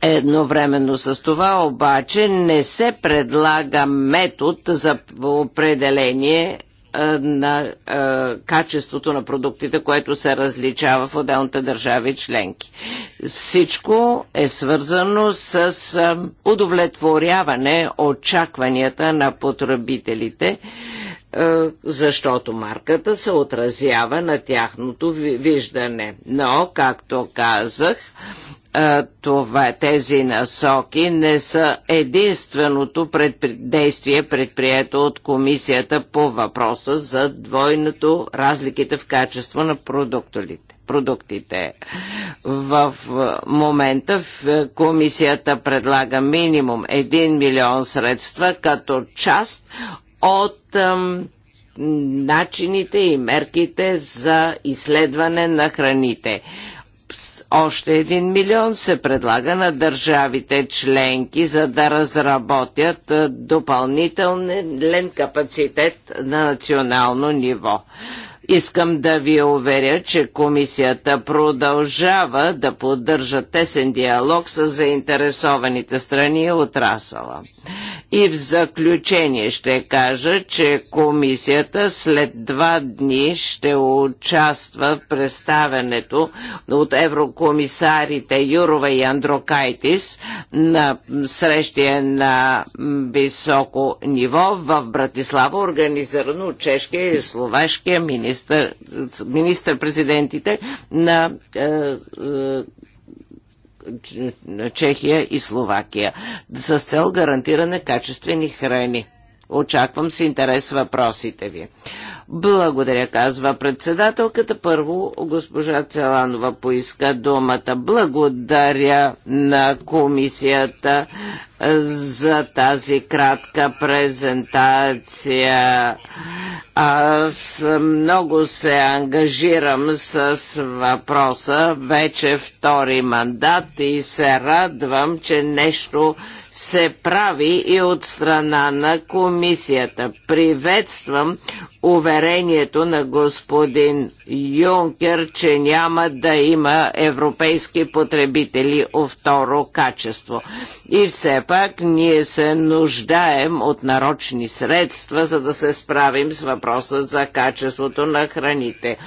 Едновременно с това обаче не се предлага метод за определение е, на е, качеството на продуктите, което се различава в отделните държави членки. Всичко е свързано с е, удовлетворяване очакванията на потребителите, защото марката се отразява на тяхното виждане. Но, както казах, това, тези насоки не са единственото предпри... действие предприето от комисията по въпроса за двойното разликите в качество на продуктите продуктите. В момента в е, комисията предлага минимум 1 милион средства като част от ам, начините и мерките за изследване на храните. Още един милион се предлага на държавите членки, за да разработят допълнителен капацитет на национално ниво. Искам да ви уверя, че комисията продължава да поддържа тесен диалог с заинтересованите страни и Расала. И в заключение ще кажа, че комисията след два дни ще участва в представенето от еврокомисарите Юрова и Андрокайтис на срещие на високо ниво в Братислава, организирано от чешкия и словашкия министър, министър-президентите на е, е, Чехия и Словакия с цел гарантиране качествени храни. Очаквам с интерес въпросите ви. Благодаря, казва председателката. Първо госпожа Целанова поиска думата. Благодаря на комисията за тази кратка презентация. Аз много се ангажирам с въпроса вече втори мандат и се радвам, че нещо се прави и от страна на комисията. Приветствам уверението на господин Юнкер, че няма да има европейски потребители о второ качество. И все пак ние се нуждаем от нарочни средства, за да се справим с въпроса за качеството на храните.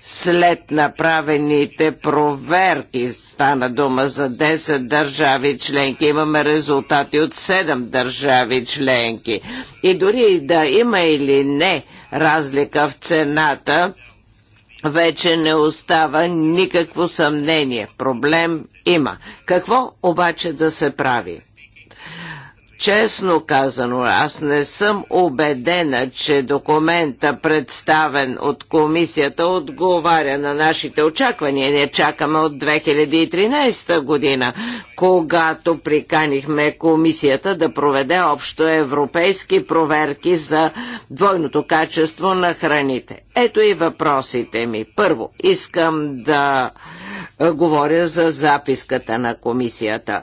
След направените проверки, стана дума за 10 държави членки, имаме резултати от 7 държави членки. И дори да има или не разлика в цената, вече не остава никакво съмнение. Проблем има. Какво обаче да се прави? Честно казано, аз не съм убедена, че документа, представен от комисията, отговаря на нашите очаквания. Не чакаме от 2013 година, когато приканихме комисията да проведе общо европейски проверки за двойното качество на храните. Ето и въпросите ми. Първо, искам да говоря за записката на комисията.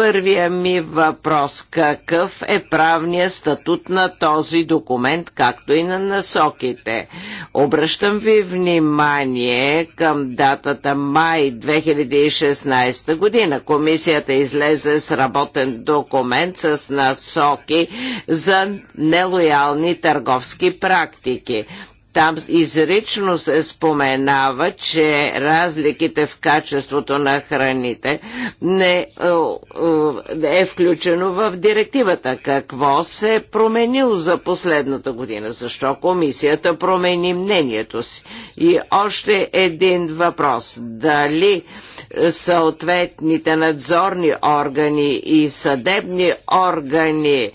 Първия ми въпрос – какъв е правният статут на този документ, както и на насоките? Обръщам ви внимание към датата май 2016 година. Комисията излезе с работен документ с насоки за нелоялни търговски практики. Там изрично се споменава, че разликите в качеството на храните не е, е, е включено в директивата. Какво се е променило за последната година? Защо комисията промени мнението си? И още един въпрос. Дали съответните надзорни органи и съдебни органи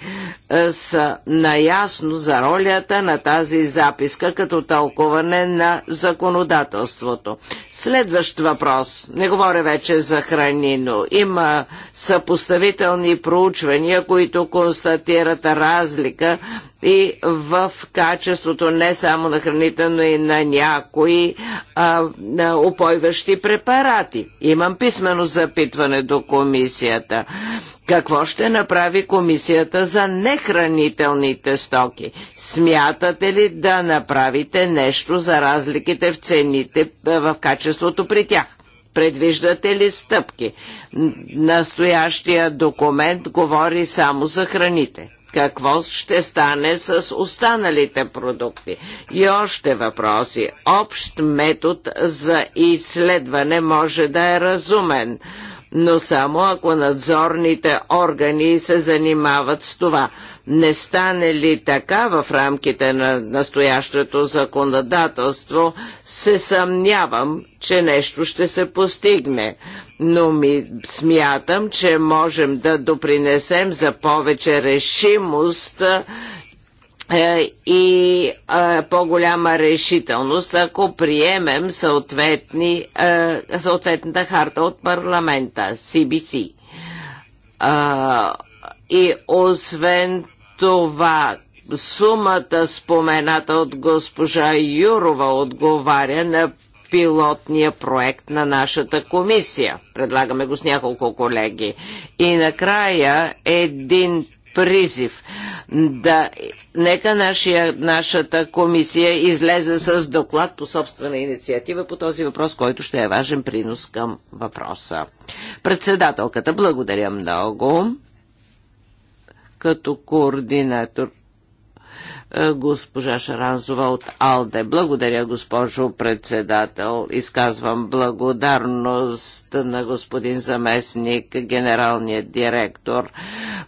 е, са наясно за ролята на тази записка като тълкуване на законодателството. Следващ въпрос. Не говоря вече за храни, но има съпоставителни проучвания, които констатират разлика и в качеството не само на храните, но и на някои а, на опойващи препарати. Имам писмено запитване до комисията. Какво ще направи комисията за нехранителните стоки? Смятате ли да направите нещо за разликите в цените в качеството при тях? Предвиждате ли стъпки? Настоящия документ говори само за храните какво ще стане с останалите продукти. И още въпроси. Общ метод за изследване може да е разумен но само ако надзорните органи се занимават с това. Не стане ли така в рамките на настоящото законодателство, се съмнявам, че нещо ще се постигне, но ми смятам, че можем да допринесем за повече решимост е, и е, по-голяма решителност, ако приемем съответни, е, съответната харта от парламента, CBC. И освен това, сумата спомената от госпожа Юрова отговаря на пилотния проект на нашата комисия. Предлагаме го с няколко колеги. И накрая един призив да нека нашия, нашата комисия излезе с доклад по собствена инициатива по този въпрос, който ще е важен принос към въпроса. Председателката, благодаря много. Като координатор е, госпожа Шаранзова от АЛДЕ. Благодаря, госпожо председател. Изказвам благодарност на господин заместник, генералният директор,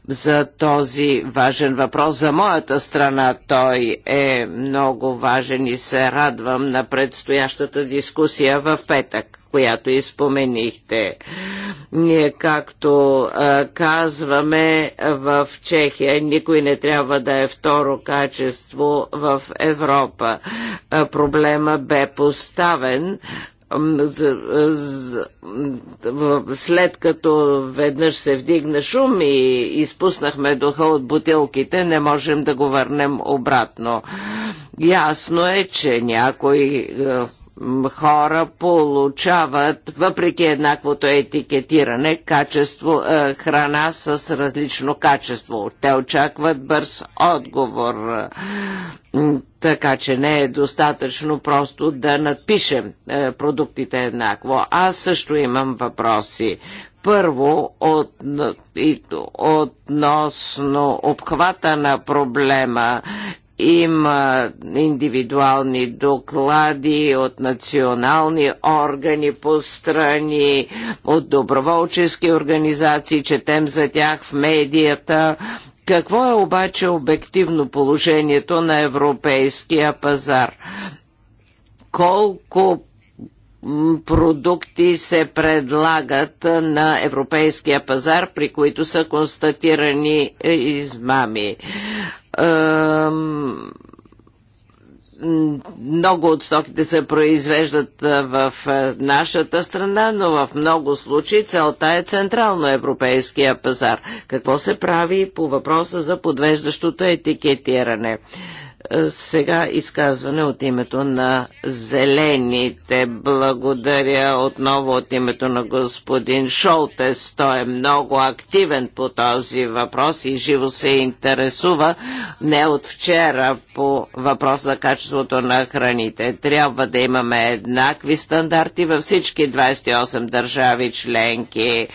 за този важен въпрос. За моята страна той е много важен и се радвам на предстоящата дискусия в петък която изпоменихте. Ние, както а, казваме в Чехия, никой не трябва да е второ качество в Европа. А, проблема бе поставен след като веднъж се вдигна шум и изпуснахме духа от бутилките, не можем да го върнем обратно. Ясно е, че някой хора получават, въпреки еднаквото етикетиране, качество, е, храна с различно качество. Те очакват бърз отговор. Така че не е достатъчно просто да надпишем е, продуктите еднакво. Аз също имам въпроси. Първо, от, относно обхвата на проблема има индивидуални доклади от национални органи по страни, от доброволчески организации, четем за тях в медията. Какво е обаче обективно положението на европейския пазар? Колко продукти се предлагат на европейския пазар, при които са констатирани е, измами много от стоките се произвеждат е, в е, нашата страна, но в много случаи целта е централно европейския пазар. Какво се прави по въпроса за подвеждащото етикетиране? Е, сега изказване от името на зелените. Благодаря отново от името на господин Шолтес. Той е много активен по този въпрос и живо се интересува не от вчера по въпрос за качеството на храните. Трябва да имаме еднакви стандарти във всички 28 държави членки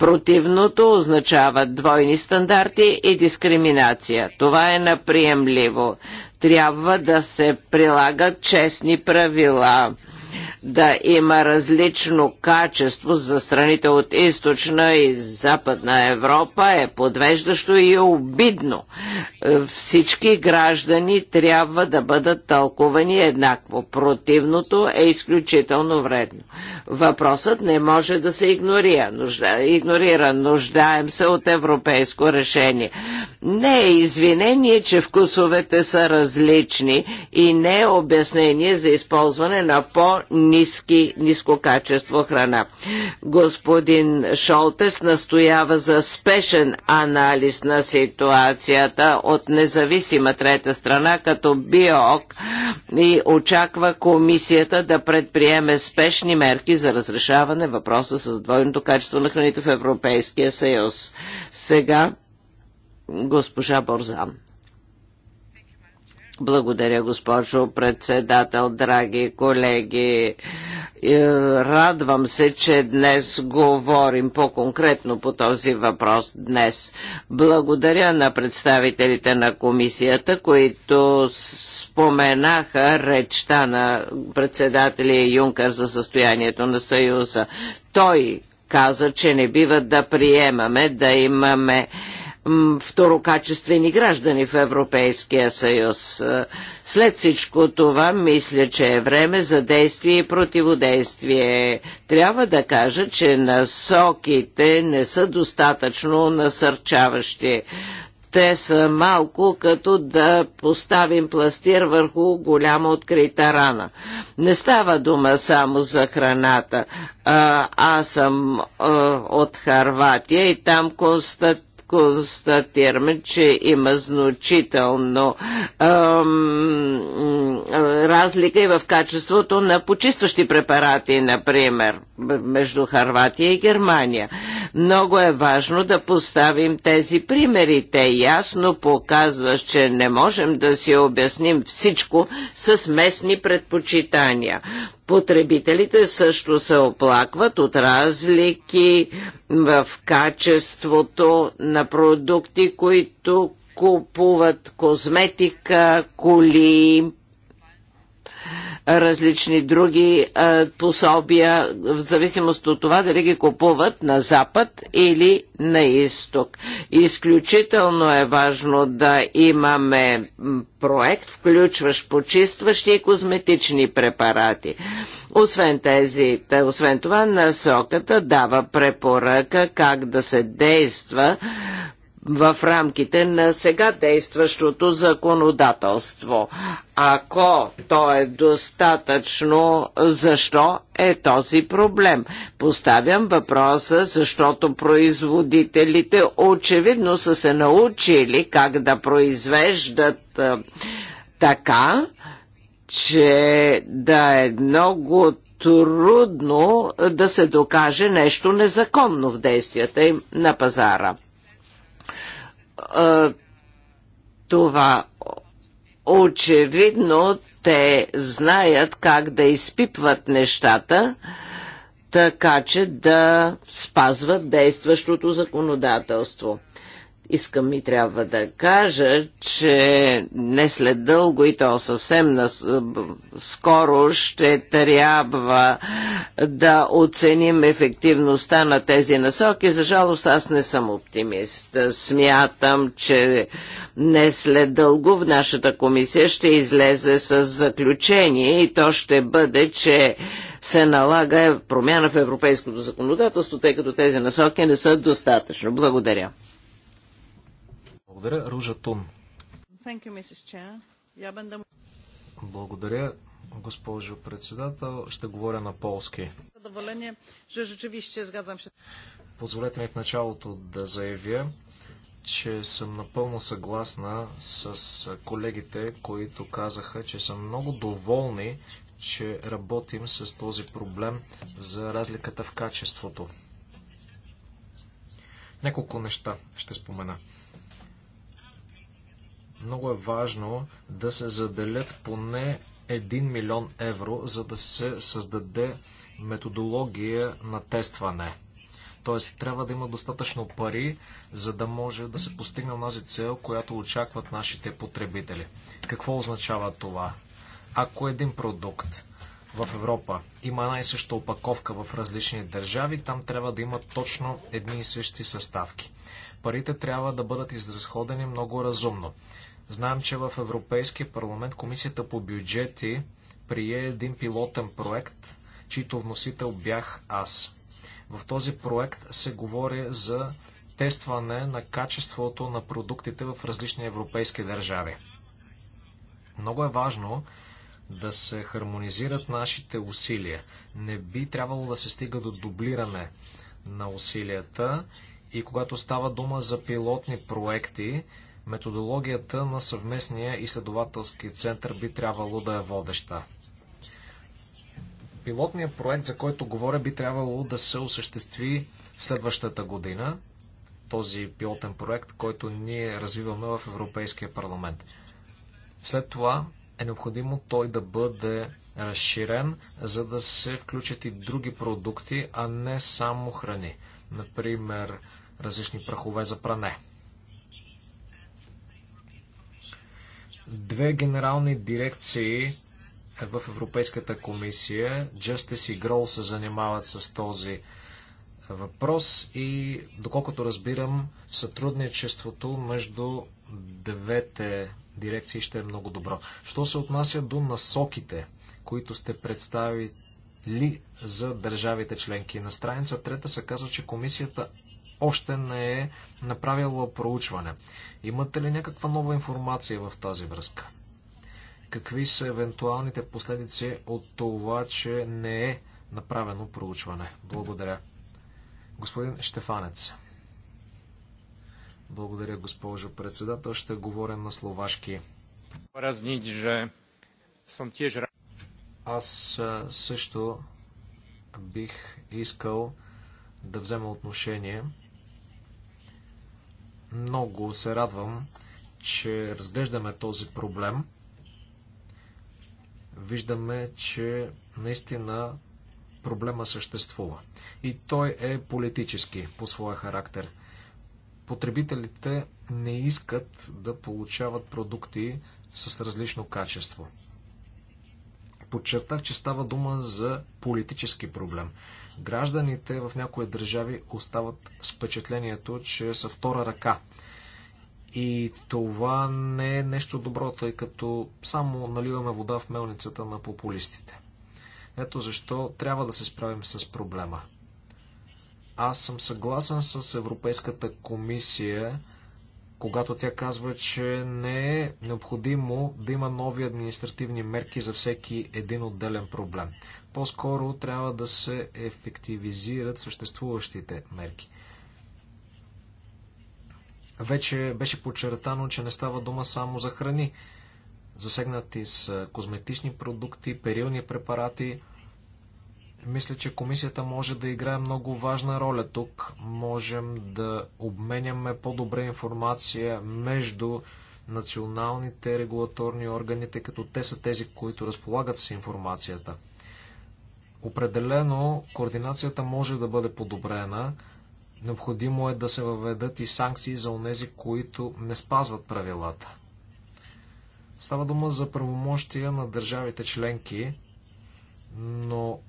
Противното означава двойни стандарти и дискриминация. Това е наприемливо. Трябва да се прилагат честни правила да има различно качество за страните от източна и западна Европа е подвеждащо и обидно. Е, всички граждани трябва да бъдат тълкувани еднакво. Противното е изключително вредно. Въпросът не може да се игнорира. Нужда, игнорира. Нуждаем се от европейско решение. Не е извинение, че вкусовете са различни и не е обяснение за използване на по ниски, ниско качество храна. Господин Шолтес настоява за спешен анализ на ситуацията от независима трета страна като БИОК и очаква комисията да предприеме спешни мерки за разрешаване въпроса с двойното качество на храните в Европейския съюз. Сега госпожа Борзан. Благодаря, госпожо председател, драги колеги. Е, радвам се, че днес говорим по-конкретно по този въпрос днес. Благодаря на представителите на комисията, които споменаха речта на председателя Юнкър за състоянието на Съюза. Той каза, че не бива да приемаме да имаме второкачествени граждани в Европейския съюз. Е, след всичко това, мисля, че е време за действие и противодействие. Трябва да кажа, че насоките не са достатъчно насърчаващи те са малко като да поставим пластир върху голяма открита рана. Не става дума само за храната. А, аз съм а, от Харватия и там констат констатираме, че има значително ам, разлика и в качеството на почистващи препарати, например, между Харватия и Германия. Много е важно да поставим тези примери. Те ясно показват, че не можем да си обясним всичко с местни предпочитания. Потребителите също се оплакват от разлики в качеството на продукти, които купуват козметика, коли, различни други пособия, в зависимост от това дали ги купуват на запад или на изток. Изключително е важно да имаме проект, включващ почистващи и козметични препарати. Освен, тези, освен това, насоката дава препоръка как да се действа в рамките на сега действащото законодателство. Ако то е достатъчно, защо е този проблем? Поставям въпроса, защото производителите очевидно са се научили как да произвеждат така, че да е много трудно да се докаже нещо незаконно в действията им на пазара това. Очевидно те знаят как да изпипват нещата, така че да спазват действащото законодателство. Искам и трябва да кажа, че не след дълго и то съвсем скоро ще трябва да оценим ефективността на тези насоки. За жалост аз не съм оптимист. Смятам, че не след дълго в нашата комисия ще излезе с заключение и то ще бъде, че се налага е промяна в европейското законодателство, тъй като тези насоки не са достатъчно. Благодаря. Благодаря, Ружа Тун. Благодаря, госпожо председател. Ще говоря на полски. Позволете ми в началото да заявя, че съм напълно съгласна с колегите, които казаха, че са много доволни, че работим с този проблем за разликата в качеството. Няколко неща ще спомена. Много е важно да се заделят поне 1 милион евро, за да се създаде методология на тестване. Тоест, трябва да има достатъчно пари, за да може да се постигне онази цел, която очакват нашите потребители. Какво означава това? Ако един продукт в Европа. Има една и съща опаковка в различни държави. Там трябва да има точно едни и същи съставки. Парите трябва да бъдат изразходени много разумно. Знаем, че в Европейския парламент Комисията по бюджети прие един пилотен проект, чийто вносител бях аз. В този проект се говори за тестване на качеството на продуктите в различни европейски държави. Много е важно да се хармонизират нашите усилия. Не би трябвало да се стига до дублиране на усилията и когато става дума за пилотни проекти, методологията на съвместния изследователски център би трябвало да е водеща. Пилотният проект, за който говоря, би трябвало да се осъществи следващата година. Този пилотен проект, който ние развиваме в Европейския парламент. След това е необходимо той да бъде разширен, за да се включат и други продукти, а не само храни. Например, различни прахове за пране. Две генерални дирекции е в Европейската комисия, Justice и Grow, се занимават с този въпрос и, доколкото разбирам, сътрудничеството между двете дирекции ще е много добро. Що се отнася до насоките, които сте представили за държавите членки? На страница трета се казва, че комисията още не е направила проучване. Имате ли някаква нова информация в тази връзка? Какви са евентуалните последици от това, че не е направено проучване? Благодаря. Господин Штефанец. Благодаря, госпожо председател. Ще говоря на словашки. Аз също бих искал да взема отношение. Много се радвам, че разглеждаме този проблем. Виждаме, че наистина проблема съществува. И той е политически по своя характер потребителите не искат да получават продукти с различно качество. Подчертах, че става дума за политически проблем. Гражданите в някои държави остават с впечатлението, че са втора ръка. И това не е нещо добро, тъй като само наливаме вода в мелницата на популистите. Ето защо трябва да се справим с проблема. Аз съм съгласен с Европейската комисия, когато тя казва, че не е необходимо да има нови административни мерки за всеки един отделен проблем. По-скоро трябва да се ефективизират съществуващите мерки. Вече беше подчертано, че не става дума само за храни. Засегнати с козметични продукти, перилни препарати, мисля, че комисията може да играе много важна роля тук. Можем да обменяме по-добре информация между националните регулаторни органи, тъй като те са тези, които разполагат с информацията. Определено координацията може да бъде подобрена. Необходимо е да се въведат и санкции за онези, които не спазват правилата. Става дума за правомощия на държавите членки, но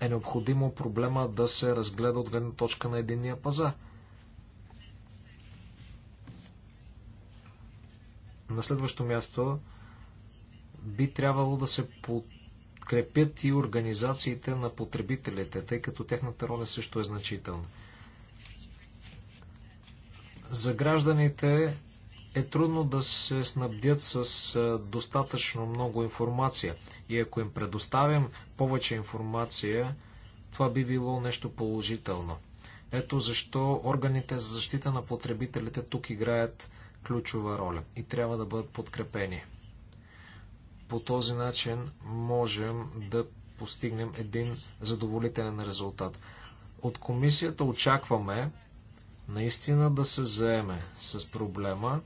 е необходимо проблема да се разгледа от гледна точка на единния пазар. На следващо място би трябвало да се подкрепят и организациите на потребителите, тъй като техната роля също е значителна. За гражданите е трудно да се снабдят с достатъчно много информация. И ако им предоставим повече информация, това би било нещо положително. Ето защо органите за защита на потребителите тук играят ключова роля и трябва да бъдат подкрепени. По този начин можем да постигнем един задоволителен резултат. От комисията очакваме наистина да се заеме с проблема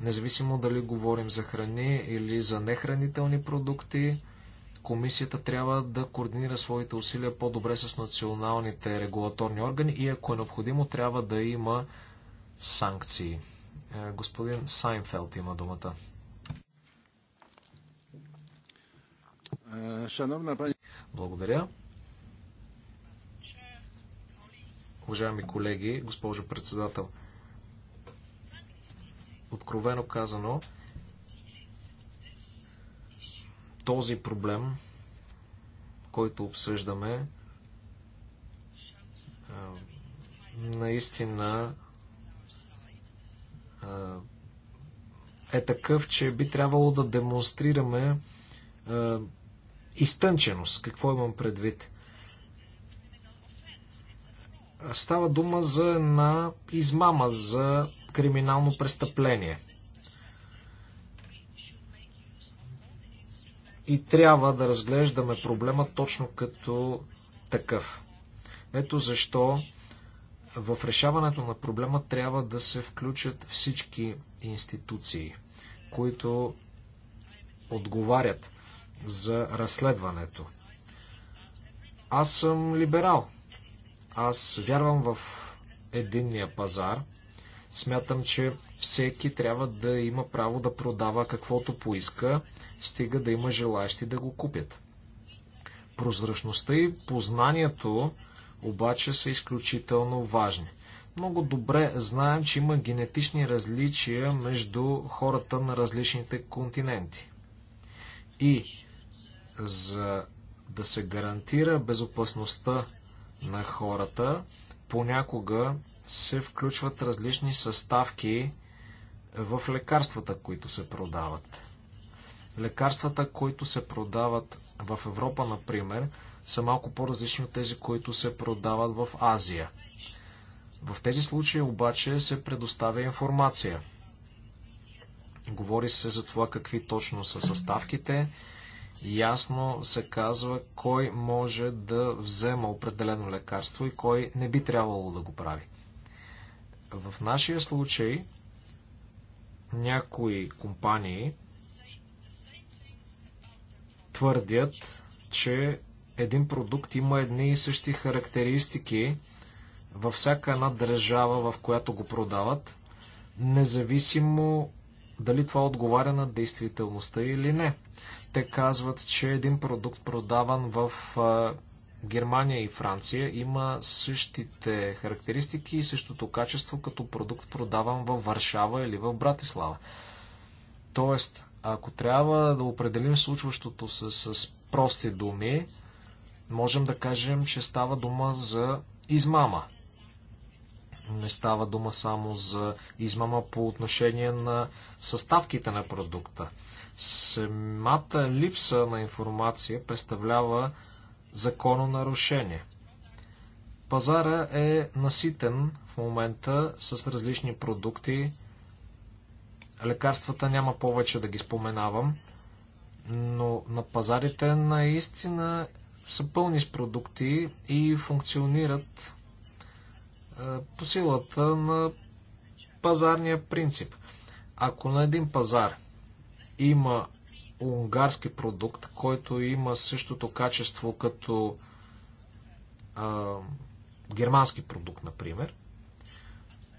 Независимо дали говорим за храни или за нехранителни продукти, комисията трябва да координира своите усилия по-добре с националните регулаторни органи и ако е необходимо, трябва да има санкции. Е, господин Сайнфелд има думата. Е, Благодаря. Уважаеми колеги, госпожо председател, откровено казано, този проблем, който обсъждаме, е, наистина е, е такъв, че би трябвало да демонстрираме е, изтънченост. Какво имам предвид? Става дума за една измама, за криминално престъпление. И трябва да разглеждаме проблема точно като такъв. Ето защо в решаването на проблема трябва да се включат всички институции, които отговарят за разследването. Аз съм либерал. Аз вярвам в единния пазар – Смятам, че всеки трябва да има право да продава каквото поиска, стига да има желащи да го купят. Прозрачността и познанието обаче са изключително важни. Много добре знаем, че има генетични различия между хората на различните континенти. И за да се гарантира безопасността на хората, понякога се включват различни съставки в лекарствата, които се продават. Лекарствата, които се продават в Европа, например, са малко по-различни от тези, които се продават в Азия. В тези случаи обаче се предоставя информация. Говори се за това какви точно са съставките, ясно се казва кой може да взема определено лекарство и кой не би трябвало да го прави. В нашия случай някои компании твърдят, че един продукт има едни и същи характеристики във всяка една държава, в която го продават, независимо дали това отговаря на действителността или не. Те казват, че един продукт продаван в Германия и Франция има същите характеристики и същото качество като продукт продаван във Варшава или в Братислава. Тоест, ако трябва да определим случващото се с прости думи, можем да кажем, че става дума за измама. Не става дума само за измама по отношение на съставките на продукта. Самата липса на информация представлява закононарушение. Пазара е наситен в момента с различни продукти. Лекарствата няма повече да ги споменавам, но на пазарите наистина са пълни с продукти и функционират е, по силата на пазарния принцип. Ако на един пазар – има унгарски продукт, който има същото качество като а, германски продукт, например,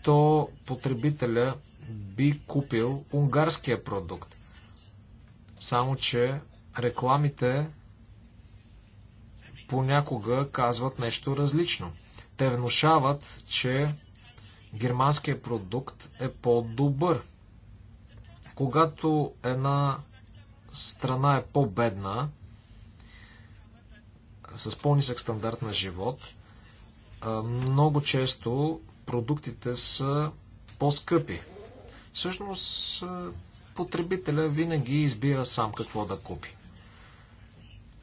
то потребителя би купил унгарския продукт. Само, че рекламите понякога казват нещо различно. Те внушават, че германският продукт е по-добър когато една страна е по-бедна, с по-нисък стандарт на живот, много често продуктите са по-скъпи. Всъщност, потребителя винаги избира сам какво да купи.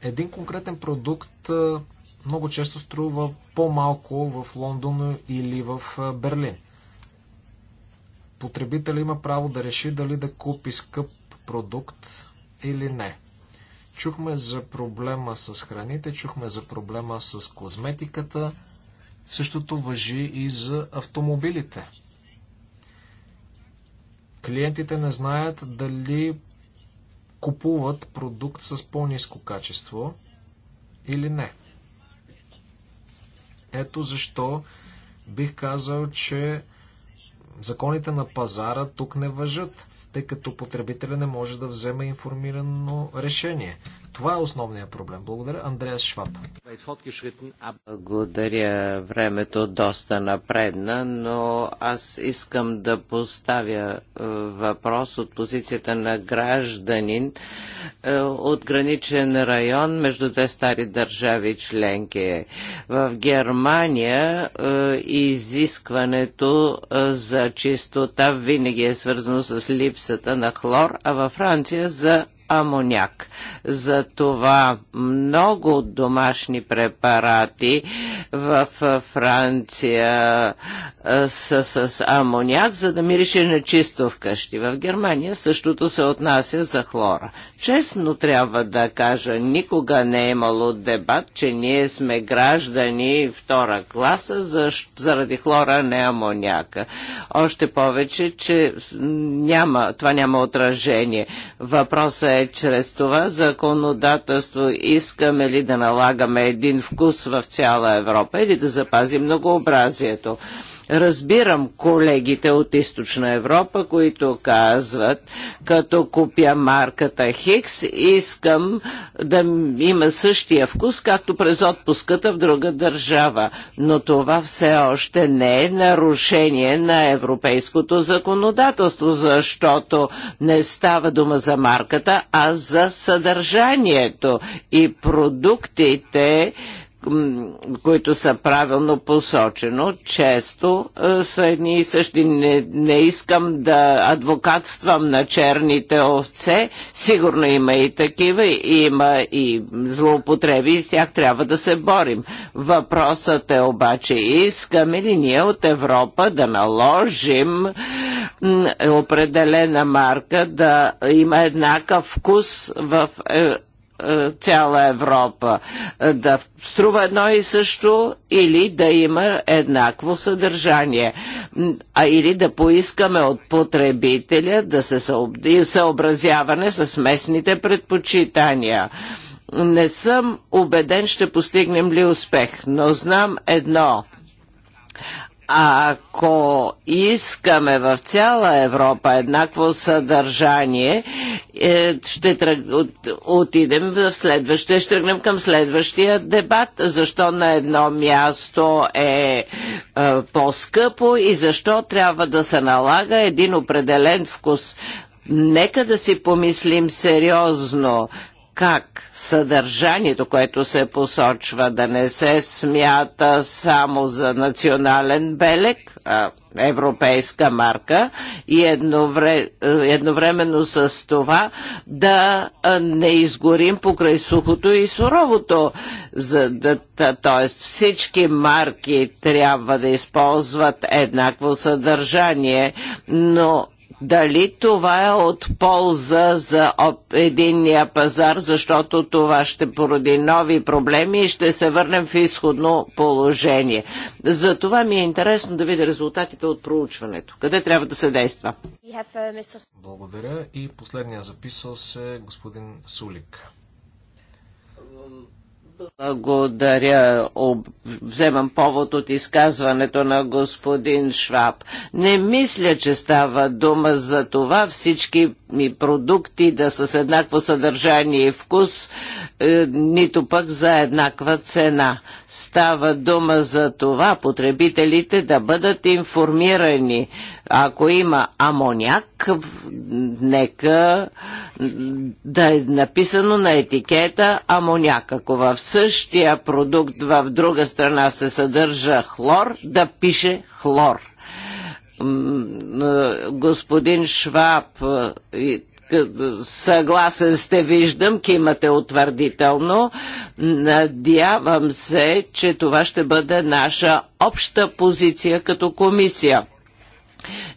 Един конкретен продукт много често струва по-малко в Лондон или в Берлин потребител има право да реши дали да купи скъп продукт или не. Чухме за проблема с храните, чухме за проблема с козметиката. Същото въжи и за автомобилите. Клиентите не знаят дали купуват продукт с по-низко качество или не. Ето защо бих казал, че Законите на пазара тук не въжат, тъй като потребителя не може да вземе информирано решение. Това е основният проблем. Благодаря, Андреас Шваб. Благодаря, времето доста напредна, но аз искам да поставя е, въпрос от позицията на гражданин е, от граничен район между две стари държави членки. В Германия е, изискването за чистота винаги е свързано с липсата на хлор, а във Франция за амоняк. Затова много домашни препарати в Франция са с амоняк, за да мирише на чисто вкъщи. В Германия същото се отнася за хлора. Честно трябва да кажа, никога не е имало дебат, че ние сме граждани втора класа за, заради хлора, не амоняка. Още повече, че няма, това няма отражение. Въпросът е чрез това законодателство искаме ли да налагаме един вкус в цяла Европа или да запазим многообразието. Разбирам колегите от Източна Европа, които казват, като купя марката Хикс, искам да има същия вкус, както през отпуската в друга държава. Но това все още не е нарушение на европейското законодателство, защото не става дума за марката, а за съдържанието и продуктите, които са правилно посочено, често е, са едни и същи. Не, не искам да адвокатствам на черните овце. Сигурно има и такива, има и злоупотреби и с тях трябва да се борим. Въпросът е обаче, искаме ли ние от Европа да наложим определена марка да има еднакъв вкус в е, е, цяла Европа. Е, да струва едно и също или да има еднакво съдържание. А или да поискаме от потребителя да се съобразяване с местните предпочитания. Не съм убеден ще постигнем ли успех, но знам едно ако искаме в цяла Европа еднакво съдържание, е, ще тръг... отидем в следващия, ще тръгнем към следващия дебат. Защо на едно място е, е по-скъпо и защо трябва да се налага един определен вкус. Нека да си помислим сериозно как съдържанието, което се посочва, да не се смята само за национален белег, а, европейска марка, и едновре, едновременно с това да не изгорим покрай сухото и суровото. За, да, тоест всички марки трябва да използват еднакво съдържание, но дали това е от полза за единния пазар, защото това ще породи нови проблеми и ще се върнем в изходно положение. За това ми е интересно да видя резултатите от проучването. Къде трябва да се действа? Uh, Благодаря и последния записал се господин Сулик. Благодаря. Об... Вземам повод от изказването на господин Шваб. Не мисля, че става дума за това всички ми продукти да са с еднакво съдържание и вкус, е, нито пък за еднаква цена. Става дума за това потребителите да бъдат информирани. Ако има амоняк, нека да е написано на етикета амоняк. Ако в същия продукт в друга страна се съдържа хлор, да пише хлор господин Шваб Съгласен сте, виждам, кимате утвърдително. Надявам се, че това ще бъде наша обща позиция като комисия.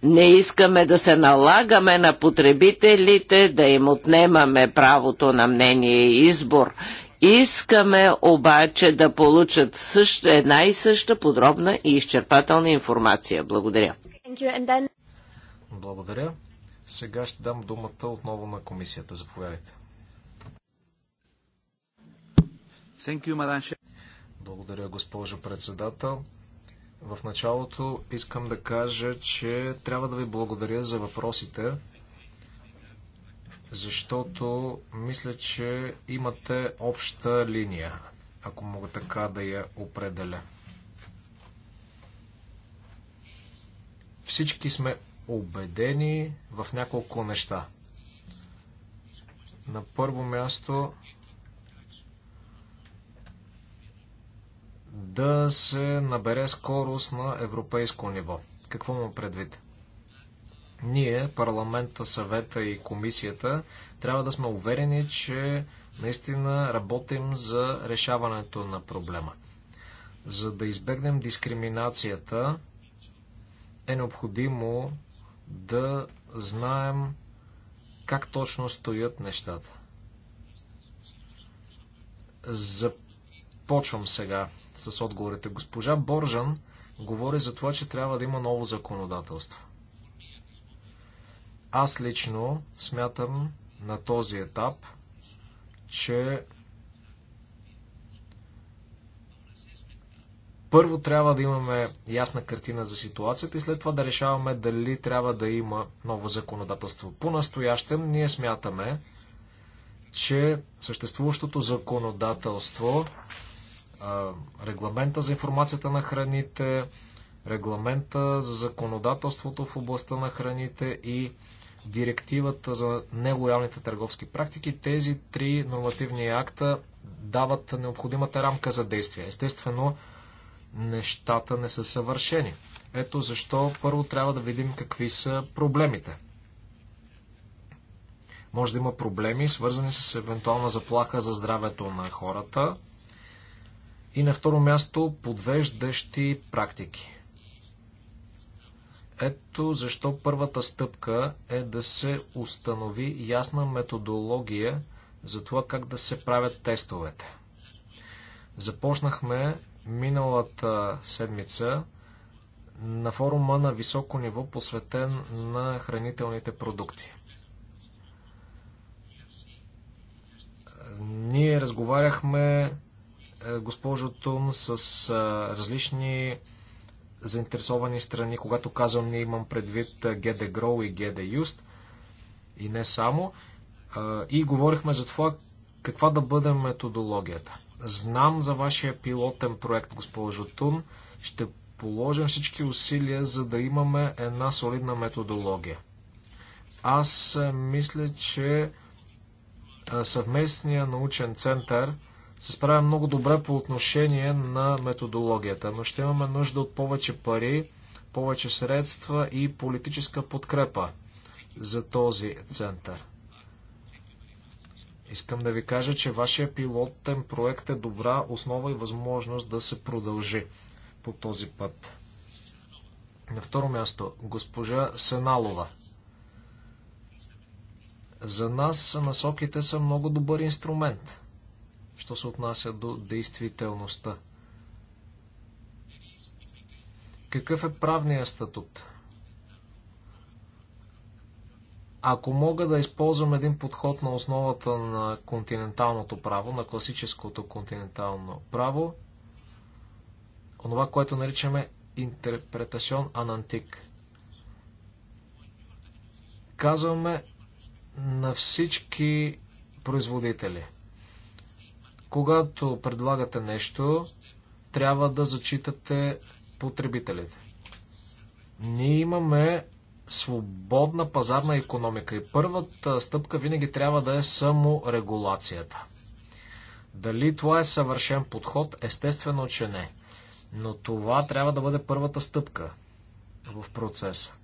Не искаме да се налагаме на потребителите, да им отнемаме правото на мнение и избор. Искаме обаче да получат също, една и съща подробна и изчерпателна информация. Благодаря. Благодаря. Сега ще дам думата отново на комисията. Заповядайте. Благодаря, госпожо председател. В началото искам да кажа, че трябва да ви благодаря за въпросите, защото мисля, че имате обща линия, ако мога така да я определя. Всички сме убедени в няколко неща. На първо място да се набере скорост на европейско ниво. Какво му предвид? Ние, парламента, съвета и комисията, трябва да сме уверени, че наистина работим за решаването на проблема. За да избегнем дискриминацията, е необходимо да знаем как точно стоят нещата. Започвам сега с отговорите. Госпожа Боржан говори за това, че трябва да има ново законодателство. Аз лично смятам на този етап, че Първо трябва да имаме ясна картина за ситуацията и след това да решаваме дали трябва да има ново законодателство. По-настоящем ние смятаме, че съществуващото законодателство, регламента за информацията на храните, регламента за законодателството в областта на храните и директивата за нелоялните търговски практики, тези три нормативни акта дават необходимата рамка за действие. Естествено, нещата не са съвършени. Ето защо първо трябва да видим какви са проблемите. Може да има проблеми, свързани с евентуална заплаха за здравето на хората. И на второ място подвеждащи практики. Ето защо първата стъпка е да се установи ясна методология за това как да се правят тестовете. Започнахме Миналата седмица на форума на високо ниво, посветен на хранителните продукти. Ние разговаряхме, е, госпожо Тун, с е, различни заинтересовани страни. Когато казвам ние, имам предвид ГД е, Гроу и ГД Юст и не само. И говорихме за това каква да бъде методологията. Знам за вашия пилотен проект, госпожо Тун. Ще положим всички усилия, за да имаме една солидна методология. Аз е, мисля, че е, съвместния научен център се справя много добре по отношение на методологията, но ще имаме нужда от повече пари, повече средства и политическа подкрепа за този център. Искам да ви кажа, че вашия пилотен проект е добра основа и възможност да се продължи по този път. На второ място, госпожа Сеналова. За нас насоките са много добър инструмент, що се отнася до действителността. Какъв е правният статут? Ако мога да използвам един подход на основата на континенталното право, на класическото континентално право, онова, което наричаме интерпретацион анантик. Казваме на всички производители. Когато предлагате нещо, трябва да зачитате потребителите. Ние имаме свободна пазарна економика и първата стъпка винаги трябва да е само регулацията. Дали това е съвършен подход? Естествено, че не. Но това трябва да бъде първата стъпка в процеса.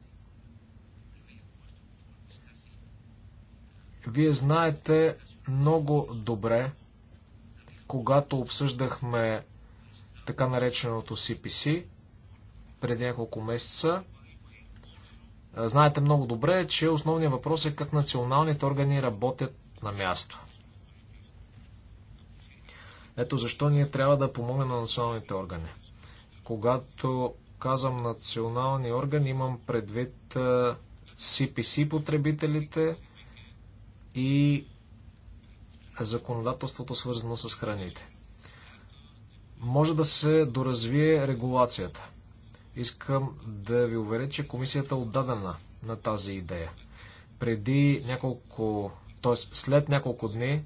Вие знаете много добре, когато обсъждахме така нареченото CPC преди няколко месеца, е, знаете много добре, че основният въпрос е как националните органи работят на място. Ето защо ние трябва да помогнем на националните органи. Когато казвам национални органи, имам предвид CPC е, потребителите и законодателството свързано с храните. Може да се доразвие регулацията. Искам да ви уверя, че комисията е отдадена на тази идея. Преди няколко, т.е. след няколко дни,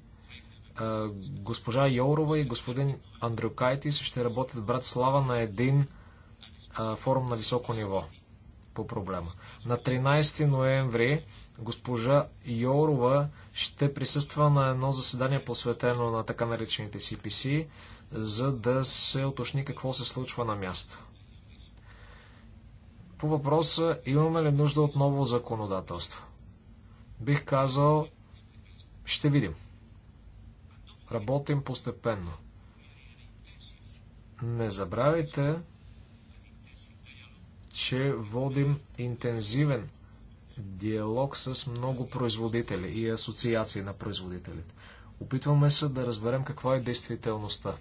госпожа Йорова и господин Андрюкайтис ще работят в Слава на един форум на високо ниво по проблема. На 13 ноември госпожа Йорова ще присъства на едно заседание посветено на така наречените CPC, за да се уточни какво се случва на място. По въпроса имаме ли нужда от ново законодателство? Бих казал, ще видим. Работим постепенно. Не забравяйте, че водим интензивен диалог с много производители и асоциации на производителите. Опитваме се да разберем каква е действителността.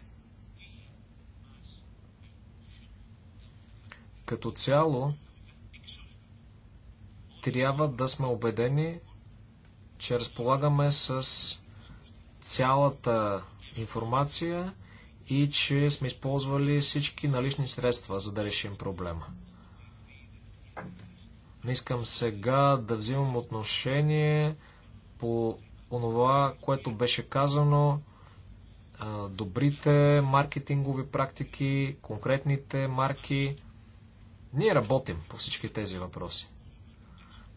Като цяло, трябва да сме убедени, че разполагаме с цялата информация и че сме използвали всички налични средства, за да решим проблема. Не искам сега да взимам отношение по онова, което беше казано, добрите маркетингови практики, конкретните марки. Ние работим по всички тези въпроси.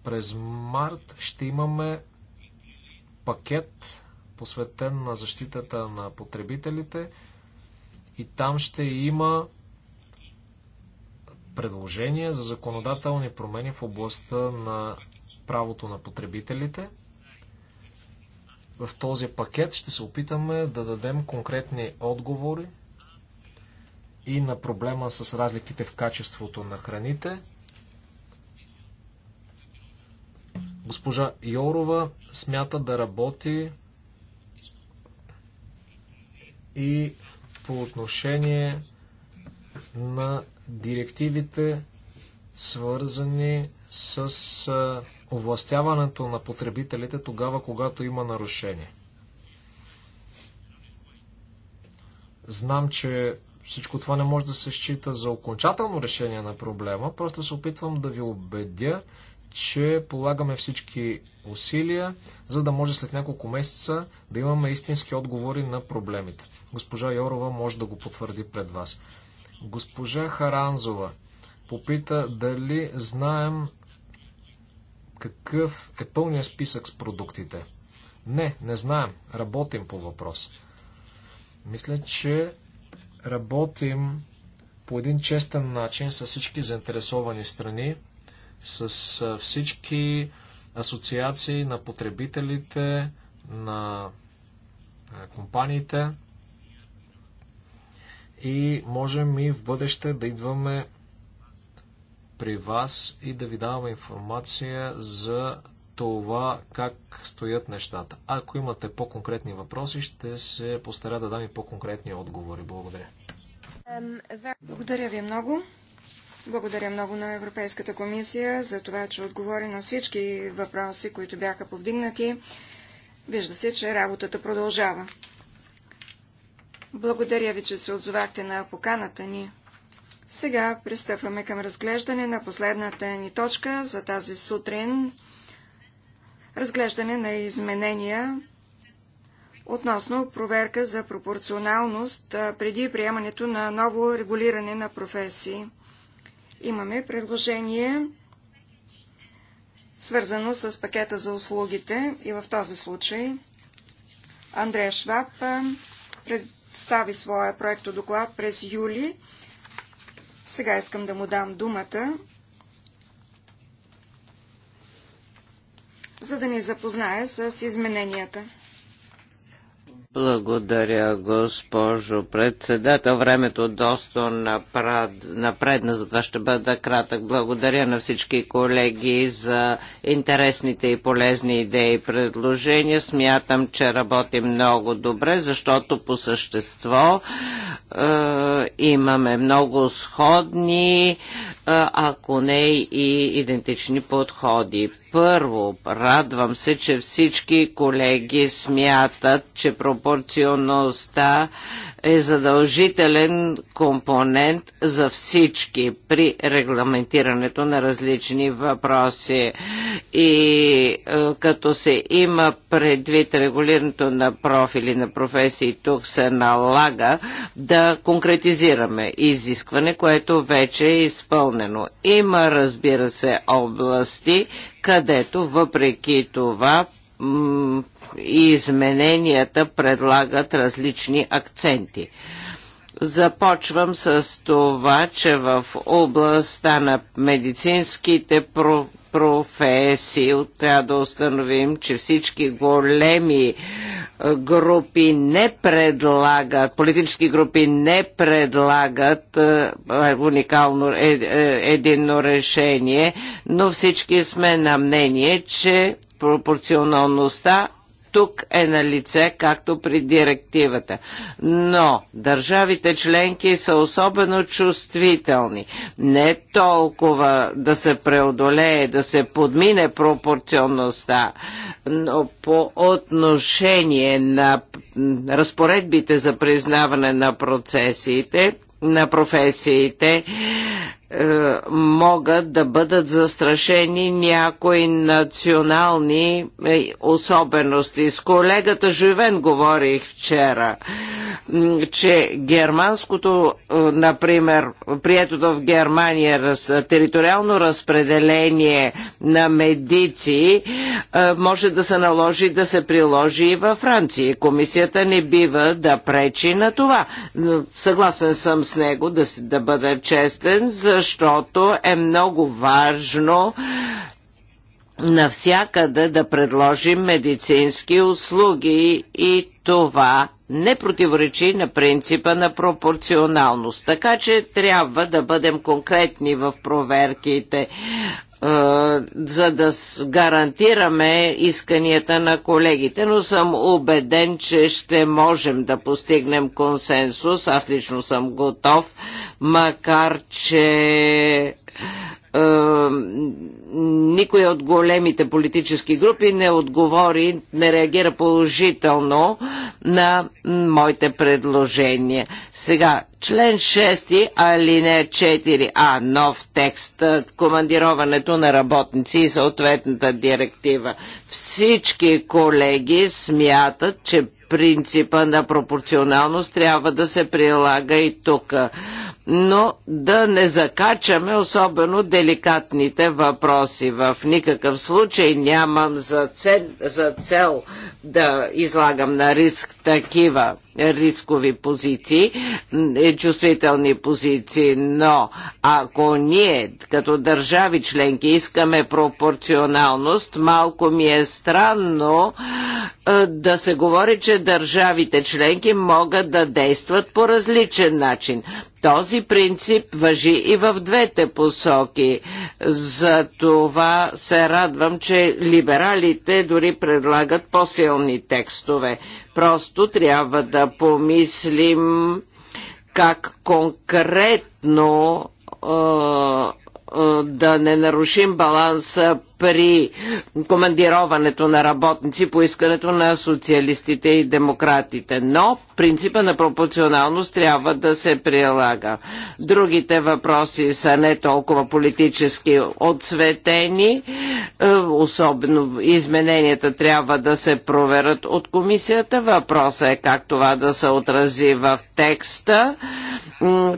През март ще имаме пакет, посветен на защитата на потребителите и там ще има предложения за законодателни промени в областта на правото на потребителите. В този пакет ще се опитаме да дадем конкретни отговори и на проблема с разликите в качеството на храните – Госпожа Йорова смята да работи и по отношение на директивите, свързани с овластяването на потребителите тогава, когато има нарушение. Знам, че всичко това не може да се счита за окончателно решение на проблема, просто се опитвам да ви убедя, че полагаме всички усилия, за да може след няколко месеца да имаме истински отговори на проблемите. Госпожа Йорова може да го потвърди пред вас. Госпожа Харанзова попита дали знаем какъв е пълният списък с продуктите. Не, не знаем. Работим по въпрос. Мисля, че работим по един честен начин с всички заинтересовани страни с всички асоциации на потребителите, на компаниите и можем и в бъдеще да идваме при вас и да ви даваме информация за това как стоят нещата. Ако имате по-конкретни въпроси, ще се постаря да дам и по-конкретни отговори. Благодаря. Благодаря ви много. Благодаря много на Европейската комисия за това, че отговори на всички въпроси, които бяха повдигнати. Вижда се, че работата продължава. Благодаря ви, че се отзовахте на поканата ни. Сега пристъпваме към разглеждане на последната ни точка за тази сутрин. Разглеждане на изменения относно проверка за пропорционалност преди приемането на ново регулиране на професии. Имаме предложение свързано с пакета за услугите и в този случай Андрея Шваб представи своя проектодоклад през юли. Сега искам да му дам думата, за да ни запознае с измененията. Благодаря, госпожо председател. Времето доста напредна, затова ще бъда кратък. Благодаря на всички колеги за интересните и полезни идеи и предложения. Смятам, че работим много добре, защото по същество е, имаме много сходни, е, ако не и идентични подходи първо, радвам се, че всички колеги смятат, че пропорционалността е задължителен компонент за всички при регламентирането на различни въпроси. И е, като се има предвид регулирането на профили на професии, тук се налага да конкретизираме изискване, което вече е изпълнено. Има, разбира се, области, където въпреки това измененията предлагат различни акценти. Започвам с това, че в областта на медицинските про професии трябва да установим, че всички големи е, групи не предлагат, политически групи не предлагат е, уникално е, е, единно решение, но всички сме на мнение, че пропорционалността тук е на лице, както при директивата. Но държавите членки са особено чувствителни. Не толкова да се преодолее, да се подмине пропорционността, но по отношение на разпоредбите за признаване на процесите, на професиите, е, могат да бъдат застрашени някои национални е, особености. С колегата Живен говорих вчера, че германското, е, например, приетото в Германия териториално разпределение на медици може да се наложи да се приложи и във Франция. Комисията не бива да пречи на това. Съгласен съм с него да, да бъда честен, за защото е много важно навсякъде да предложим медицински услуги и това не противоречи на принципа на пропорционалност. Така че трябва да бъдем конкретни в проверките за да гарантираме исканията на колегите, но съм убеден, че ще можем да постигнем консенсус. Аз лично съм готов, макар че е, никой от големите политически групи не отговори, не реагира положително на моите предложения. Сега, член 6, алинея 4а, нов текст, е, командироването на работници и съответната директива. Всички колеги смятат, че принципа на пропорционалност трябва да се прилага и тук. Но да не закачаме особено деликатните въпроси. В никакъв случай нямам за, цел, за цел да излагам на риск такива рискови позиции, е, чувствителни позиции, но ако ние като държави членки искаме пропорционалност, малко ми е странно е, да се говори, че държавите членки могат да действат по различен начин. Този принцип въжи и в двете посоки. За това се радвам, че либералите дори предлагат по-силни текстове. Просто трябва да помислим как конкретно да не нарушим баланса при командироването на работници по искането на социалистите и демократите. Но принципа на пропорционалност трябва да се прилага. Другите въпроси са не толкова политически отсветени. Е, особено измененията трябва да се проверят от комисията. Въпросът е как това да се отрази в текста.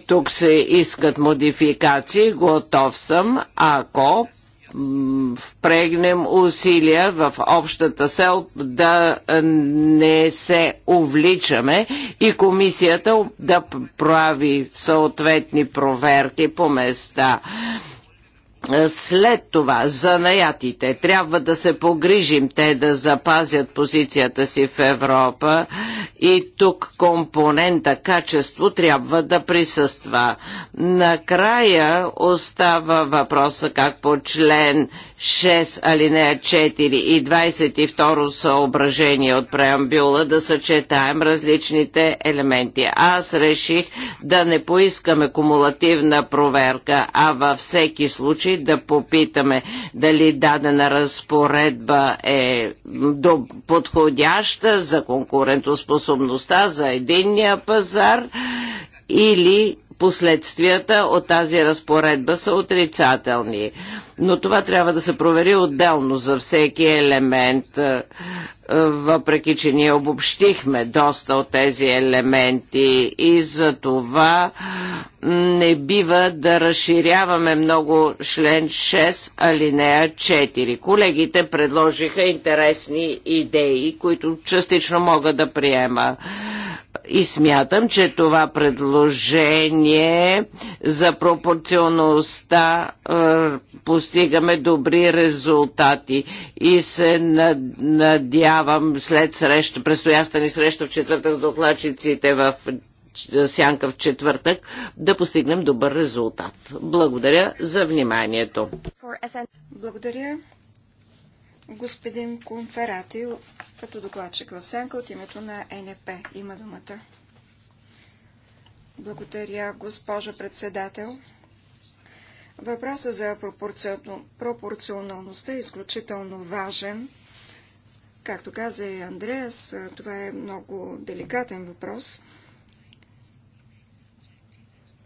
Тук се искат модификации, готов съм, ако впрегнем усилия в общата сел да не се увличаме и комисията да прави съответни проверки по места. Е, след това, за наятите, трябва да се погрижим те да запазят позицията си в Европа и тук компонента качество трябва да присъства. Накрая остава въпроса как по член 6 алинея 4 и 22 съображение от преамбюла да съчетаем различните елементи. Аз реших да не поискаме кумулативна проверка, а във всеки случай да попитаме дали дадена разпоредба е подходяща за конкурентоспособността, за единния пазар или последствията от тази разпоредба са отрицателни. Но това трябва да се провери отделно за всеки елемент, е, е, въпреки че ние обобщихме доста от тези елементи и за това не бива да разширяваме много член 6 алинея 4. Колегите предложиха интересни идеи, които частично мога да приема и смятам, че това предложение за пропорционалността е, постигаме добри резултати и се надявам след среща, предстояща ни среща в четвъртък докладчиците в е, сянка в четвъртък, да постигнем добър резултат. Благодаря за вниманието. Благодаря господин Конферати като докладчик в сенка от името на НП. Има думата. Благодаря, госпожо председател. Въпросът за пропорционалността е изключително важен. Както каза и Андреас, това е много деликатен въпрос.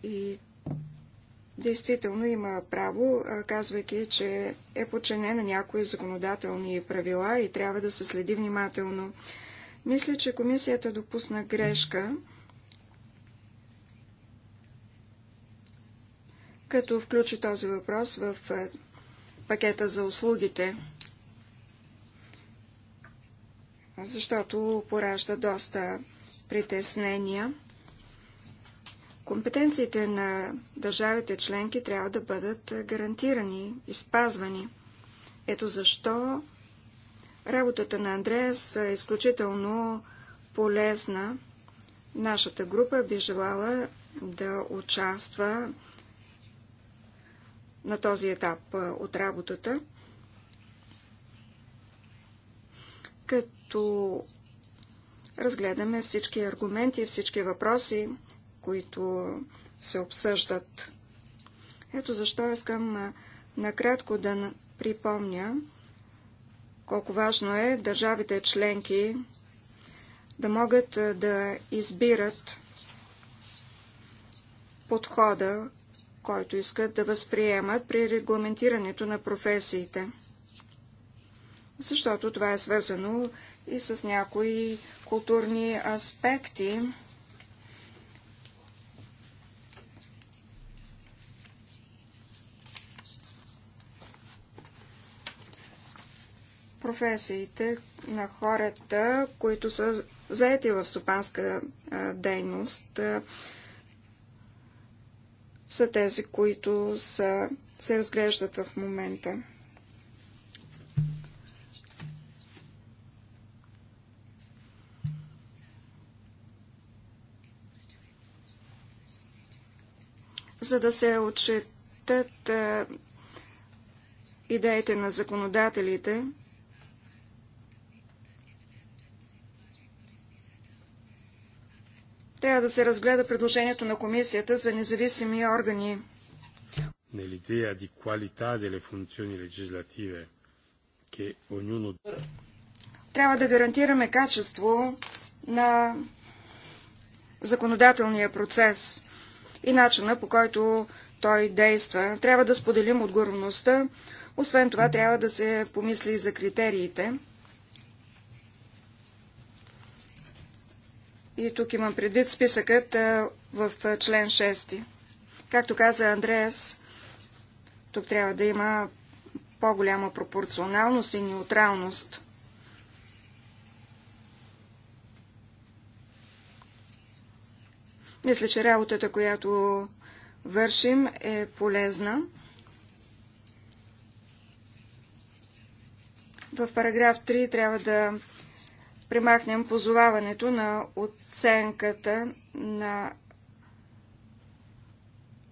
И действително има право, казвайки, че е подчинена някои законодателни правила и трябва да се следи внимателно. Мисля, че комисията допусна грешка, като включи този въпрос в пакета за услугите, защото поражда доста притеснения. Компетенциите на държавите членки трябва да бъдат гарантирани и спазвани. Ето защо работата на Андреас е изключително полезна. Нашата група би желала да участва на този етап от работата, като разгледаме всички аргументи, всички въпроси, които се обсъждат. Ето защо искам накратко да припомня колко важно е държавите членки да могат да избират подхода, който искат да възприемат при регламентирането на професиите. Защото това е свързано и с някои културни аспекти, професиите на хората, които са заети в стопанска дейност, са тези, които са, се разглеждат в момента. За да се отчетат идеите на законодателите, Трябва да се разгледа предложението на комисията за независими органи. Nell'idea di qualità delle funzioni legislative che ognuno... Трябва да гарантираме качество на законодателния процес и начина по който той действа. Трябва да споделим отговорността. Освен това, трябва да се помисли и за критериите. И тук имам предвид списъкът в член 6. Както каза Андреас, тук трябва да има по-голяма пропорционалност и неутралност. Мисля, че работата, която вършим, е полезна. В параграф 3 трябва да примахнем позоваването на оценката на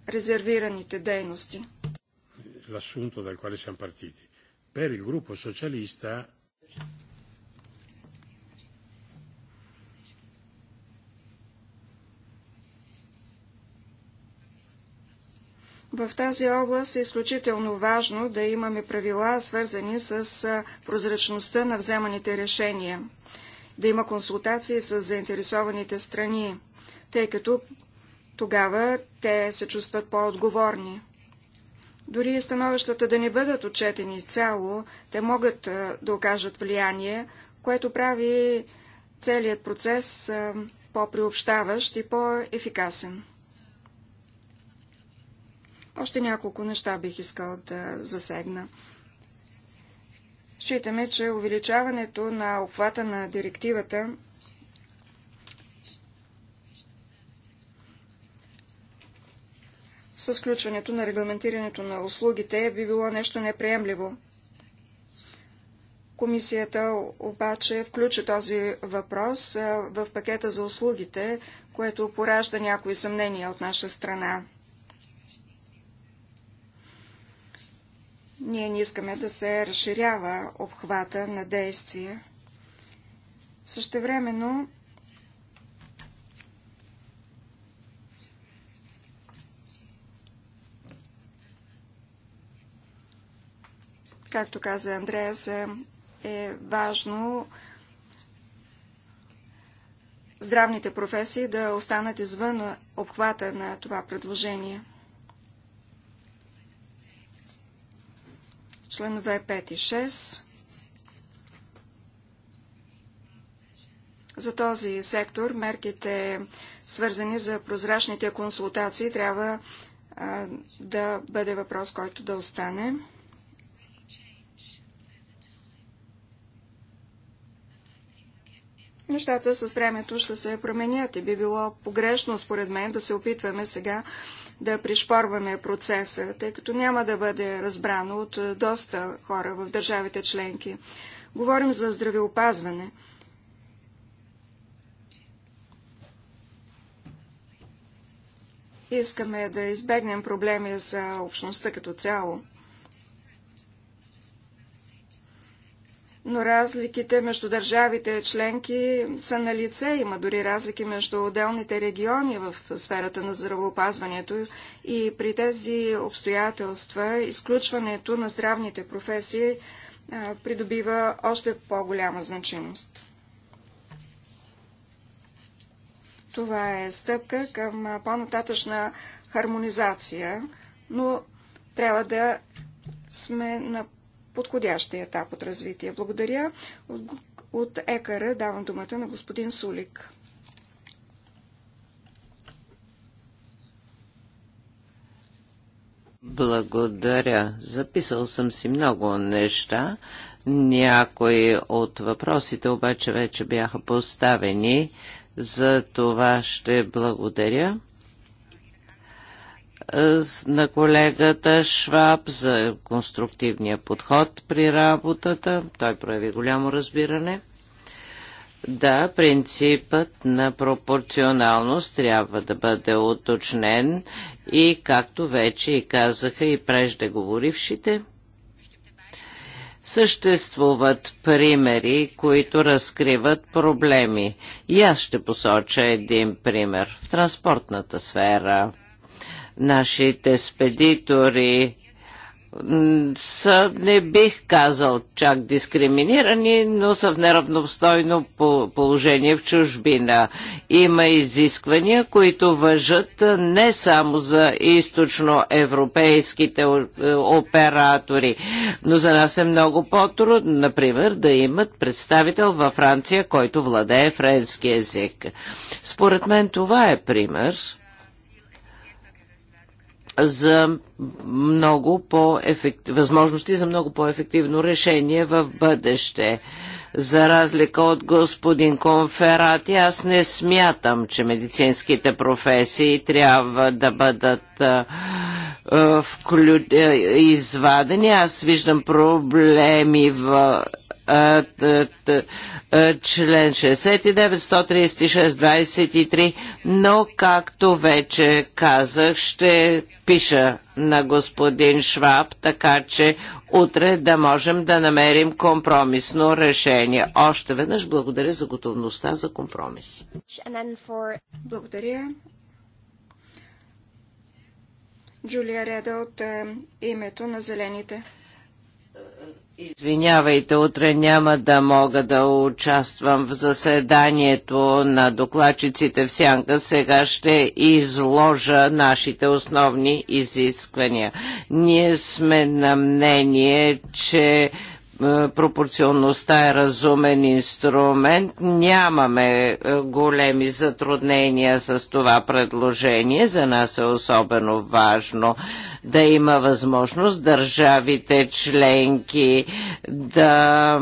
резервираните дейности. L'assunto dal quale siamo partiti. Per il gruppo socialista В тази област е изключително важно да имаме правила, свързани с прозрачността на вземаните решения да има консултации с заинтересованите страни, тъй като тогава те се чувстват по-отговорни. Дори и становищата да не бъдат отчетени цяло, те могат да окажат влияние, което прави целият процес по-приобщаващ и по-ефикасен. Още няколко неща бих искал да засегна. Считаме, че увеличаването на обхвата на директивата с включването на регламентирането на услугите би било нещо неприемливо. Комисията обаче включи този въпрос в пакета за услугите, което поражда някои съмнения от наша страна. Ние не искаме да се разширява обхвата на действия. Същевременно както каза Андреас, е важно здравните професии да останат извън обхвата на това предложение. членове 5 и 6. За този сектор мерките, свързани за прозрачните консултации, трябва да бъде въпрос, който да остане. Нещата с времето ще се променят и би било погрешно, според мен, да се опитваме сега да пришпорваме процеса, тъй като няма да бъде разбрано от е, доста хора в държавите членки. Говорим за здравеопазване. Искаме да избегнем проблеми за общността като цяло. но разликите между държавите членки са на лице. Има дори разлики между отделните региони в сферата на здравеопазването и при тези обстоятелства изключването на здравните професии придобива още по-голяма значимост. Това е стъпка към по-нататъчна хармонизация, но трябва да сме на подходящия етап от развитие. Благодаря. От, от ЕКАРА давам думата на господин Сулик. Благодаря. Записал съм си много неща. Някои от въпросите обаче вече бяха поставени. За това ще благодаря е, на колегата Шваб за конструктивния подход при работата. Той прояви голямо разбиране. Да, принципът на пропорционалност трябва да бъде уточнен и както вече и казаха и преждеговорившите, съществуват примери, които разкриват проблеми. И аз ще посоча един пример в транспортната сфера – Нашите спедитори са, не бих казал чак дискриминирани, но са в неравностойно положение в чужбина. Има изисквания, които въжат не само за източноевропейските е, оператори, но за нас е много по-трудно, например, да имат представител във Франция, който владее френски език. Според мен това е пример за много по възможности за много по-ефективно решение в бъдеще. За разлика от господин Конферати, аз не смятам, че медицинските професии трябва да бъдат а, вклю... извадени. Аз виждам проблеми в е, член 69, 136, 23, но както вече казах, ще пиша на господин Шваб, така че утре да можем да намерим компромисно решение. Още веднъж благодаря за готовността за компромис. Благодаря. Джулия Реда от е, името на Зелените. Извинявайте, утре няма да мога да участвам в заседанието на докладчиците в Сянка. Сега ще изложа нашите основни изисквания. Ние сме на мнение, че е, пропорционността е разумен инструмент. Нямаме е, големи затруднения с това предложение. За нас е особено важно да има възможност държавите членки да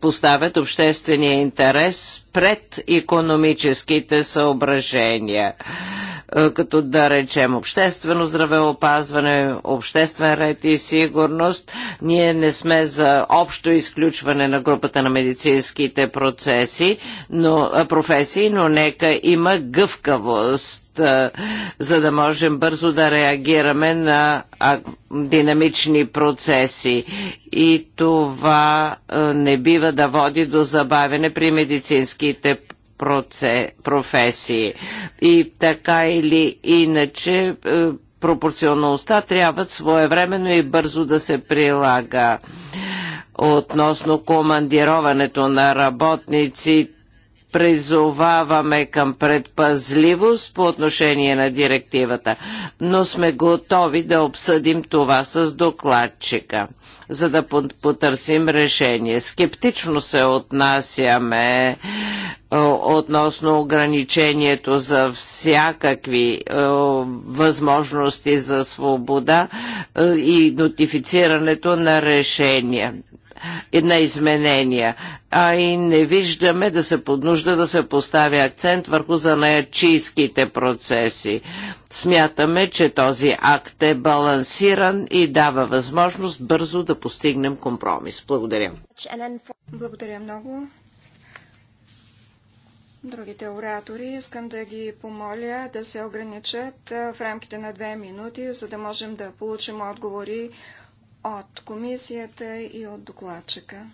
поставят обществения интерес пред економическите съображения. Е, като да речем обществено здравеопазване, обществен ред и сигурност. Ние не сме за общо изключване на групата на медицинските процеси, но, е, професии, но нека има гъвкавост е, за да можем бързо да реагираме на динамични процеси. И това не бива да води до забавяне при медицинските процеси професии. И така или иначе е, пропорционалността трябва своевременно и бързо да се прилага. Относно командироването на работници, призоваваме към предпазливост по отношение на директивата, но сме готови да обсъдим това с докладчика за да потърсим решение. Скептично се отнасяме е, относно ограничението за всякакви е, възможности за свобода е, и нотифицирането на решения на изменения, а и не виждаме да се поднужда да се постави акцент върху занаячийските процеси. Смятаме, че този акт е балансиран и дава възможност бързо да постигнем компромис. Благодаря. Благодаря много. Другите оратори искам да ги помоля да се ограничат в рамките на две минути, за да можем да получим отговори от комисията и от докладчика.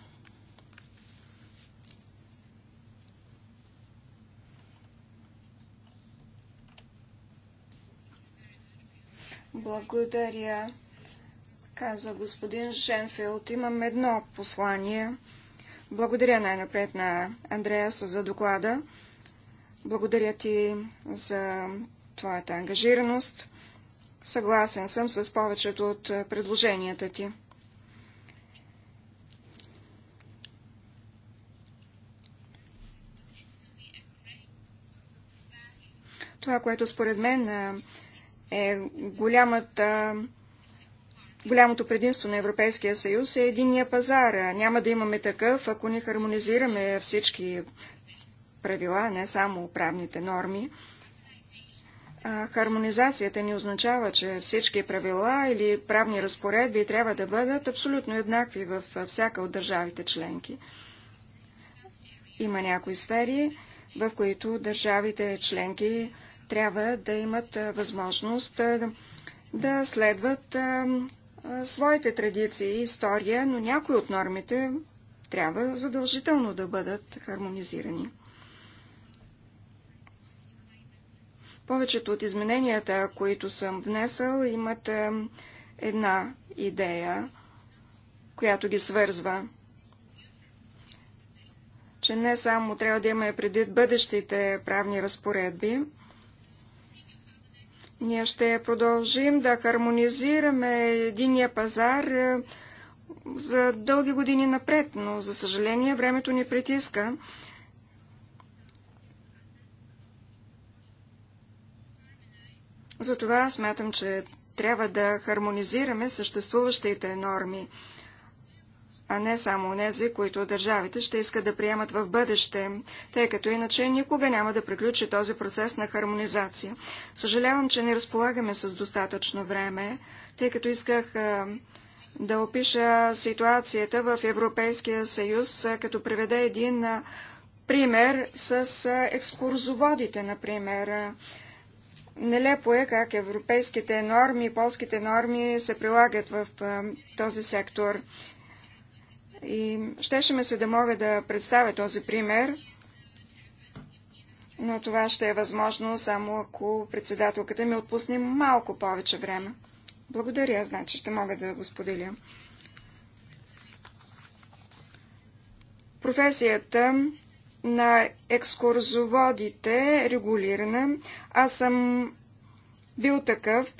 Благодаря, казва господин Шенфилд. Имам едно послание. Благодаря най-напред на Андреаса за доклада. Благодаря ти за твоята ангажираност. Съгласен съм с повечето от е, предложенията ти. Това, което според мен е, е голямата, голямото предимство на Европейския съюз е единния пазар. Няма да имаме такъв, ако не хармонизираме всички правила, не само правните норми. Хармонизацията не означава, че всички правила или правни разпоредби трябва да бъдат абсолютно еднакви във всяка от държавите членки. Има някои сфери, в които държавите членки трябва да имат възможност да следват своите традиции и история, но някои от нормите трябва задължително да бъдат хармонизирани. Повечето от измененията, които съм внесъл, имат една идея, която ги свързва. Че не само трябва да имаме предвид бъдещите правни разпоредби, ние ще продължим да хармонизираме единия пазар е, за дълги години напред, но за съжаление времето ни притиска Затова смятам, че трябва да хармонизираме съществуващите норми, а не само нези, които държавите ще искат да приемат в бъдеще, тъй като иначе никога няма да приключи този процес на хармонизация. Съжалявам, че не разполагаме с достатъчно време, тъй като исках да опиша ситуацията в Европейския съюз, като приведа един пример с екскурзоводите, например. Нелепо е как европейските норми, полските норми се прилагат в този сектор. И щеше ме се да мога да представя този пример, но това ще е възможно само ако председателката ми отпусне малко повече време. Благодаря, значи ще мога да го споделя. Професията на екскурзоводите регулирана. Аз съм бил такъв.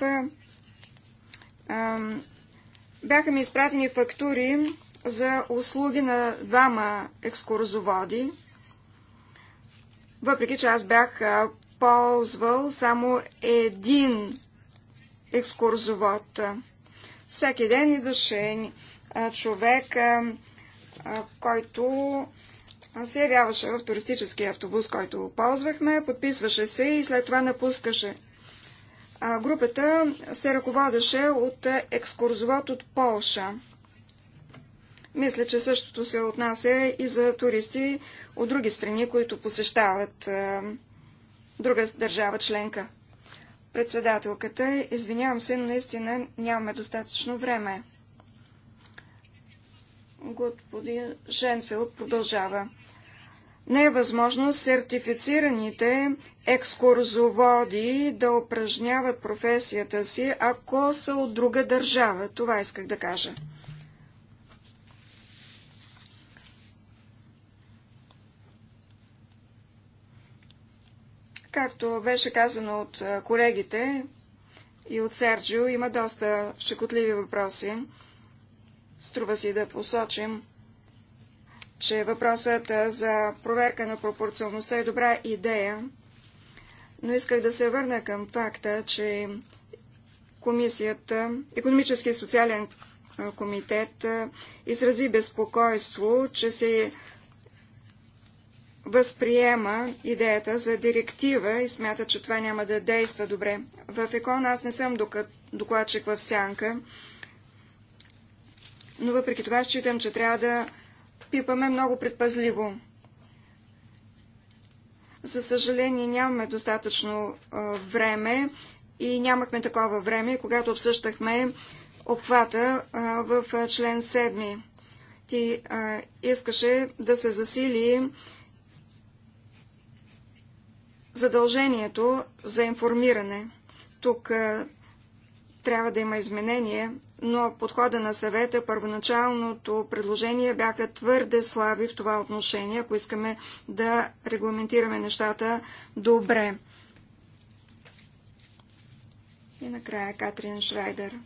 Бяха ми изпратени фактури за услуги на двама екскурзоводи, въпреки че аз бях ползвал само един екскурзовод. Всеки ден идваше човек, който се явяваше в туристическия автобус, който ползвахме, подписваше се и след това напускаше. А, групата се ръководеше от екскурзовод от Полша. Мисля, че същото се отнася и за туристи от други страни, които посещават а, друга държава членка. Председателката, извинявам се, но наистина нямаме достатъчно време. Господин Женфилд продължава не е възможно сертифицираните екскурзоводи да упражняват професията си, ако са от друга държава. Това исках да кажа. Както беше казано от колегите и от Серджио, има доста щекотливи въпроси. Струва си да посочим че въпросът за проверка на пропорционността е добра идея, но исках да се върна към факта, че Комисията, Економически и социален комитет изрази безпокойство, че се възприема идеята за директива и смята, че това няма да действа добре. В ЕКОН аз не съм докладчик в сянка, но въпреки това считам, че трябва да пипаме много предпазливо. За съжаление нямаме достатъчно а, време и нямахме такова време, когато обсъщахме обхвата а, в а, член 7. Ти а, искаше да се засили задължението за информиране. Тук а, трябва да има изменение, но подхода на съвета, първоначалното предложение бяха твърде слаби в това отношение, ако искаме да регламентираме нещата добре. И накрая Катрин Шрайдер.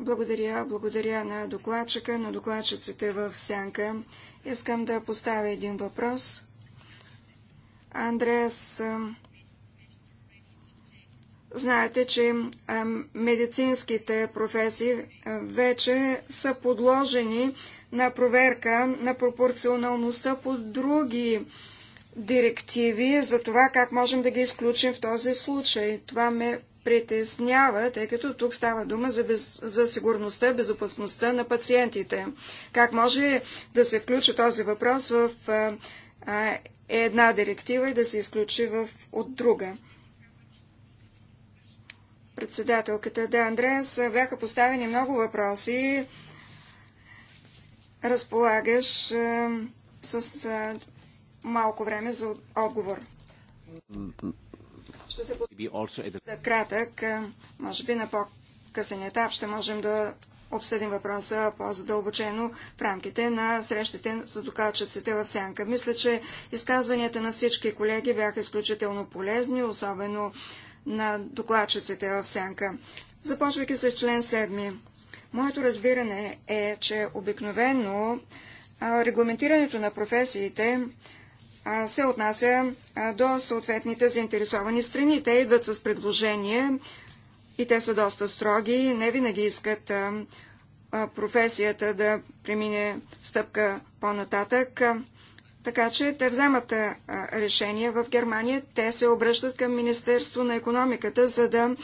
Благодаря, благодаря на докладчика, на докладчиците в Сянка. Искам да поставя един въпрос. Андреас Знаете, че медицинските професии вече са подложени на проверка на пропорционалността по други директиви за това как можем да ги изключим в този случай. Това ме притеснява, тъй като тук става дума за, без... за сигурността, безопасността на пациентите. Как може да се включи този въпрос в а, една директива и да се изключи в... от друга? председателката Да, Андреас, бяха поставени много въпроси. Разполагаш с малко време за отговор. Ще се да кратък, може би на по-късен етап ще можем да обсъдим въпроса по-задълбочено в рамките на срещите за докладчиците в Сянка. Мисля, че изказванията на всички колеги бяха изключително полезни, особено на докладчиците в сянка. Започвайки с член 7. Моето разбиране е, че обикновено регламентирането на професиите се отнася до съответните заинтересовани страни. Те идват с предложение и те са доста строги. Не винаги искат професията да премине стъпка по-нататък. Така че те вземат решение в Германия. Те се обръщат към Министерство на економиката, за да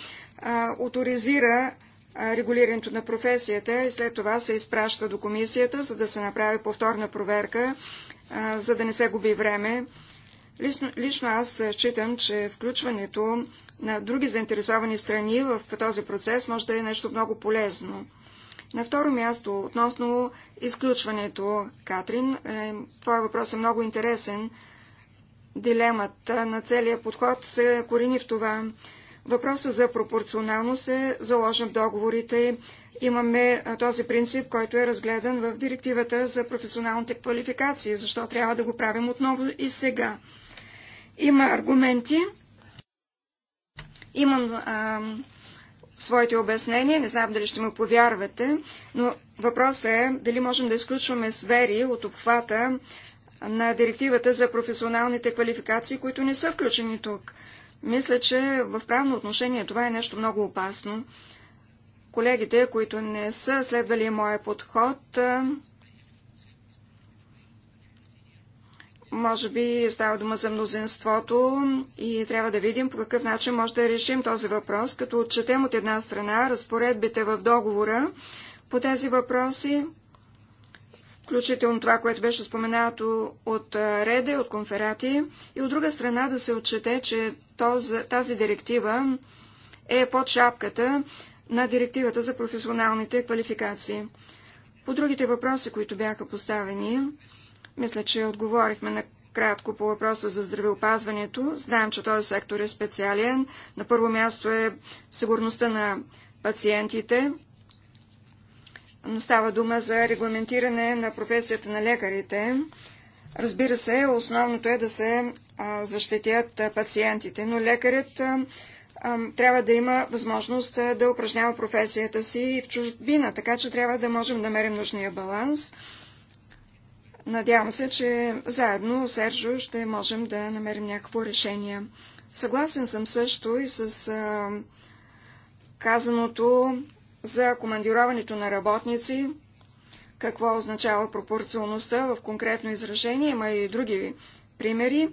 авторизира регулирането на професията и след това се изпраща до комисията, за да се направи повторна проверка, за да не се губи време. Лично, лично аз считам, че включването на други заинтересовани страни в този процес може да е нещо много полезно. На второ място, относно изключването, Катрин, е, твой въпрос е много интересен. Дилемата на целия подход се корени в това. Въпросът за пропорционалност е заложен в договорите. Имаме е, този принцип, който е разгледан в директивата за професионалните квалификации. Защо трябва да го правим отново и сега? Има аргументи. Имам своите обяснения. Не знам дали ще му повярвате, но въпросът е дали можем да изключваме сфери от обхвата на директивата за професионалните квалификации, които не са включени тук. Мисля, че в правно отношение това е нещо много опасно. Колегите, които не са следвали моя подход, може би става дума за мнозинството и трябва да видим по какъв начин може да решим този въпрос, като отчетем от една страна разпоредбите в договора по тези въпроси, включително това, което беше споменато от Реде, от конферати, и от друга страна да се отчете, че тази директива е под шапката на директивата за професионалните квалификации. По другите въпроси, които бяха поставени, мисля, че отговорихме на кратко по въпроса за здравеопазването. Знаем, че този сектор е специален. На първо място е сигурността на пациентите, но става дума за регламентиране на професията на лекарите. Разбира се, основното е да се защитят пациентите, но лекарят трябва да има възможност да упражнява професията си и в чужбина, така че трябва да можем да мерим нужния баланс. Надявам се, че заедно, с Сержо ще можем да намерим някакво решение. Съгласен съм също и с а, казаното за командироването на работници, какво означава пропорционалността в конкретно изражение. Има и други примери.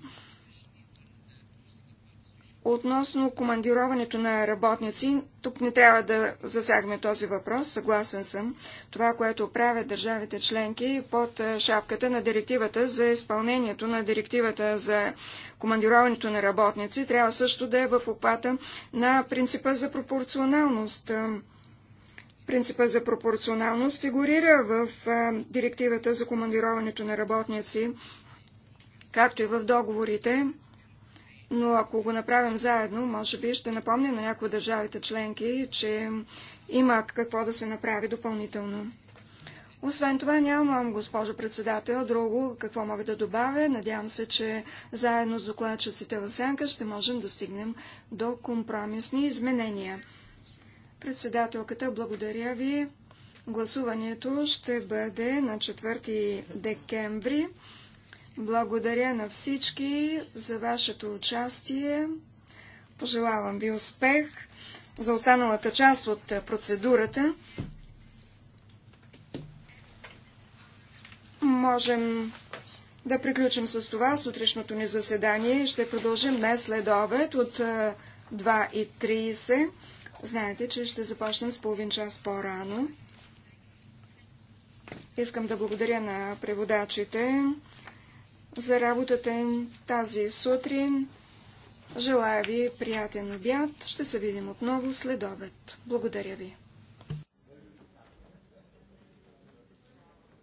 Относно командироването на работници, тук не трябва да засягаме този въпрос, съгласен съм, това, което правят държавите членки под шапката на директивата за изпълнението на директивата за командироването на работници, трябва също да е в оплата на принципа за пропорционалност. Принципа за пропорционалност фигурира в директивата за командироването на работници, както и в договорите, но ако го направим заедно, може би ще напомня на някои държавите членки, че има какво да се направи допълнително. Освен това нямам, госпожо председател, друго какво мога да добавя. Надявам се, че заедно с докладчиците в Сянка ще можем да стигнем до компромисни изменения. Председателката, благодаря ви. Гласуването ще бъде на 4 декември. Благодаря на всички за вашето участие. Пожелавам ви успех за останалата част от е, процедурата можем да приключим с това сутрешното ни заседание. Ще продължим днес след обед от 2.30. Е, Знаете, че ще започнем с половин час по-рано. Искам да благодаря на преводачите за работата им тази сутрин. Желая ви приятен обяд. Ще се видим отново след обед. Благодаря ви.